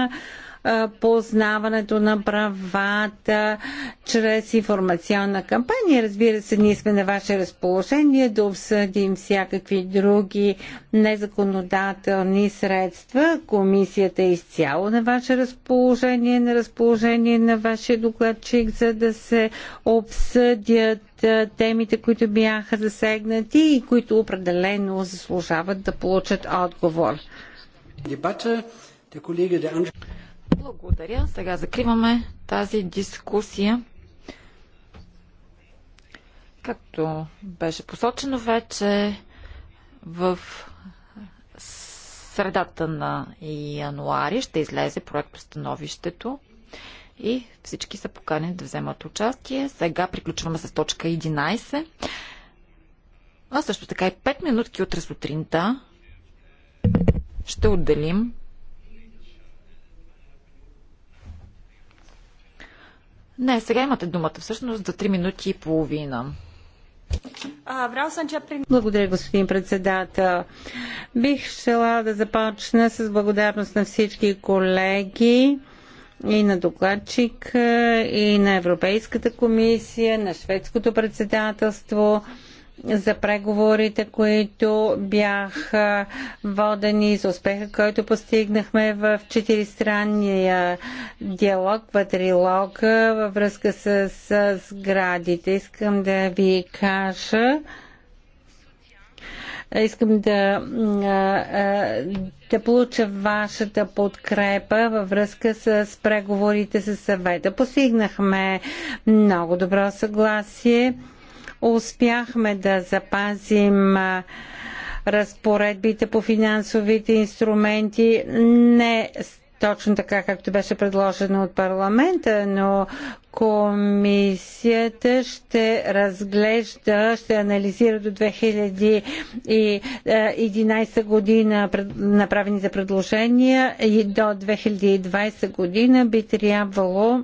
познаването на правата чрез информационна кампания. Разбира се, ние сме на ваше разположение да обсъдим всякакви други незаконодателни средства. Комисията е изцяло на ваше разположение, на разположение на вашия докладчик, за да се обсъдят темите, които бяха засегнати и които определено заслужават да получат отговор. Дебата, благодаря. Сега закриваме тази дискусия. Както беше посочено вече, в средата на януари ще излезе проект становището и всички са поканени да вземат участие. Сега приключваме с точка 11. А също така и 5 минутки утре сутринта ще отделим Не, сега имате думата всъщност за 3 минути и половина. Благодаря, господин председател. Бих желала да започна с благодарност на всички колеги и на докладчик, и на Европейската комисия, на шведското председателство за преговорите, които бяха водени, за успеха, който постигнахме в четиристранния диалог, в във връзка с, с сградите. Искам да ви кажа, искам да, да получа вашата подкрепа във връзка с преговорите с съвета. Постигнахме много добро съгласие успяхме да запазим разпоредбите по финансовите инструменти. Не точно така, както беше предложено от парламента, но комисията ще разглежда, ще анализира до 2011 е, година направените предложения и до 2020 година би трябвало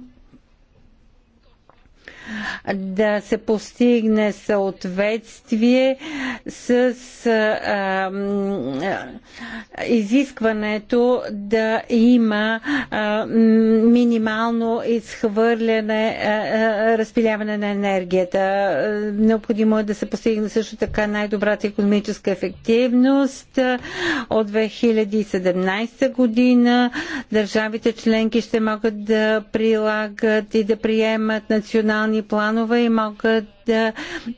да се постигне съответствие с а, а, изискването да има а, минимално изхвърляне, а, а, разпиляване на енергията. Необходимо е да се постигне също така най-добрата економическа ефективност. От 2017 година държавите членки ще могат да прилагат и да приемат национални национални планове и могат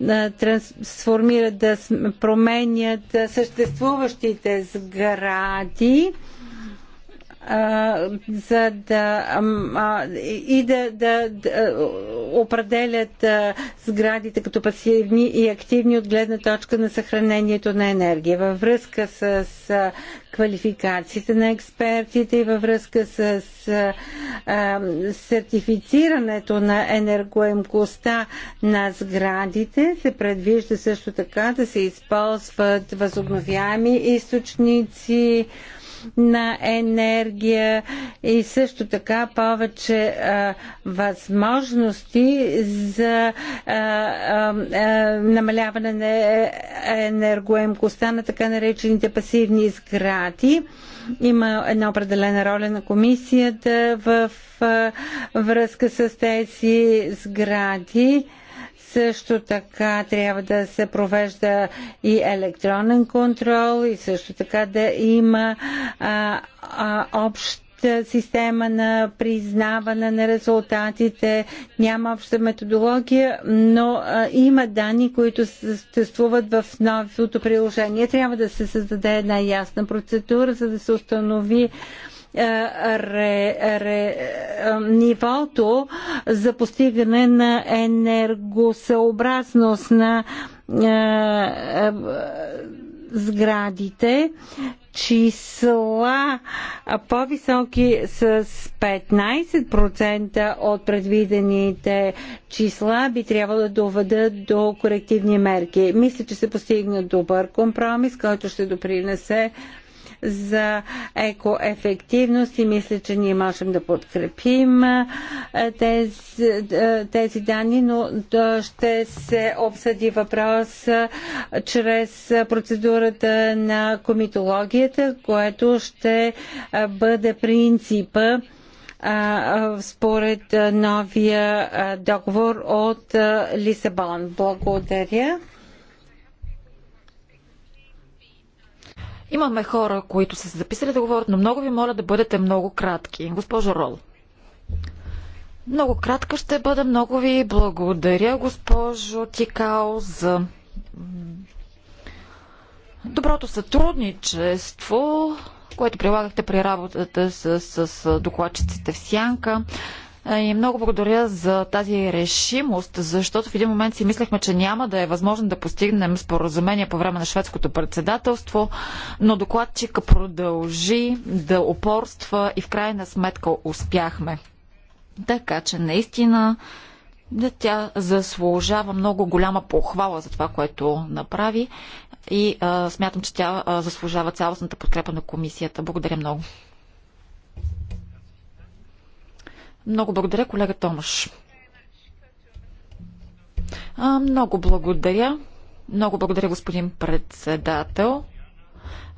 да трансформират, да променят съществуващите сгради за да и да, да, да определят сградите като пасивни и активни от гледна точка на съхранението на енергия. Във връзка с квалификациите на експертите и във връзка с сертифицирането на енергоемкостта на сградите се предвижда също така да се използват възобновяеми източници, на енергия и също така повече а, възможности за а, а, намаляване на енергоемкостта на така наречените пасивни сгради има една определена роля на комисията в връзка с тези сгради. Също така трябва да се провежда и електронен контрол и също така да има а, а, общ система на признаване на резултатите, няма обща методология, но а, има данни, които съществуват в новото приложение. Трябва да се създаде една ясна процедура, за да се установи е, е, нивото за постигане на енергосъобразност на е, сградите числа по-високи с 15% от предвидените числа би трябвало да доведат до корективни мерки. Мисля, че се постигна добър компромис, който ще допринесе за екоефективност и мисля, че ние можем да подкрепим тези, тези данни, но ще се обсъди въпрос чрез процедурата на комитологията, което ще бъде принципа според новия договор от Лисабон. Благодаря. Имаме хора, които са се записали да говорят, но много ви моля да бъдете много кратки. Госпожо Рол. Много кратка ще бъда. Много ви благодаря, госпожо Тикао, за доброто сътрудничество, което прилагахте при работата с, с докладчиците в Сянка. И много благодаря за тази решимост, защото в един момент си мислехме, че няма да е възможно да постигнем споразумение по време на шведското председателство, но докладчика продължи да опорства и в крайна сметка успяхме. Така че наистина да тя заслужава много голяма похвала за това, което направи и а, смятам, че тя а, заслужава цялостната подкрепа на комисията. Благодаря много. Много благодаря, колега Томаш. А, много благодаря. Много благодаря, господин председател.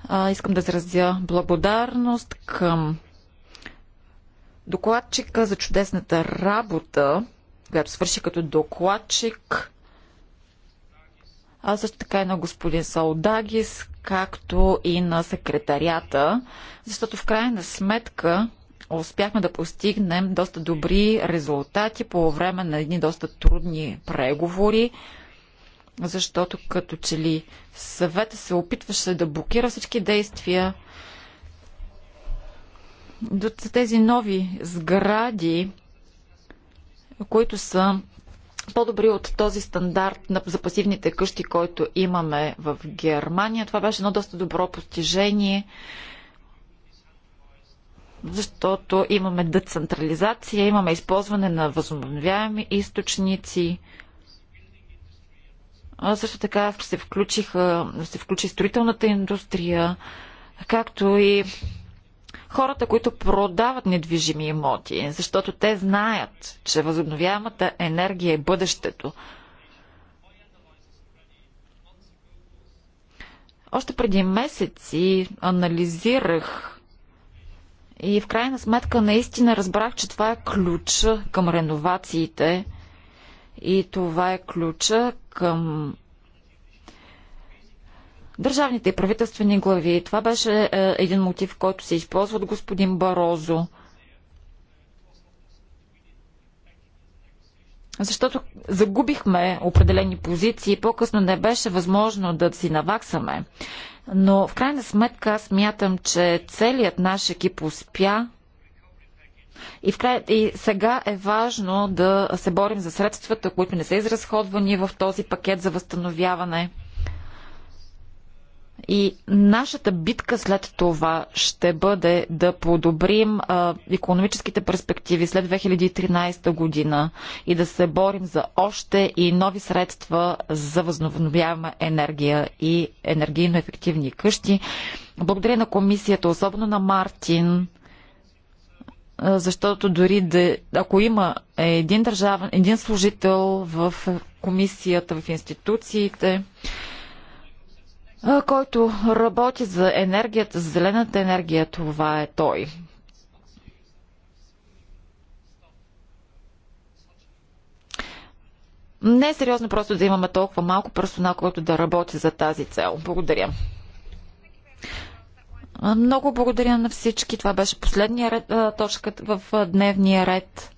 А, искам да изразя благодарност към докладчика за чудесната работа, която свърши като докладчик. А също така и на господин Салдагис, както и на секретарията, защото в крайна сметка успяхме да постигнем доста добри резултати по време на едни доста трудни преговори, защото като че ли съвета се опитваше да блокира всички действия до тези нови сгради, които са по-добри от този стандарт на, за пасивните къщи, който имаме в Германия. Това беше едно доста добро постижение защото имаме децентрализация, имаме използване на възобновяеми източници. А също така се, включиха, се включи строителната индустрия, както и хората, които продават недвижими имоти, защото те знаят, че възобновяемата енергия е бъдещето. Още преди месеци анализирах и в крайна сметка наистина разбрах, че това е ключа към реновациите и това е ключа към държавните и правителствени глави. Това беше е, един мотив, който се използва от господин Барозо. Защото загубихме определени позиции, по-късно не беше възможно да си наваксаме. Но в крайна сметка аз мятам, че целият наш екип успя и, в край... и сега е важно да се борим за средствата, които не са изразходвани в този пакет за възстановяване – и нашата битка след това ще бъде да подобрим а, економическите перспективи след 2013 година и да се борим за още и нови средства за възобновяема енергия и енергийно ефективни къщи. Благодаря на комисията, особено на Мартин, защото дори да, ако има един, държав, един служител в комисията, в институциите, който работи за енергията, за зелената енергия, това е той. Не е сериозно просто да имаме толкова малко персонал, който да работи за тази цел. Благодаря. Много благодаря на всички. Това беше последния ред, точка в дневния ред.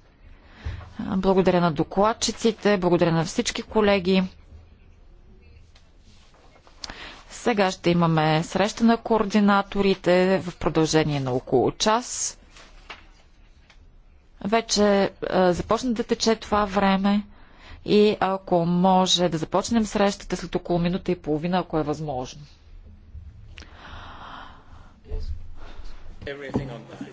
Благодаря на докладчиците, благодаря на всички колеги. Сега ще имаме среща на координаторите в продължение на около час. Вече а, е, започна да тече това време и ако може да започнем срещата след около минута и половина, ако е възможно. Everything that.